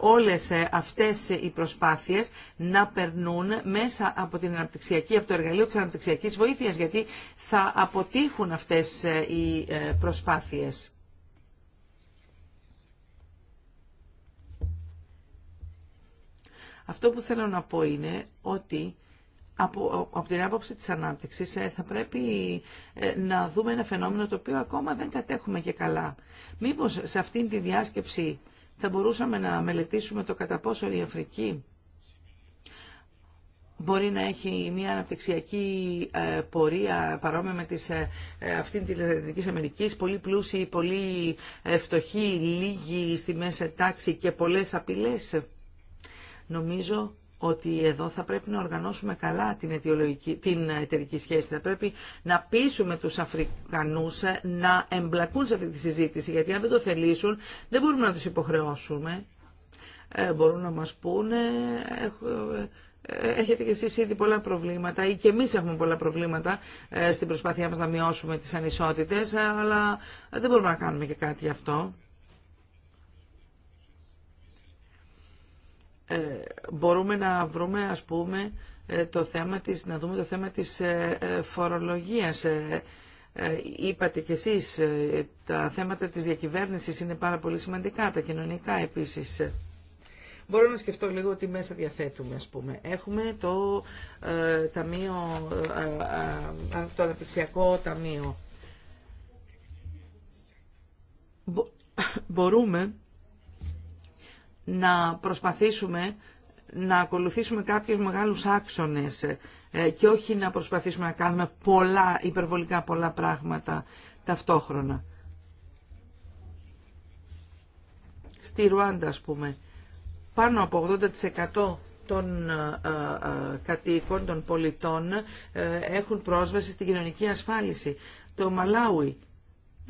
όλες αυτές οι προσπάθειες να περνούν μέσα από, την αναπτυξιακή, από το εργαλείο της αναπτυξιακής βοήθειας γιατί θα αποτύχουν αυτές οι προσπάθειες. Αυτό που θέλω να πω είναι ότι από, την άποψη της ανάπτυξης ε, θα πρέπει ε, να δούμε ένα φαινόμενο το οποίο ακόμα δεν κατέχουμε και καλά. Μήπως σε αυτήν τη διάσκεψη θα μπορούσαμε να μελετήσουμε το κατά πόσο η Αφρική μπορεί να έχει μια αναπτυξιακή ε, πορεία παρόμοια με τις, αυτήν τη Λατινικής Αμερικής, πολύ πλούσιοι, πολύ φτωχοί, λίγοι στη μέση τάξη και πολλές απειλές. Νομίζω ότι εδώ θα πρέπει να οργανώσουμε καλά την, την εταιρική σχέση. Θα πρέπει να πείσουμε τους Αφρικανούς να εμπλακούν σε αυτή τη συζήτηση, γιατί αν δεν το θελήσουν δεν μπορούμε να τους υποχρεώσουμε. Ε, μπορούν να μας πούνε, ε, έχετε κι εσείς ήδη πολλά προβλήματα ή και εμείς έχουμε πολλά προβλήματα ε, στην προσπάθειά μας να μειώσουμε τις ανισότητες, αλλά δεν μπορούμε να κάνουμε και κάτι γι' αυτό. Ε, μπορούμε να βρούμε ας πούμε ε, το θέμα της, να δούμε το θέμα της ε, φορολογίας. Είπατε κι εσείς, τα θέματα της διακυβέρνησης είναι πάρα πολύ σημαντικά, τα κοινωνικά επίσης. Μπορώ να σκεφτώ λίγο τι μέσα διαθέτουμε, ας πούμε. Έχουμε το, ταμείο, ε, το αναπτυξιακό ταμείο. Μπορούμε να προσπαθήσουμε να ακολουθήσουμε κάποιους μεγάλους άξονες ε, και όχι να προσπαθήσουμε να κάνουμε πολλά, υπερβολικά πολλά πράγματα ταυτόχρονα. Στη Ρουάντα, ας πούμε, πάνω από 80% των ε, ε, κατοίκων, των πολιτών, έχουν πρόσβαση στην κοινωνική ασφάλιση. Το Μαλάουι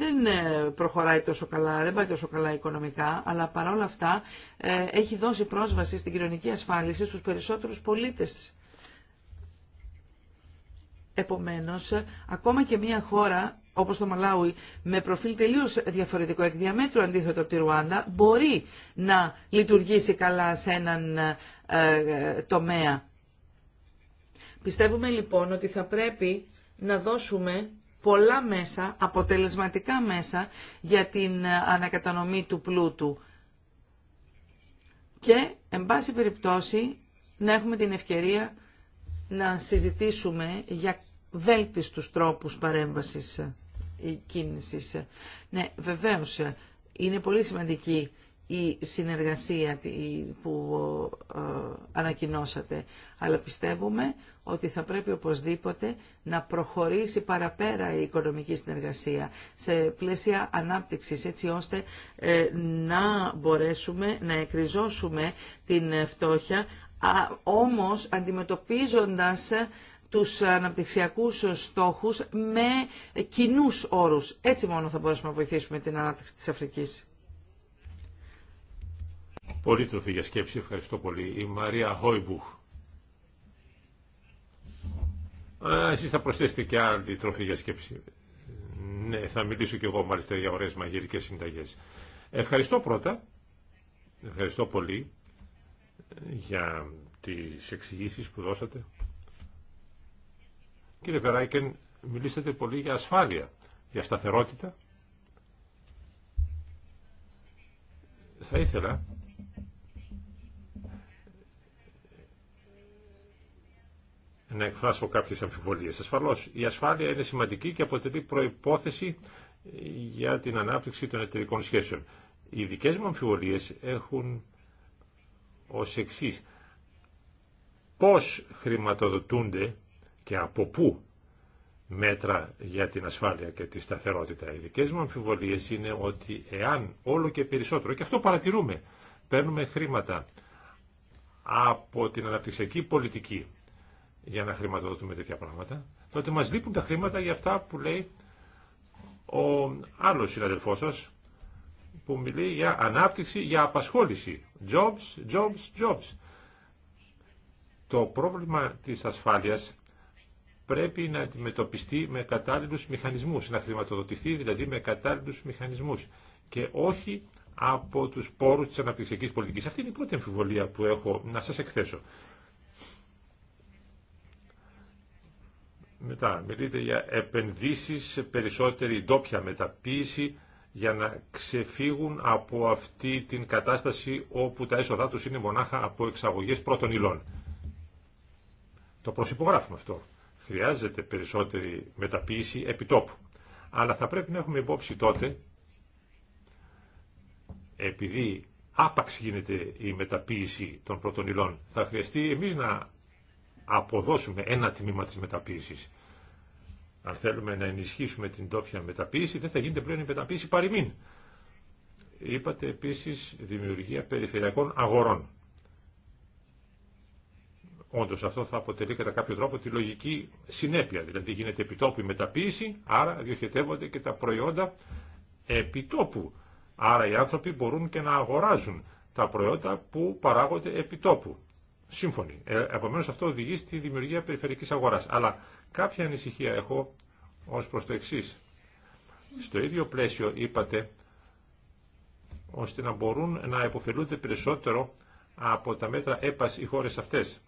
δεν ε, προχωράει τόσο καλά, δεν πάει τόσο καλά οικονομικά, αλλά παρόλα αυτά ε, έχει δώσει πρόσβαση στην κοινωνική ασφάλιση στους περισσότερους πολίτες. Επομένως, ακόμα και μια χώρα όπως το Μαλάουι, με προφίλ τελείως διαφορετικό, εκ διαμέτρου αντίθετο από τη Ρουάντα, μπορεί να λειτουργήσει καλά σε έναν ε, ε τομέα. Πιστεύουμε λοιπόν ότι θα πρέπει να δώσουμε πολλά μέσα, αποτελεσματικά μέσα για την ε, ανακατανομή του πλούτου. Και, εν πάση περιπτώσει, να έχουμε την ευκαιρία να συζητήσουμε για βέλτιστους τρόπους παρέμβασης ή ε, κίνησης. Ε, ναι, βεβαίως, είναι πολύ σημαντική η συνεργασία που ε, ανακοινώσατε. Αλλά πιστεύουμε ότι θα πρέπει οπωσδήποτε να προχωρήσει παραπέρα η οικονομική συνεργασία σε πλαίσια ανάπτυξης έτσι ώστε ε, να μπορέσουμε να εκριζώσουμε την φτώχεια όμως αντιμετωπίζοντας τους αναπτυξιακούς στόχους με κοινούς όρους. Έτσι μόνο θα μπορέσουμε να βοηθήσουμε την ανάπτυξη της Αφρικής. Πολύ τροφή για σκέψη, ευχαριστώ πολύ. Η Μαρία Χόιμπουχ. Α, εσείς θα προσθέσετε και άλλη τροφή για σκέψη. Ναι, θα μιλήσω και εγώ μάλιστα για ωραίες μαγειρικές συνταγές. Ευχαριστώ πρώτα. Ευχαριστώ πολύ για τις εξηγήσεις που δώσατε. Κύριε Βεράικεν, μιλήσατε πολύ για ασφάλεια, για σταθερότητα. Θα ήθελα να εκφράσω κάποιες αμφιβολίες. Ασφαλώ, η ασφάλεια είναι σημαντική και αποτελεί προϋπόθεση για την ανάπτυξη των εταιρικών σχέσεων. Οι δικέ μου αμφιβολίε έχουν ω εξή. Πώς χρηματοδοτούνται και από πού μέτρα για την ασφάλεια και τη σταθερότητα. Οι δικέ μου αμφιβολίε είναι ότι εάν όλο και περισσότερο, και αυτό παρατηρούμε, παίρνουμε χρήματα από την αναπτυξιακή πολιτική για να χρηματοδοτούμε τέτοια πράγματα, τότε μας λείπουν τα χρήματα για αυτά που λέει ο άλλος συναδελφός σας, που μιλεί για ανάπτυξη, για απασχόληση. Jobs, jobs, jobs. Το πρόβλημα της ασφάλειας πρέπει να αντιμετωπιστεί με κατάλληλους μηχανισμούς, να χρηματοδοτηθεί δηλαδή με κατάλληλους μηχανισμούς και όχι από τους πόρους της αναπτυξιακής πολιτικής. Αυτή είναι η πρώτη αμφιβολία που έχω να σας εκθέσω. Μετά μιλείτε για επενδύσεις, περισσότερη ντόπια μεταποίηση για να ξεφύγουν από αυτή την κατάσταση όπου τα έσοδά τους είναι μονάχα από εξαγωγές πρώτων υλών. Το προσυπογράφουμε αυτό. Χρειάζεται περισσότερη μεταποίηση επιτόπου. Αλλά θα πρέπει να έχουμε υπόψη τότε, επειδή άπαξ γίνεται η μεταποίηση των πρώτων υλών, θα χρειαστεί εμείς να αποδώσουμε ένα τμήμα της μεταποίησης. Αν θέλουμε να ενισχύσουμε την τόφια μεταποίηση, δεν θα γίνεται πλέον η μεταποίηση παροιμήν. Είπατε επίσης δημιουργία περιφερειακών αγορών. Όντω αυτό θα αποτελεί κατά κάποιο τρόπο τη λογική συνέπεια. Δηλαδή γίνεται επιτόπου η μεταποίηση, άρα διοχετεύονται και τα προϊόντα επιτόπου. Άρα οι άνθρωποι μπορούν και να αγοράζουν τα προϊόντα που παράγονται επιτόπου σύμφωνοι. Ε, Επομένω αυτό οδηγεί στη δημιουργία περιφερικής αγοράς. Αλλά κάποια ανησυχία έχω ως προς το εξής. Στο ίδιο πλαίσιο είπατε ώστε να μπορούν να υποφελούνται περισσότερο από τα μέτρα έπας οι χώρες αυτές.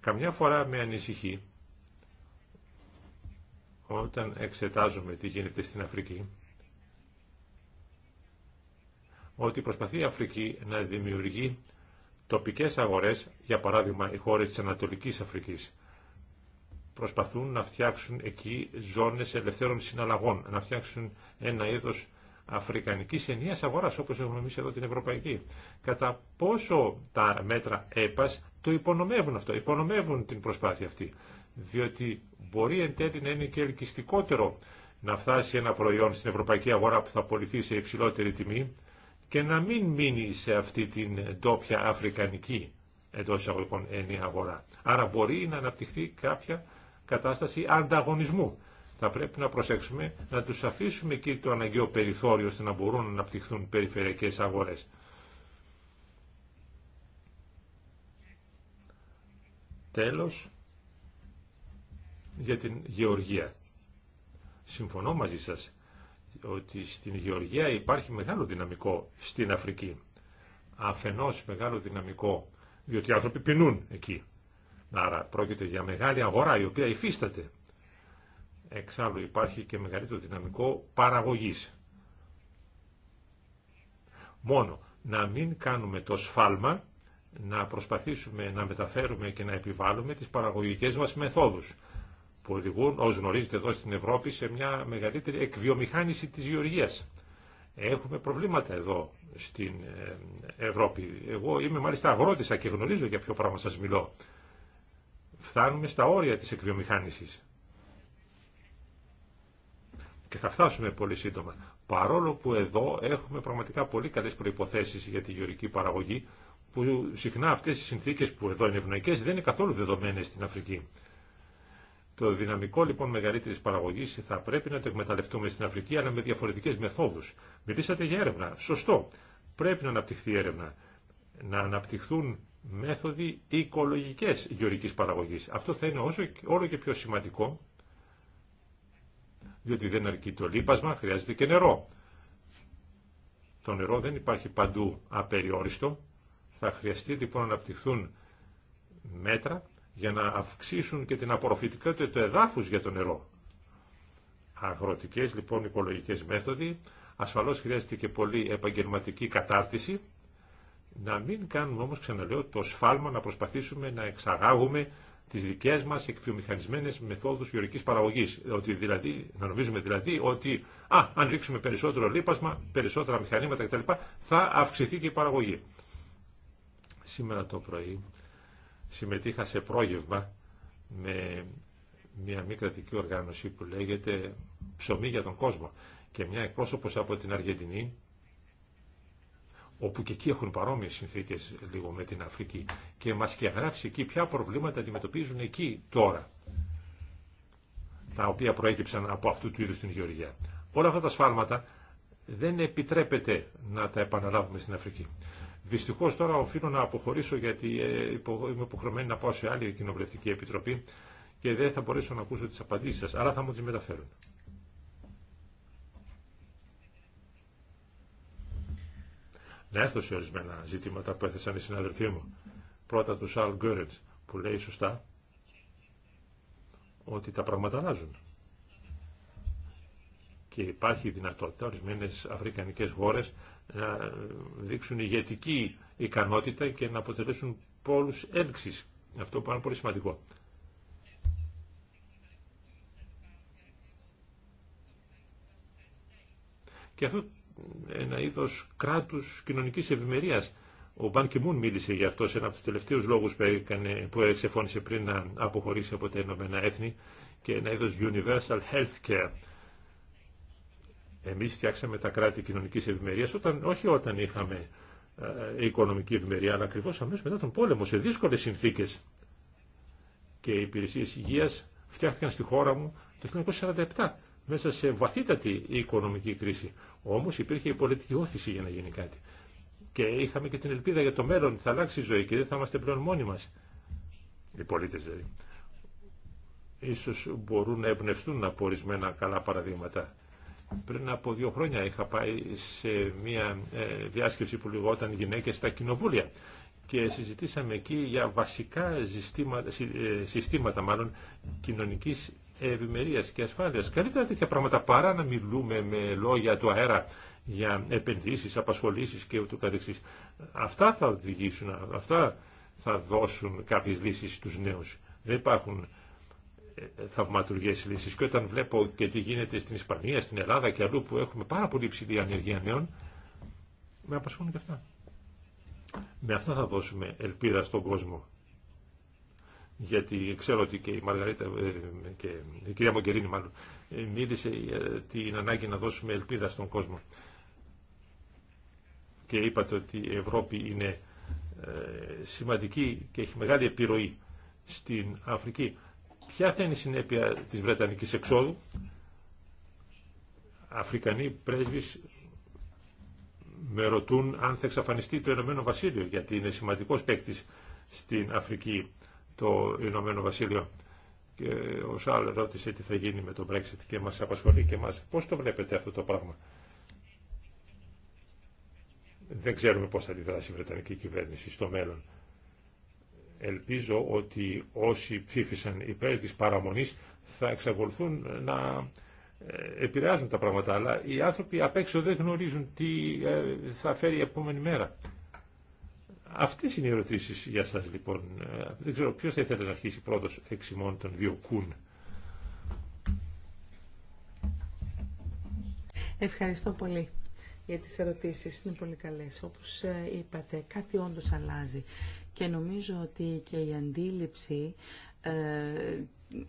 Καμιά φορά με ανησυχεί όταν εξετάζουμε τι γίνεται στην Αφρική ότι προσπαθεί η Αφρική να δημιουργεί τοπικές αγορές, για παράδειγμα οι χώρες της Ανατολικής Αφρικής, προσπαθούν να φτιάξουν εκεί ζώνες ελευθέρων συναλλαγών, να φτιάξουν ένα είδος αφρικανικής ενίας αγοράς, όπως έχουμε εμείς εδώ την Ευρωπαϊκή. Κατά πόσο τα μέτρα ΕΠΑΣ το υπονομεύουν αυτό, υπονομεύουν την προσπάθεια αυτή, διότι μπορεί εν τέλει να είναι και ελκυστικότερο να φτάσει ένα προϊόν στην ευρωπαϊκή αγορά που θα πολιθεί σε υψηλότερη τιμή, και να μην μείνει σε αυτή την τόπια αφρικανική εντό εισαγωγικών έννοια αγορά. Άρα μπορεί να αναπτυχθεί κάποια κατάσταση ανταγωνισμού. Θα πρέπει να προσέξουμε να του αφήσουμε εκεί το αναγκαίο περιθώριο ώστε να μπορούν να αναπτυχθούν περιφερειακές αγορές. Τέλος, για την γεωργία. Συμφωνώ μαζί σας ότι στην Γεωργία υπάρχει μεγάλο δυναμικό στην Αφρική. Αφενός μεγάλο δυναμικό, διότι οι άνθρωποι πεινούν εκεί. Άρα πρόκειται για μεγάλη αγορά η οποία υφίσταται. Εξάλλου υπάρχει και μεγαλύτερο δυναμικό παραγωγής. Μόνο να μην κάνουμε το σφάλμα, να προσπαθήσουμε να μεταφέρουμε και να επιβάλλουμε τις παραγωγικές μας μεθόδους που οδηγούν, ως γνωρίζετε εδώ στην Ευρώπη, σε μια μεγαλύτερη εκβιομηχάνηση της γεωργίας. Έχουμε προβλήματα εδώ στην ε, Ευρώπη. Εγώ είμαι μάλιστα αγρότησα και γνωρίζω για ποιο πράγμα σας μιλώ. Φτάνουμε στα όρια της εκβιομηχάνησης. Και θα φτάσουμε πολύ σύντομα. Παρόλο που εδώ έχουμε πραγματικά πολύ καλές προϋποθέσεις για τη γεωργική παραγωγή, που συχνά αυτές οι συνθήκες που εδώ είναι ευνοϊκές δεν είναι καθόλου δεδομένες στην Αφρική. Το δυναμικό λοιπόν μεγαλύτερη παραγωγή θα πρέπει να το εκμεταλλευτούμε στην Αφρική, αλλά με διαφορετικέ μεθόδου. Μιλήσατε για έρευνα. Σωστό. Πρέπει να αναπτυχθεί έρευνα. Να αναπτυχθούν μέθοδοι οικολογικέ γεωρική παραγωγή. Αυτό θα είναι όσο, όλο και πιο σημαντικό, διότι δεν αρκεί το λίπασμα, χρειάζεται και νερό. Το νερό δεν υπάρχει παντού απεριόριστο. Θα χρειαστεί λοιπόν να αναπτυχθούν μέτρα για να αυξήσουν και την απορροφητικότητα του εδάφους για το νερό. Αγροτικές λοιπόν οικολογικές μέθοδοι, ασφαλώς χρειάζεται και πολύ επαγγελματική κατάρτιση, να μην κάνουμε όμως ξαναλέω το σφάλμα να προσπαθήσουμε να εξαγάγουμε τις δικές μας εκφιομηχανισμένες μεθόδους γεωρικής παραγωγής. Ότι δηλαδή, να νομίζουμε δηλαδή ότι α, αν ρίξουμε περισσότερο λίπασμα, περισσότερα μηχανήματα κτλ. θα αυξηθεί και η παραγωγή. Σήμερα το πρωί συμμετείχα σε πρόγευμα με μια μη κρατική οργάνωση που λέγεται Ψωμί για τον κόσμο και μια εκπρόσωπος από την Αργεντινή όπου και εκεί έχουν παρόμοιες συνθήκες λίγο με την Αφρική και μας και γράψει εκεί ποια προβλήματα αντιμετωπίζουν εκεί τώρα τα οποία προέκυψαν από αυτού του είδους την Γεωργία. Όλα αυτά τα σφάλματα δεν επιτρέπεται να τα επαναλάβουμε στην Αφρική. Δυστυχώ τώρα οφείλω να αποχωρήσω γιατί ε, είμαι υποχρεωμένη να πάω σε άλλη κοινοβουλευτική επιτροπή και δεν θα μπορέσω να ακούσω τι απαντήσει σα, αλλά θα μου τι μεταφέρουν. Να έρθω σε ορισμένα ζητήματα που έθεσαν οι συναδελφοί μου. Πρώτα του Σαλ Γκέρετ που λέει σωστά ότι τα πράγματα αλλάζουν. Και υπάρχει δυνατότητα ορισμένε αφρικανικέ χώρε να δείξουν ηγετική ικανότητα και να αποτελέσουν πόλους έλξης. Αυτό που είναι πολύ σημαντικό. Και αυτό ένα είδος κράτους κοινωνικής ευημερίας. Ο Μπαν Κιμούν μίλησε για αυτό σε ένα από τους τελευταίους λόγους που, εξεφώνησε πριν να αποχωρήσει από τα Ηνωμένα Έθνη και ένα είδος universal health care εμείς φτιάξαμε τα κράτη κοινωνικής ευημερίας όταν, όχι όταν είχαμε ε, οικονομική ευημερία, αλλά ακριβώς αμέσως μετά τον πόλεμο, σε δύσκολες συνθήκες. Και οι υπηρεσίες υγείας φτιάχτηκαν στη χώρα μου το 1947, μέσα σε βαθύτατη οικονομική κρίση. Όμως υπήρχε η πολιτική όθηση για να γίνει κάτι. Και είχαμε και την ελπίδα για το μέλλον, θα αλλάξει η ζωή και δεν θα είμαστε πλέον μόνοι μας. Οι πολίτες δηλαδή. Ίσως μπορούν να εμπνευστούν από ορισμένα καλά παραδείγματα. Πριν από δύο χρόνια είχα πάει σε μια ε, διάσκεψη που λιγόταν γυναίκες στα κοινοβούλια και συζητήσαμε εκεί για βασικά ε, συστήματα, μάλλον κοινωνικής ευημερία και ασφάλειας. Καλύτερα τέτοια πράγματα παρά να μιλούμε με λόγια του αέρα για επενδύσεις, απασχολήσεις και ούτω καθεξής. Αυτά θα οδηγήσουν, αυτά θα δώσουν κάποιες λύσεις στους νέους. Δεν υπάρχουν ε, θαυματουργές λύσεις. Και όταν βλέπω και τι γίνεται στην Ισπανία, στην Ελλάδα και αλλού που έχουμε πάρα πολύ υψηλή ανεργία νέων, με απασχολούν και αυτά. Με αυτά θα δώσουμε ελπίδα στον κόσμο. Γιατί ξέρω ότι και η Μαργαρίτα, ε, και η κυρία Μογκερίνη μάλλον, ε, μίλησε την ανάγκη να δώσουμε ελπίδα στον κόσμο. Και είπατε ότι η Ευρώπη είναι σημαντική και έχει μεγάλη επιρροή στην Αφρική. Ποια θα είναι η συνέπεια της Βρετανικής εξόδου. Αφρικανοί πρέσβεις με ρωτούν αν θα εξαφανιστεί το Ηνωμένο Βασίλειο, γιατί είναι σημαντικός παίκτη στην Αφρική το Ηνωμένο Βασίλειο. Και ο Σάλ ρώτησε τι θα γίνει με το Brexit και μας απασχολεί και μας. Πώς το βλέπετε αυτό το πράγμα. Δεν ξέρουμε πώς θα αντιδράσει η Βρετανική κυβέρνηση στο μέλλον. Ελπίζω ότι όσοι ψήφισαν υπέρ της παραμονής θα εξακολουθούν να ε, επηρεάζουν τα πράγματα, αλλά οι άνθρωποι απ' έξω δεν γνωρίζουν τι ε, θα φέρει η επόμενη μέρα. Αυτές είναι οι ερωτήσεις για σας λοιπόν. Ε, δεν ξέρω ποιος θα ήθελε να αρχίσει πρώτος ημών των δύο κουν. Ευχαριστώ πολύ για τις ερωτήσεις. Είναι πολύ καλές. Όπως είπατε, κάτι όντως αλλάζει και νομίζω ότι και η αντίληψη ε,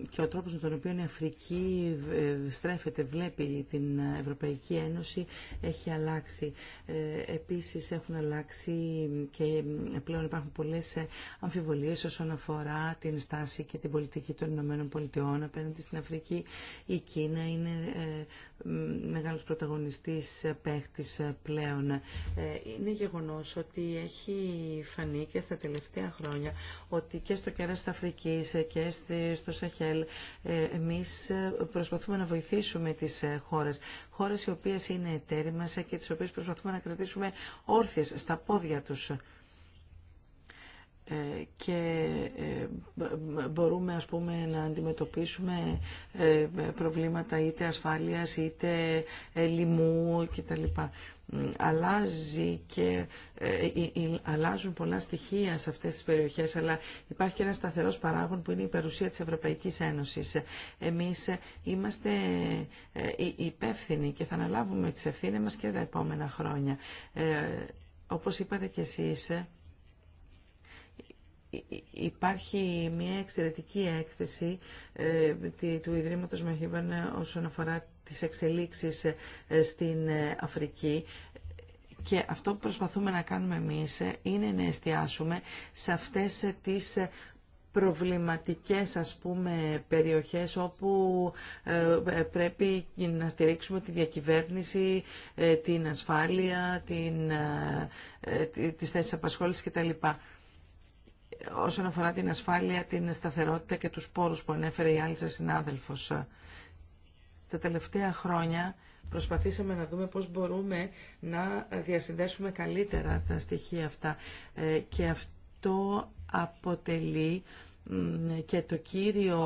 και ο τρόπος με τον οποίο η Αφρική ε, στρέφεται, βλέπει την Ευρωπαϊκή Ένωση έχει αλλάξει. Ε, επίσης έχουν αλλάξει και πλέον υπάρχουν πολλές ε, αμφιβολίες όσον αφορά την στάση και την πολιτική των Ηνωμένων Πολιτειών απέναντι στην Αφρική. Η Κίνα είναι μεγάλος πρωταγωνιστής παίχτης πλέον. Είναι γεγονός ότι έχει φανεί και στα τελευταία χρόνια ότι και στο κέρας της Αφρικής και στο Σάχελ, ε, εμείς ε, προσπαθούμε να βοηθήσουμε τις ε, χώρες. Χώρες οι οποίες είναι εταίροι και τις οποίες προσπαθούμε να κρατήσουμε όρθιες στα πόδια τους και μπορούμε ας πούμε να αντιμετωπίσουμε προβλήματα είτε ασφάλειας είτε λοιμού κτλ αλλάζει και ε, ε, ε, αλλάζουν πολλά στοιχεία σε αυτές τις περιοχές, αλλά υπάρχει και ένα σταθερός παράγον που είναι η παρουσία της Ευρωπαϊκής Ένωσης. Εμείς είμαστε υπεύθυνοι και θα αναλάβουμε τις ευθύνες μας και τα επόμενα χρόνια. Όπως είπατε κι εσείς, υπάρχει μια εξαιρετική έκθεση του Ιδρύματος Μαχίβαν όσον αφορά τις εξελίξεις ε, στην ε, Αφρική και αυτό που προσπαθούμε να κάνουμε εμείς ε, είναι να εστιάσουμε σε αυτές τις προβληματικές ας πούμε περιοχές όπου πρέπει να στηρίξουμε τη διακυβέρνηση, την ασφάλεια, την, τις θέσεις απασχόλησης κτλ. Όσον αφορά την ασφάλεια, την σταθερότητα και τους πόρους που ανέφερε η άλλη σας συνάδελφος. Τα τελευταία χρόνια προσπαθήσαμε να δούμε πώς μπορούμε να διασυνδέσουμε καλύτερα τα στοιχεία αυτά ε, και αυτό αποτελεί και το κύριο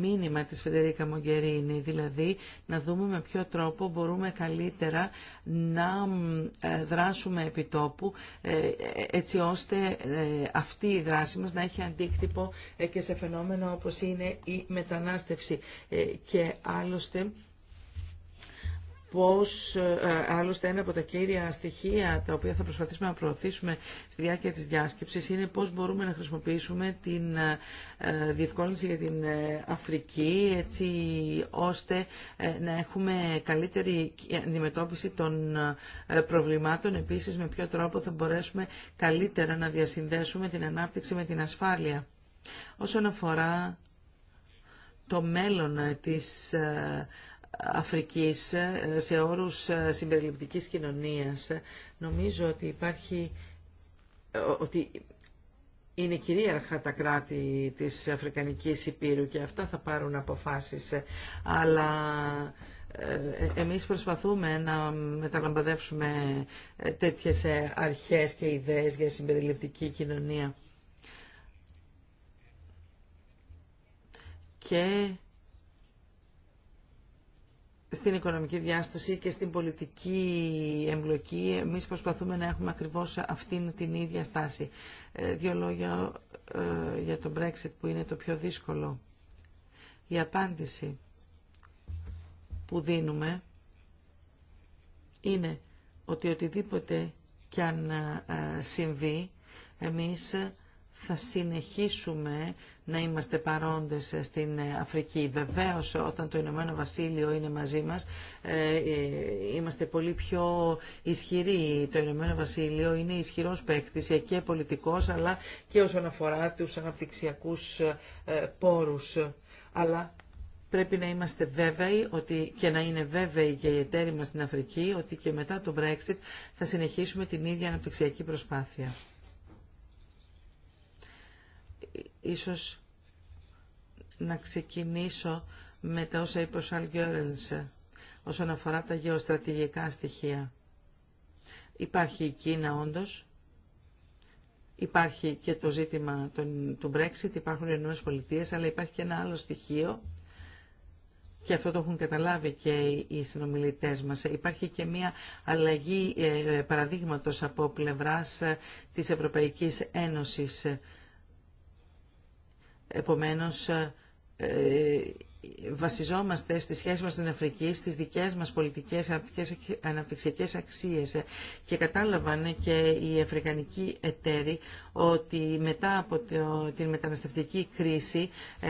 μήνυμα της Φεντερίκα Μογκερίνη, δηλαδή να δούμε με ποιο τρόπο μπορούμε καλύτερα να ε, δράσουμε επί τόπου ε, έτσι ώστε ε, αυτή η δράση μας να έχει αντίκτυπο και σε φαινόμενα όπως είναι η μετανάστευση. Και άλλωστε πώς ε, ε, άλλωστε ένα από τα κύρια στοιχεία τα οποία θα προσπαθήσουμε να προωθήσουμε στη διάρκεια της διάσκεψης είναι πώς μπορούμε να χρησιμοποιήσουμε την ε, διευκόλυνση για την Αφρική έτσι ώστε να έχουμε καλύτερη αντιμετώπιση των προβλημάτων. Επίσης με ποιο τρόπο θα μπορέσουμε καλύτερα να διασυνδέσουμε την ανάπτυξη με την ασφάλεια. Όσον αφορά το μέλλον της Αφρικής ε, σε όρους ε, συμπεριληπτικής κοινωνίας νομίζω ότι υπάρχει ε, ότι είναι κυρίαρχα τα κράτη της Αφρικανικής Υπήρου και αυτά θα πάρουν αποφάσεις αλλά εμείς προσπαθούμε να μεταλαμπαδεύσουμε τέτοιες αρχές και ιδέες για συμπεριληπτική κοινωνία και στην οικονομική διάσταση και στην πολιτική εμπλοκή εμείς προσπαθούμε να έχουμε ακριβώς αυτήν την ίδια στάση. Ε, δύο λόγια ε, για το Brexit που είναι το πιο δύσκολο. Η απάντηση που δίνουμε είναι ότι οτιδήποτε κι αν ε, συμβεί εμείς θα συνεχίσουμε να είμαστε παρόντες στην Αφρική. Βεβαίως όταν το Ηνωμένο Βασίλειο είναι μαζί μας ε, ε, είμαστε πολύ πιο ισχυροί. Το Ηνωμένο Βασίλειο είναι ισχυρός παίκτης και πολιτικός αλλά και όσον αφορά τους αναπτυξιακούς ε, πόρους. Αλλά πρέπει να είμαστε βέβαιοι ότι, και να είναι βέβαιοι και οι εταίροι μας στην Αφρική ότι και μετά το Brexit θα συνεχίσουμε την ίδια αναπτυξιακή προσπάθεια ίσως να ξεκινήσω με τα όσα είπε ο Σαλ όσον αφορά τα γεωστρατηγικά στοιχεία. Υπάρχει η Κίνα όντως, υπάρχει και το ζήτημα του Brexit, υπάρχουν οι Ηνωμένες Πολιτείες, αλλά υπάρχει και ένα άλλο στοιχείο και αυτό το έχουν καταλάβει και οι συνομιλητές μας. Υπάρχει και μια αλλαγή ε, παραδείγματος από πλευράς ε, της Ευρωπαϊκής Ένωσης Επομένως, ε, βασιζόμαστε στη σχέση μας στην Αφρική, στις δικές μας πολιτικές αναπτυξιακές αξίες και κατάλαβαν και οι αφρικανικοί εταίροι ότι μετά από την μεταναστευτική κρίση ε,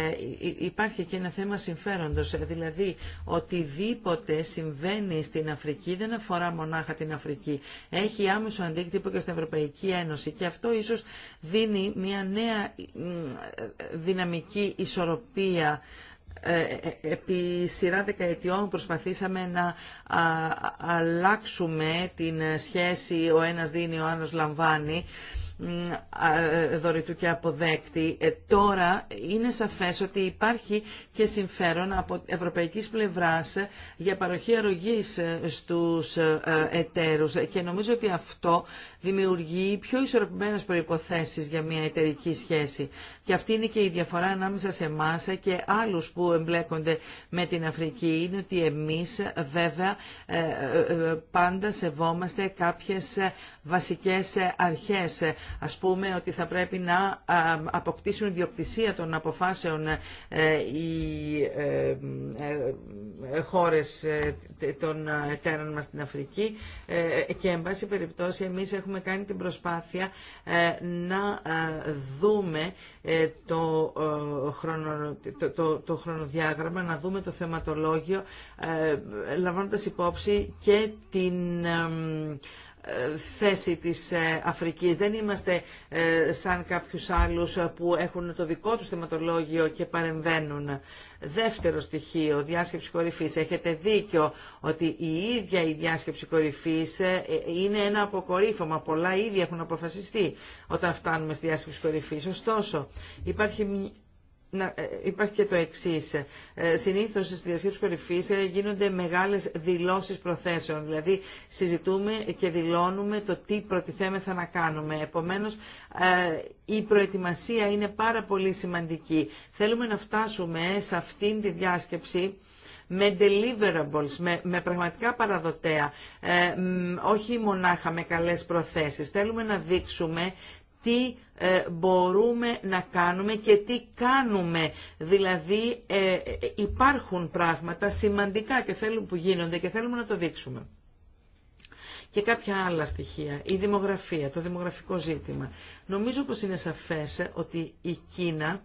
υπάρχει και ένα θέμα συμφέροντος, δηλαδή οτιδήποτε συμβαίνει στην Αφρική δεν αφορά μονάχα την Αφρική. Έχει άμεσο αντίκτυπο και στην Ευρωπαϊκή Ένωση και αυτό ίσως δίνει μια νέα ε, ε, δυναμική ισορροπία ε, ε, επί σειρά δεκαετιών προσπαθήσαμε να αλλάξουμε την σχέση ο ένας δίνει, ο άλλος λαμβάνει ε, δωρητού και αποδέκτη. τώρα είναι σαφές ότι υπάρχει και συμφέρον από ευρωπαϊκής πλευράς για παροχή αρρωγής στους εταίρους και νομίζω ότι αυτό δημιουργεί πιο ισορροπημένες προϋποθέσεις για μια εταιρική σχέση. Και αυτή είναι και η διαφορά ανάμεσα σε εμά και άλλους που εμπλέκονται με την Αφρική. Είναι ότι εμείς βέβαια ε, ε, ε, πάντα σεβόμαστε κάποιες βασικές αρχές. Ας πούμε ότι θα πρέπει να αποκτήσουν ιδιοκτησία των αποφάσεων οι χώρες των εταίρων μας στην Αφρική και εν πάση περιπτώσει εμείς έχουμε κάνει την προσπάθεια να δούμε ε, το, ε, χρονο, το, το, χρονοδιάγραμμα, να δούμε το θεματολόγιο, ε, λαμβάνοντας υπόψη και την θέση της ε, Αφρικής. Δεν είμαστε ε, σαν κάποιους άλλους ε, που έχουν το δικό τους θεματολόγιο και παρεμβαίνουν. Δεύτερο στοιχείο, διάσκεψη κορυφής. Έχετε δίκιο ότι η ίδια η διάσκεψη κορυφής είναι ένα αποκορύφωμα. Πολλά ίδια έχουν αποφασιστεί όταν φτάνουμε στη διάσκεψη κορυφής. Ωστόσο, υπάρχει ε, υπάρχει και το εξή. Ε, Συνήθω στη διασκέψη κορυφή ε, γίνονται μεγάλε δηλώσει προθέσεων. Δηλαδή, συζητούμε και δηλώνουμε το τι προτιθέμεθα να κάνουμε. Επομένω, η προετοιμασία είναι πάρα πολύ σημαντική. Θέλουμε να φτάσουμε σε αυτήν τη διάσκεψη με deliverables, με, πραγματικά παραδοτέα, όχι μονάχα με καλές προθέσεις. Θέλουμε να δείξουμε τι ε, μπορούμε να κάνουμε και τι κάνουμε. Δηλαδή ε, υπάρχουν πράγματα σημαντικά και θέλουν που γίνονται και θέλουμε να το δείξουμε. Και κάποια άλλα στοιχεία, η δημογραφία, το δημογραφικό ζήτημα. Νομίζω πως είναι σαφές ότι η Κίνα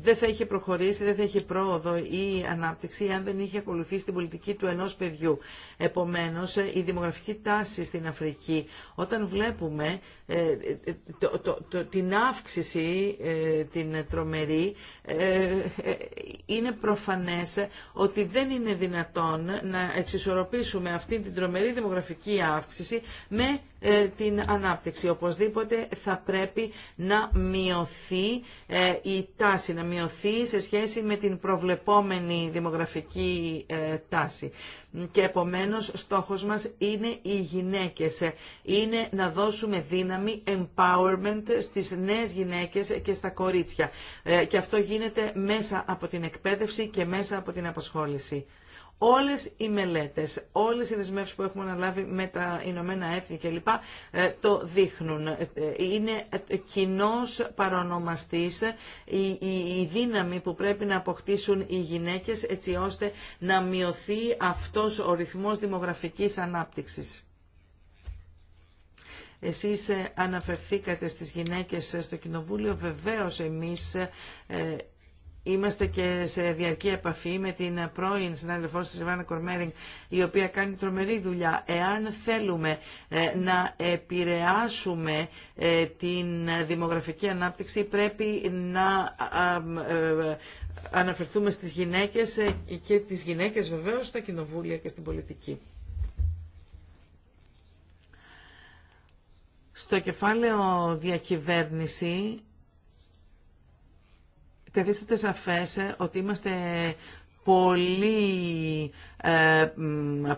δεν θα είχε προχωρήσει, δεν θα είχε πρόοδο ή ανάπτυξη αν δεν είχε ακολουθήσει την πολιτική του ενός παιδιού. Επομένως, η δημογραφική τάση στην Αφρική, όταν βλέπουμε ε, την αύξηση, ε, την τρομερή, ε, είναι προφανές ότι δεν είναι δυνατόν να εξισορροπήσουμε αυτή την τρομερή δημογραφική αύξηση με ε, την ανάπτυξη. Οπωσδήποτε θα πρέπει να μειωθεί ε, η τάση, να μειωθεί σε σχέση με την προβλεπόμενη δημογραφική ε, τάση. Και επομένως στόχος μας είναι οι γυναίκες. Είναι να δώσουμε δύναμη, empowerment στις νέες γυναίκες και στα κορίτσια. Και αυτό γίνεται μέσα από την εκπαίδευση και μέσα από την απασχόληση όλες οι μελέτες, όλες οι δεσμεύσεις που έχουμε αναλάβει με τα Ηνωμένα Έθνη κλπ. Ε, το δείχνουν. Ε, ε, είναι κοινός παρονομαστής η, η, δύναμη που πρέπει να αποκτήσουν οι γυναίκες έτσι ώστε να μειωθεί αυτός ο ρυθμός δημογραφικής ανάπτυξης. Εσείς αναφερθήκατε στις γυναίκες στο Κοινοβούλιο. Βεβαίως εμείς Είμαστε και σε διαρκή επαφή με την πρώην συνάδελφό τη Ιβάνα Κορμέρινγκ, η οποία κάνει τρομερή δουλειά. Εάν θέλουμε ε, να επηρεάσουμε ε, την δημογραφική ανάπτυξη, πρέπει να ε, αναφερθούμε στις γυναίκες και τις γυναίκες βεβαίως στα κοινοβούλια και στην πολιτική. Στο κεφάλαιο διακυβέρνηση καθίσταται σαφές ε, ότι είμαστε πολλοί ε,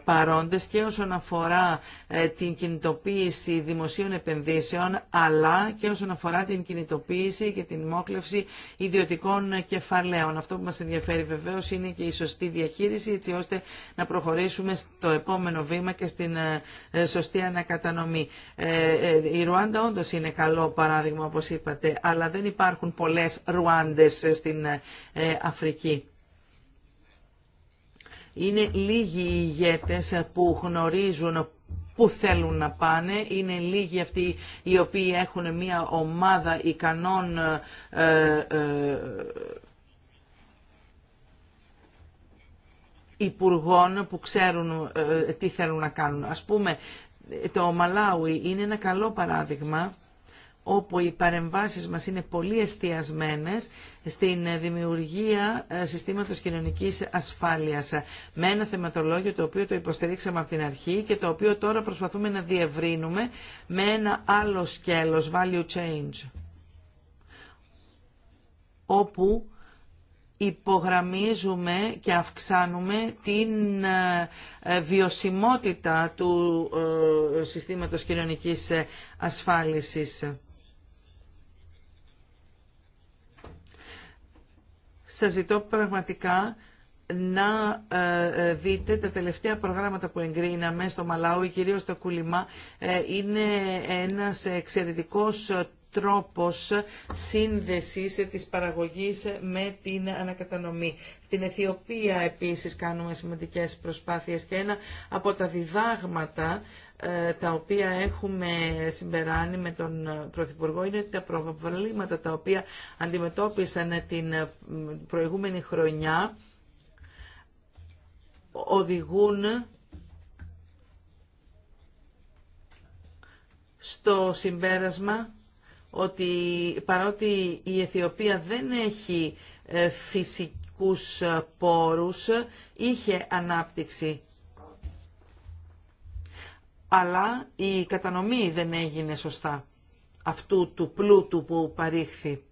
παρόντες και όσον αφορά ε, την κινητοποίηση δημοσίων επενδύσεων αλλά και όσον αφορά την κινητοποίηση και την μόκλευση ιδιωτικών κεφαλαίων. Αυτό που μας ενδιαφέρει βεβαίως είναι και η σωστή διαχείριση έτσι ώστε να προχωρήσουμε στο επόμενο βήμα και στην ε, σωστή ανακατανομή. Η Ρουάντα όντως είναι καλό παράδειγμα όπως είπατε αλλά δεν υπάρχουν πολλές Ρουάντες στην Αφρική. Είναι λίγοι οι ηγέτες που γνωρίζουν που θέλουν να πάνε. Είναι λίγοι αυτοί οι οποίοι έχουν μια ομάδα ικανών ε, ε, ε υπουργών που ξέρουν ε, τι θέλουν να κάνουν. Ας πούμε, το Μαλάουι είναι ένα καλό παράδειγμα όπου οι παρεμβάσεις μας είναι πολύ εστιασμένες στην δημιουργία ε, συστήματος κοινωνικής ασφάλειας με ένα θεματολόγιο το οποίο το υποστηρίξαμε από την αρχή και το οποίο τώρα προσπαθούμε να διευρύνουμε με ένα άλλο σκέλος, value change, όπου υπογραμμίζουμε και αυξάνουμε την ε, βιωσιμότητα του ε, συστήματος κοινωνικής ασφάλισης. σας ζητώ πραγματικά να ε, ε, δείτε τα τελευταία προγράμματα που εγκρίναμε στο Μαλάου, κυρίως στο Κουλιμά, ε, είναι ένας εξαιρετικός τρόπος σύνδεσης της παραγωγής με την ανακατανομή. Στην Αιθιοπία επίσης κάνουμε σημαντικές προσπάθειες και ένα από τα διδάγματα ε, τα οποία έχουμε συμπεράνει με τον Πρωθυπουργό είναι ότι τα προβλήματα τα οποία αντιμετώπισαν την ε, προηγούμενη χρονιά οδηγούν στο συμπέρασμα ότι παρότι η Αιθιοπία δεν έχει ε, φυσικούς πόρους, είχε ανάπτυξη αλλά η κατανομή δεν έγινε σωστά αυτού του πλούτου που παρήχθη.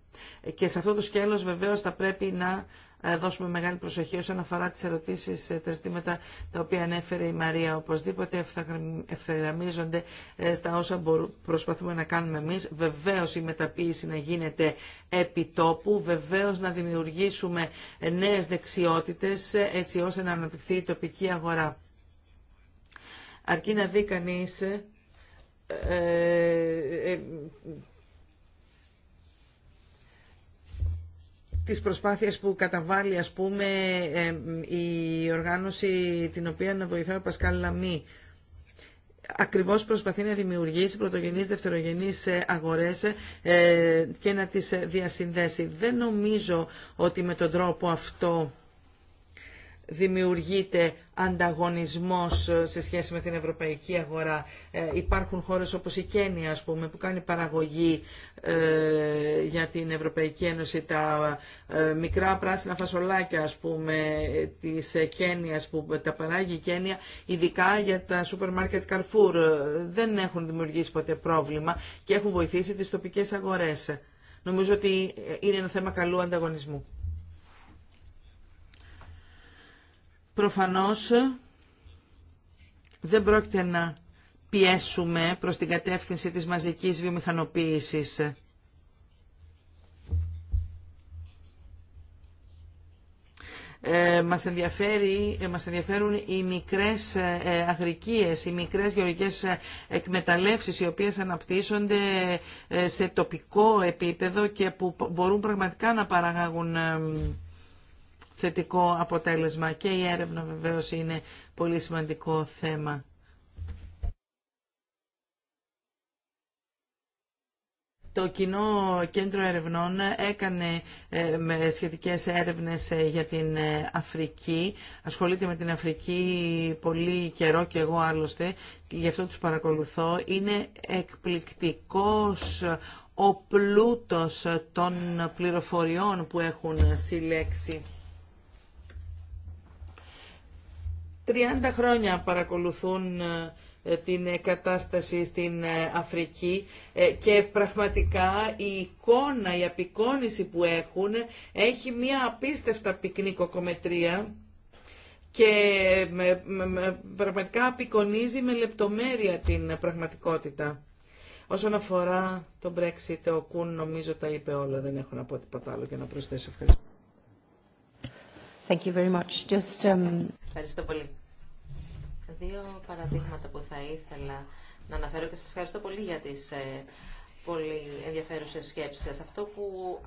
Και σε αυτό το σκέλος βεβαίως θα πρέπει να ε, δώσουμε μεγάλη προσοχή όσον αφορά τις ερωτήσεις, ε, τα ζητήματα τα οποία ανέφερε η Μαρία. Οπωσδήποτε ευθεγραμμίζονται ε, στα όσα προσπαθούμε να κάνουμε εμείς. Βεβαίως η μεταποίηση να γίνεται επί τόπου, βεβαίως να δημιουργήσουμε νέες δεξιότητες έτσι ώστε να αναπτυχθεί η τοπική αγορά αρκεί να δει κανείς ε, ε, ε, τις προσπάθειες που καταβάλει ας πούμε ε, η οργάνωση την οποία να βοηθάει ο Πασκάλ Λαμή ακριβώς προσπαθεί να δημιουργήσει πρωτογενείς, δευτερογενείς ε, αγορές και να τις διασυνδέσει. Δεν νομίζω ότι με τον τρόπο αυτό δημιουργείται ανταγωνισμός ε, σε σχέση με την ευρωπαϊκή αγορά. Ε, υπάρχουν χώρες όπως η Κένια, ας πούμε, που κάνει παραγωγή ε, για την Ευρωπαϊκή Ένωση. Τα μικρά πράσινα φασολάκια, ας πούμε, της Κένιας, που τα παράγει η Κένια, ειδικά για τα σούπερ μάρκετ Καρφούρ δεν έχουν δημιουργήσει ποτέ πρόβλημα και έχουν βοηθήσει τις τοπικές αγορές. Νομίζω ότι είναι ένα θέμα καλού ανταγωνισμού. Προφανώς δεν πρόκειται να πιέσουμε προς την κατεύθυνση της μαζικής βιομηχανοποίησης. Ε, μας, ενδιαφέρει, ε, μας ενδιαφέρουν οι μικρές ε, οι μικρές γεωργικές ε, εκμεταλλεύσεις οι οποίες αναπτύσσονται ε, σε τοπικό επίπεδο και που μπορούν πραγματικά να παραγάγουν θετικό αποτέλεσμα και η έρευνα βεβαίως είναι πολύ σημαντικό θέμα. Το κοινό κέντρο ερευνών έκανε ε, σχετικές έρευνες ε, για την ε, Αφρική. Ασχολείται με την Αφρική πολύ καιρό και εγώ άλλωστε, γι' αυτό τους παρακολουθώ. Είναι εκπληκτικός ο πλούτος των πληροφοριών που έχουν συλλέξει. 30 χρόνια παρακολουθούν ε, την κατάσταση στην ε, Αφρική ε, και πραγματικά η εικόνα, η απεικόνηση που έχουν έχει μια απίστευτα πυκνή κοκομετρία και πραγματικά απεικονίζει με λεπτομέρεια την πραγματικότητα. Όσον αφορά τον Brexit, ο Κούν νομίζω τα είπε όλα, δεν έχω να πω τίποτα άλλο και να προσθέσω ευχαριστώ. Thank you very much. Just, um... Ευχαριστώ πολύ. Δύο παραδείγματα που θα ήθελα να αναφέρω και σας ευχαριστώ πολύ για τις ε, πολύ ενδιαφέρουσες σκέψεις σας. Αυτό που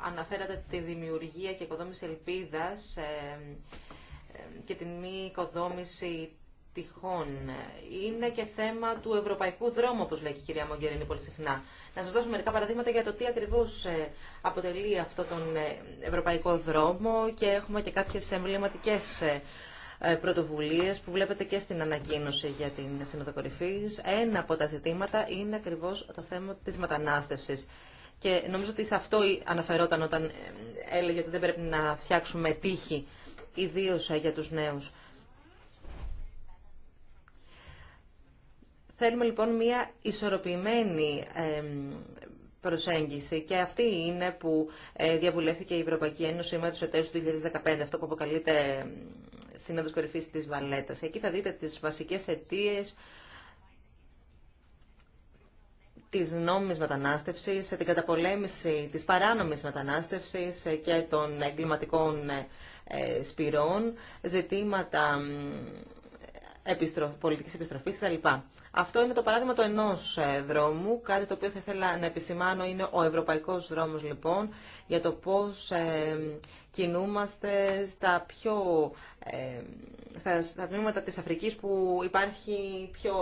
αναφέρατε τη δημιουργία και οικοδόμηση ελπίδας ε, ε και την μη οικοδόμηση τυχόν. Είναι και θέμα του ευρωπαϊκού δρόμου, όπω λέει και η κυρία Μογγερίνη πολύ συχνά. Να σα δώσω μερικά παραδείγματα για το τι ακριβώ ε, αποτελεί αυτό τον ε, ευρωπαϊκό δρόμο και έχουμε και κάποιε εμβληματικέ ε, πρωτοβουλίε που βλέπετε και στην ανακοίνωση για την Σύνοδο Ένα από τα ζητήματα είναι ακριβώ το θέμα τη μετανάστευση. Και νομίζω ότι σε αυτό αναφερόταν όταν έλεγε ότι δεν πρέπει να φτιάξουμε τύχη, ιδίω για τους νέους. Θέλουμε λοιπόν μια ισορροπημένη προσέγγιση και αυτή είναι που ε, διαβουλεύθηκε η Ευρωπαϊκή Ένωση με τους εταίρους του 2015, αυτό που αποκαλείται Σύνοδος Κορυφής της Βαλέτας. Εκεί θα δείτε τις βασικές αιτίες της νόμιμης μετανάστευσης, την καταπολέμηση της παράνομης μετανάστευσης και των εγκληματικών ε, ε, σπηρών, ζητήματα επιστροφ, πολιτικής επιστροφής κτλ. Αυτό είναι το παράδειγμα του ενός ε, δρόμου. Κάτι το οποίο θα ήθελα να επισημάνω είναι ο ευρωπαϊκός δρόμος λοιπόν για το πώς ε, κινούμαστε στα πιο ε, στα, στα τμήματα της Αφρικής που υπάρχει πιο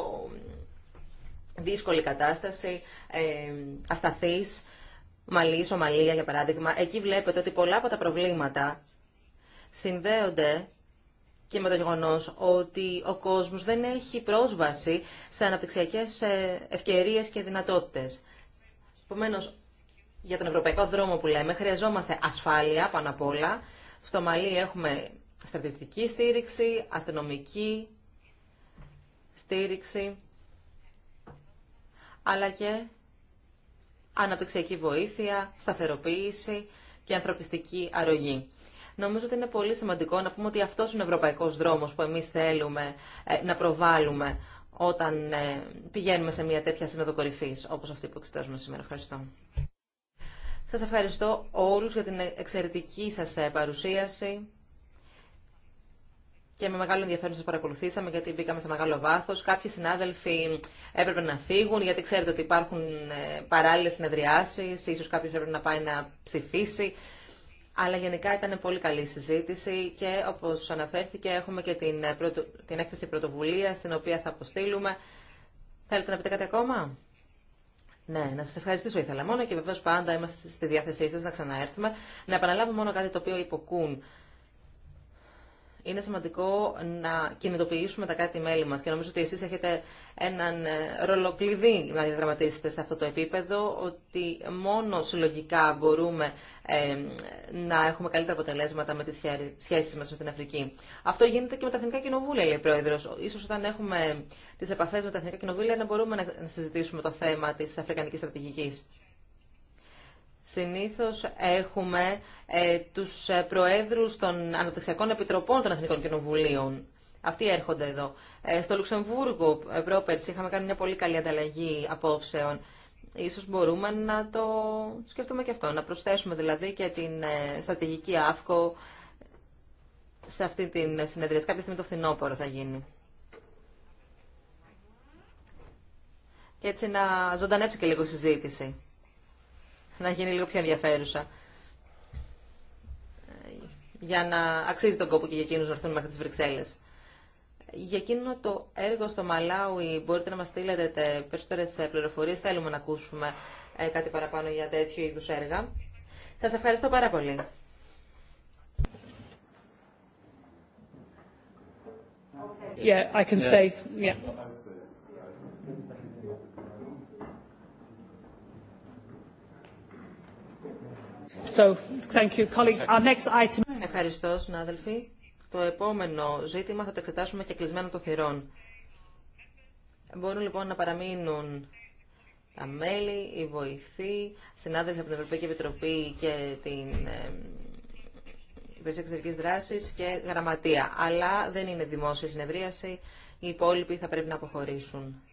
δύσκολη κατάσταση, ε, ασταθής, Μαλή, Σομαλία για παράδειγμα. Εκεί βλέπετε ότι πολλά από τα προβλήματα συνδέονται και με το γεγονό ότι ο κόσμο δεν έχει πρόσβαση σε αναπτυξιακέ ε, ευκαιρίε και δυνατότητε. Επομένω, για τον ευρωπαϊκό δρόμο που λέμε, χρειαζόμαστε ασφάλεια πάνω απ' όλα. Στο Μαλί έχουμε στρατιωτική στήριξη, αστυνομική στήριξη, αλλά και αναπτυξιακή βοήθεια, σταθεροποίηση και ανθρωπιστική αρρωγή. Νομίζω ότι είναι πολύ σημαντικό να πούμε ότι αυτός είναι ο ευρωπαϊκός δρόμος που εμείς θέλουμε ε, να προβάλλουμε όταν ε, πηγαίνουμε σε μια τέτοια σύνοδο κορυφής, όπως αυτή που εξετάζουμε σήμερα. Ευχαριστώ. Σας ευχαριστώ όλους για την εξαιρετική σας ε, παρουσίαση και με μεγάλο ενδιαφέρον σας παρακολουθήσαμε γιατί μπήκαμε σε μεγάλο βάθος. Κάποιοι συνάδελφοι έπρεπε να φύγουν γιατί ξέρετε ότι υπάρχουν παράλληλες συνεδριάσεις, ίσως κάποιο έπρεπε να πάει να ψηφίσει. Αλλά γενικά ήταν πολύ καλή συζήτηση και όπως αναφέρθηκε έχουμε και την, ε, την έκθεση πρωτοβουλία στην οποία θα αποστείλουμε. Θέλετε να πείτε κάτι ακόμα? Ναι, να σας ευχαριστήσω ήθελα μόνο και βεβαίως πάντα είμαστε στη διάθεσή σας να ξαναέρθουμε. Να επαναλάβω μόνο κάτι το οποίο υποκούν. Είναι σημαντικό να κινητοποιήσουμε τα κάτι μέλη μας και νομίζω ότι εσείς έχετε έναν ε, ρολοκλειδί να διαδραματίσετε σε αυτό το επίπεδο, ότι μόνο συλλογικά μπορούμε ε, να έχουμε καλύτερα αποτελέσματα με τις σχέσεις μας με την Αφρική. Αυτό γίνεται και με τα Εθνικά Κοινοβούλια, λέει ο Πρόεδρος. Ίσως όταν έχουμε τις επαφές με τα Εθνικά Κοινοβούλια να μπορούμε να συζητήσουμε το θέμα της Αφρικανικής Στρατηγικής. Συνήθως έχουμε ε, τους ε, προέδρους των αναπτυξιακών επιτροπών των Εθνικών Κοινοβουλίων αυτοί έρχονται εδώ. Ε, στο Λουξεμβούργο, πρόπερτς, ε, είχαμε κάνει μια πολύ καλή ανταλλαγή απόψεων. Ίσως μπορούμε να το σκεφτούμε και αυτό, να προσθέσουμε δηλαδή και την ε, στρατηγική ΑΦΚΟ σε αυτή την συνεδρία. Κάποια στιγμή το φθινόπωρο θα γίνει. Και έτσι να ζωντανέψει και λίγο συζήτηση. Να γίνει λίγο πιο ενδιαφέρουσα. Για να αξίζει τον κόπο και για εκείνους να έρθουν μέχρι τις Βρυξέλλες. Για εκείνο το έργο στο Μαλάουι μπορείτε να μας στείλετε περισσότερες ε, πληροφορίες. Θέλουμε να ακούσουμε ε, κάτι παραπάνω για τέτοιου είδους έργα. Σας ευχαριστώ πάρα πολύ. Yeah, I can say, yeah. So, thank you, colleague. Our next item. Ευχαριστώ, συνάδελφοι. Το επόμενο ζήτημα θα το εξετάσουμε και κλεισμένο των θυρών. Μπορούν λοιπόν να παραμείνουν τα μέλη, οι βοηθοί, συνάδελφοι από την Ευρωπαϊκή Επιτροπή και την ε, Υπηρεσία Εξωτερική Δράση και γραμματεία. Αλλά δεν είναι δημόσια συνεδρίαση. Οι υπόλοιποι θα πρέπει να αποχωρήσουν.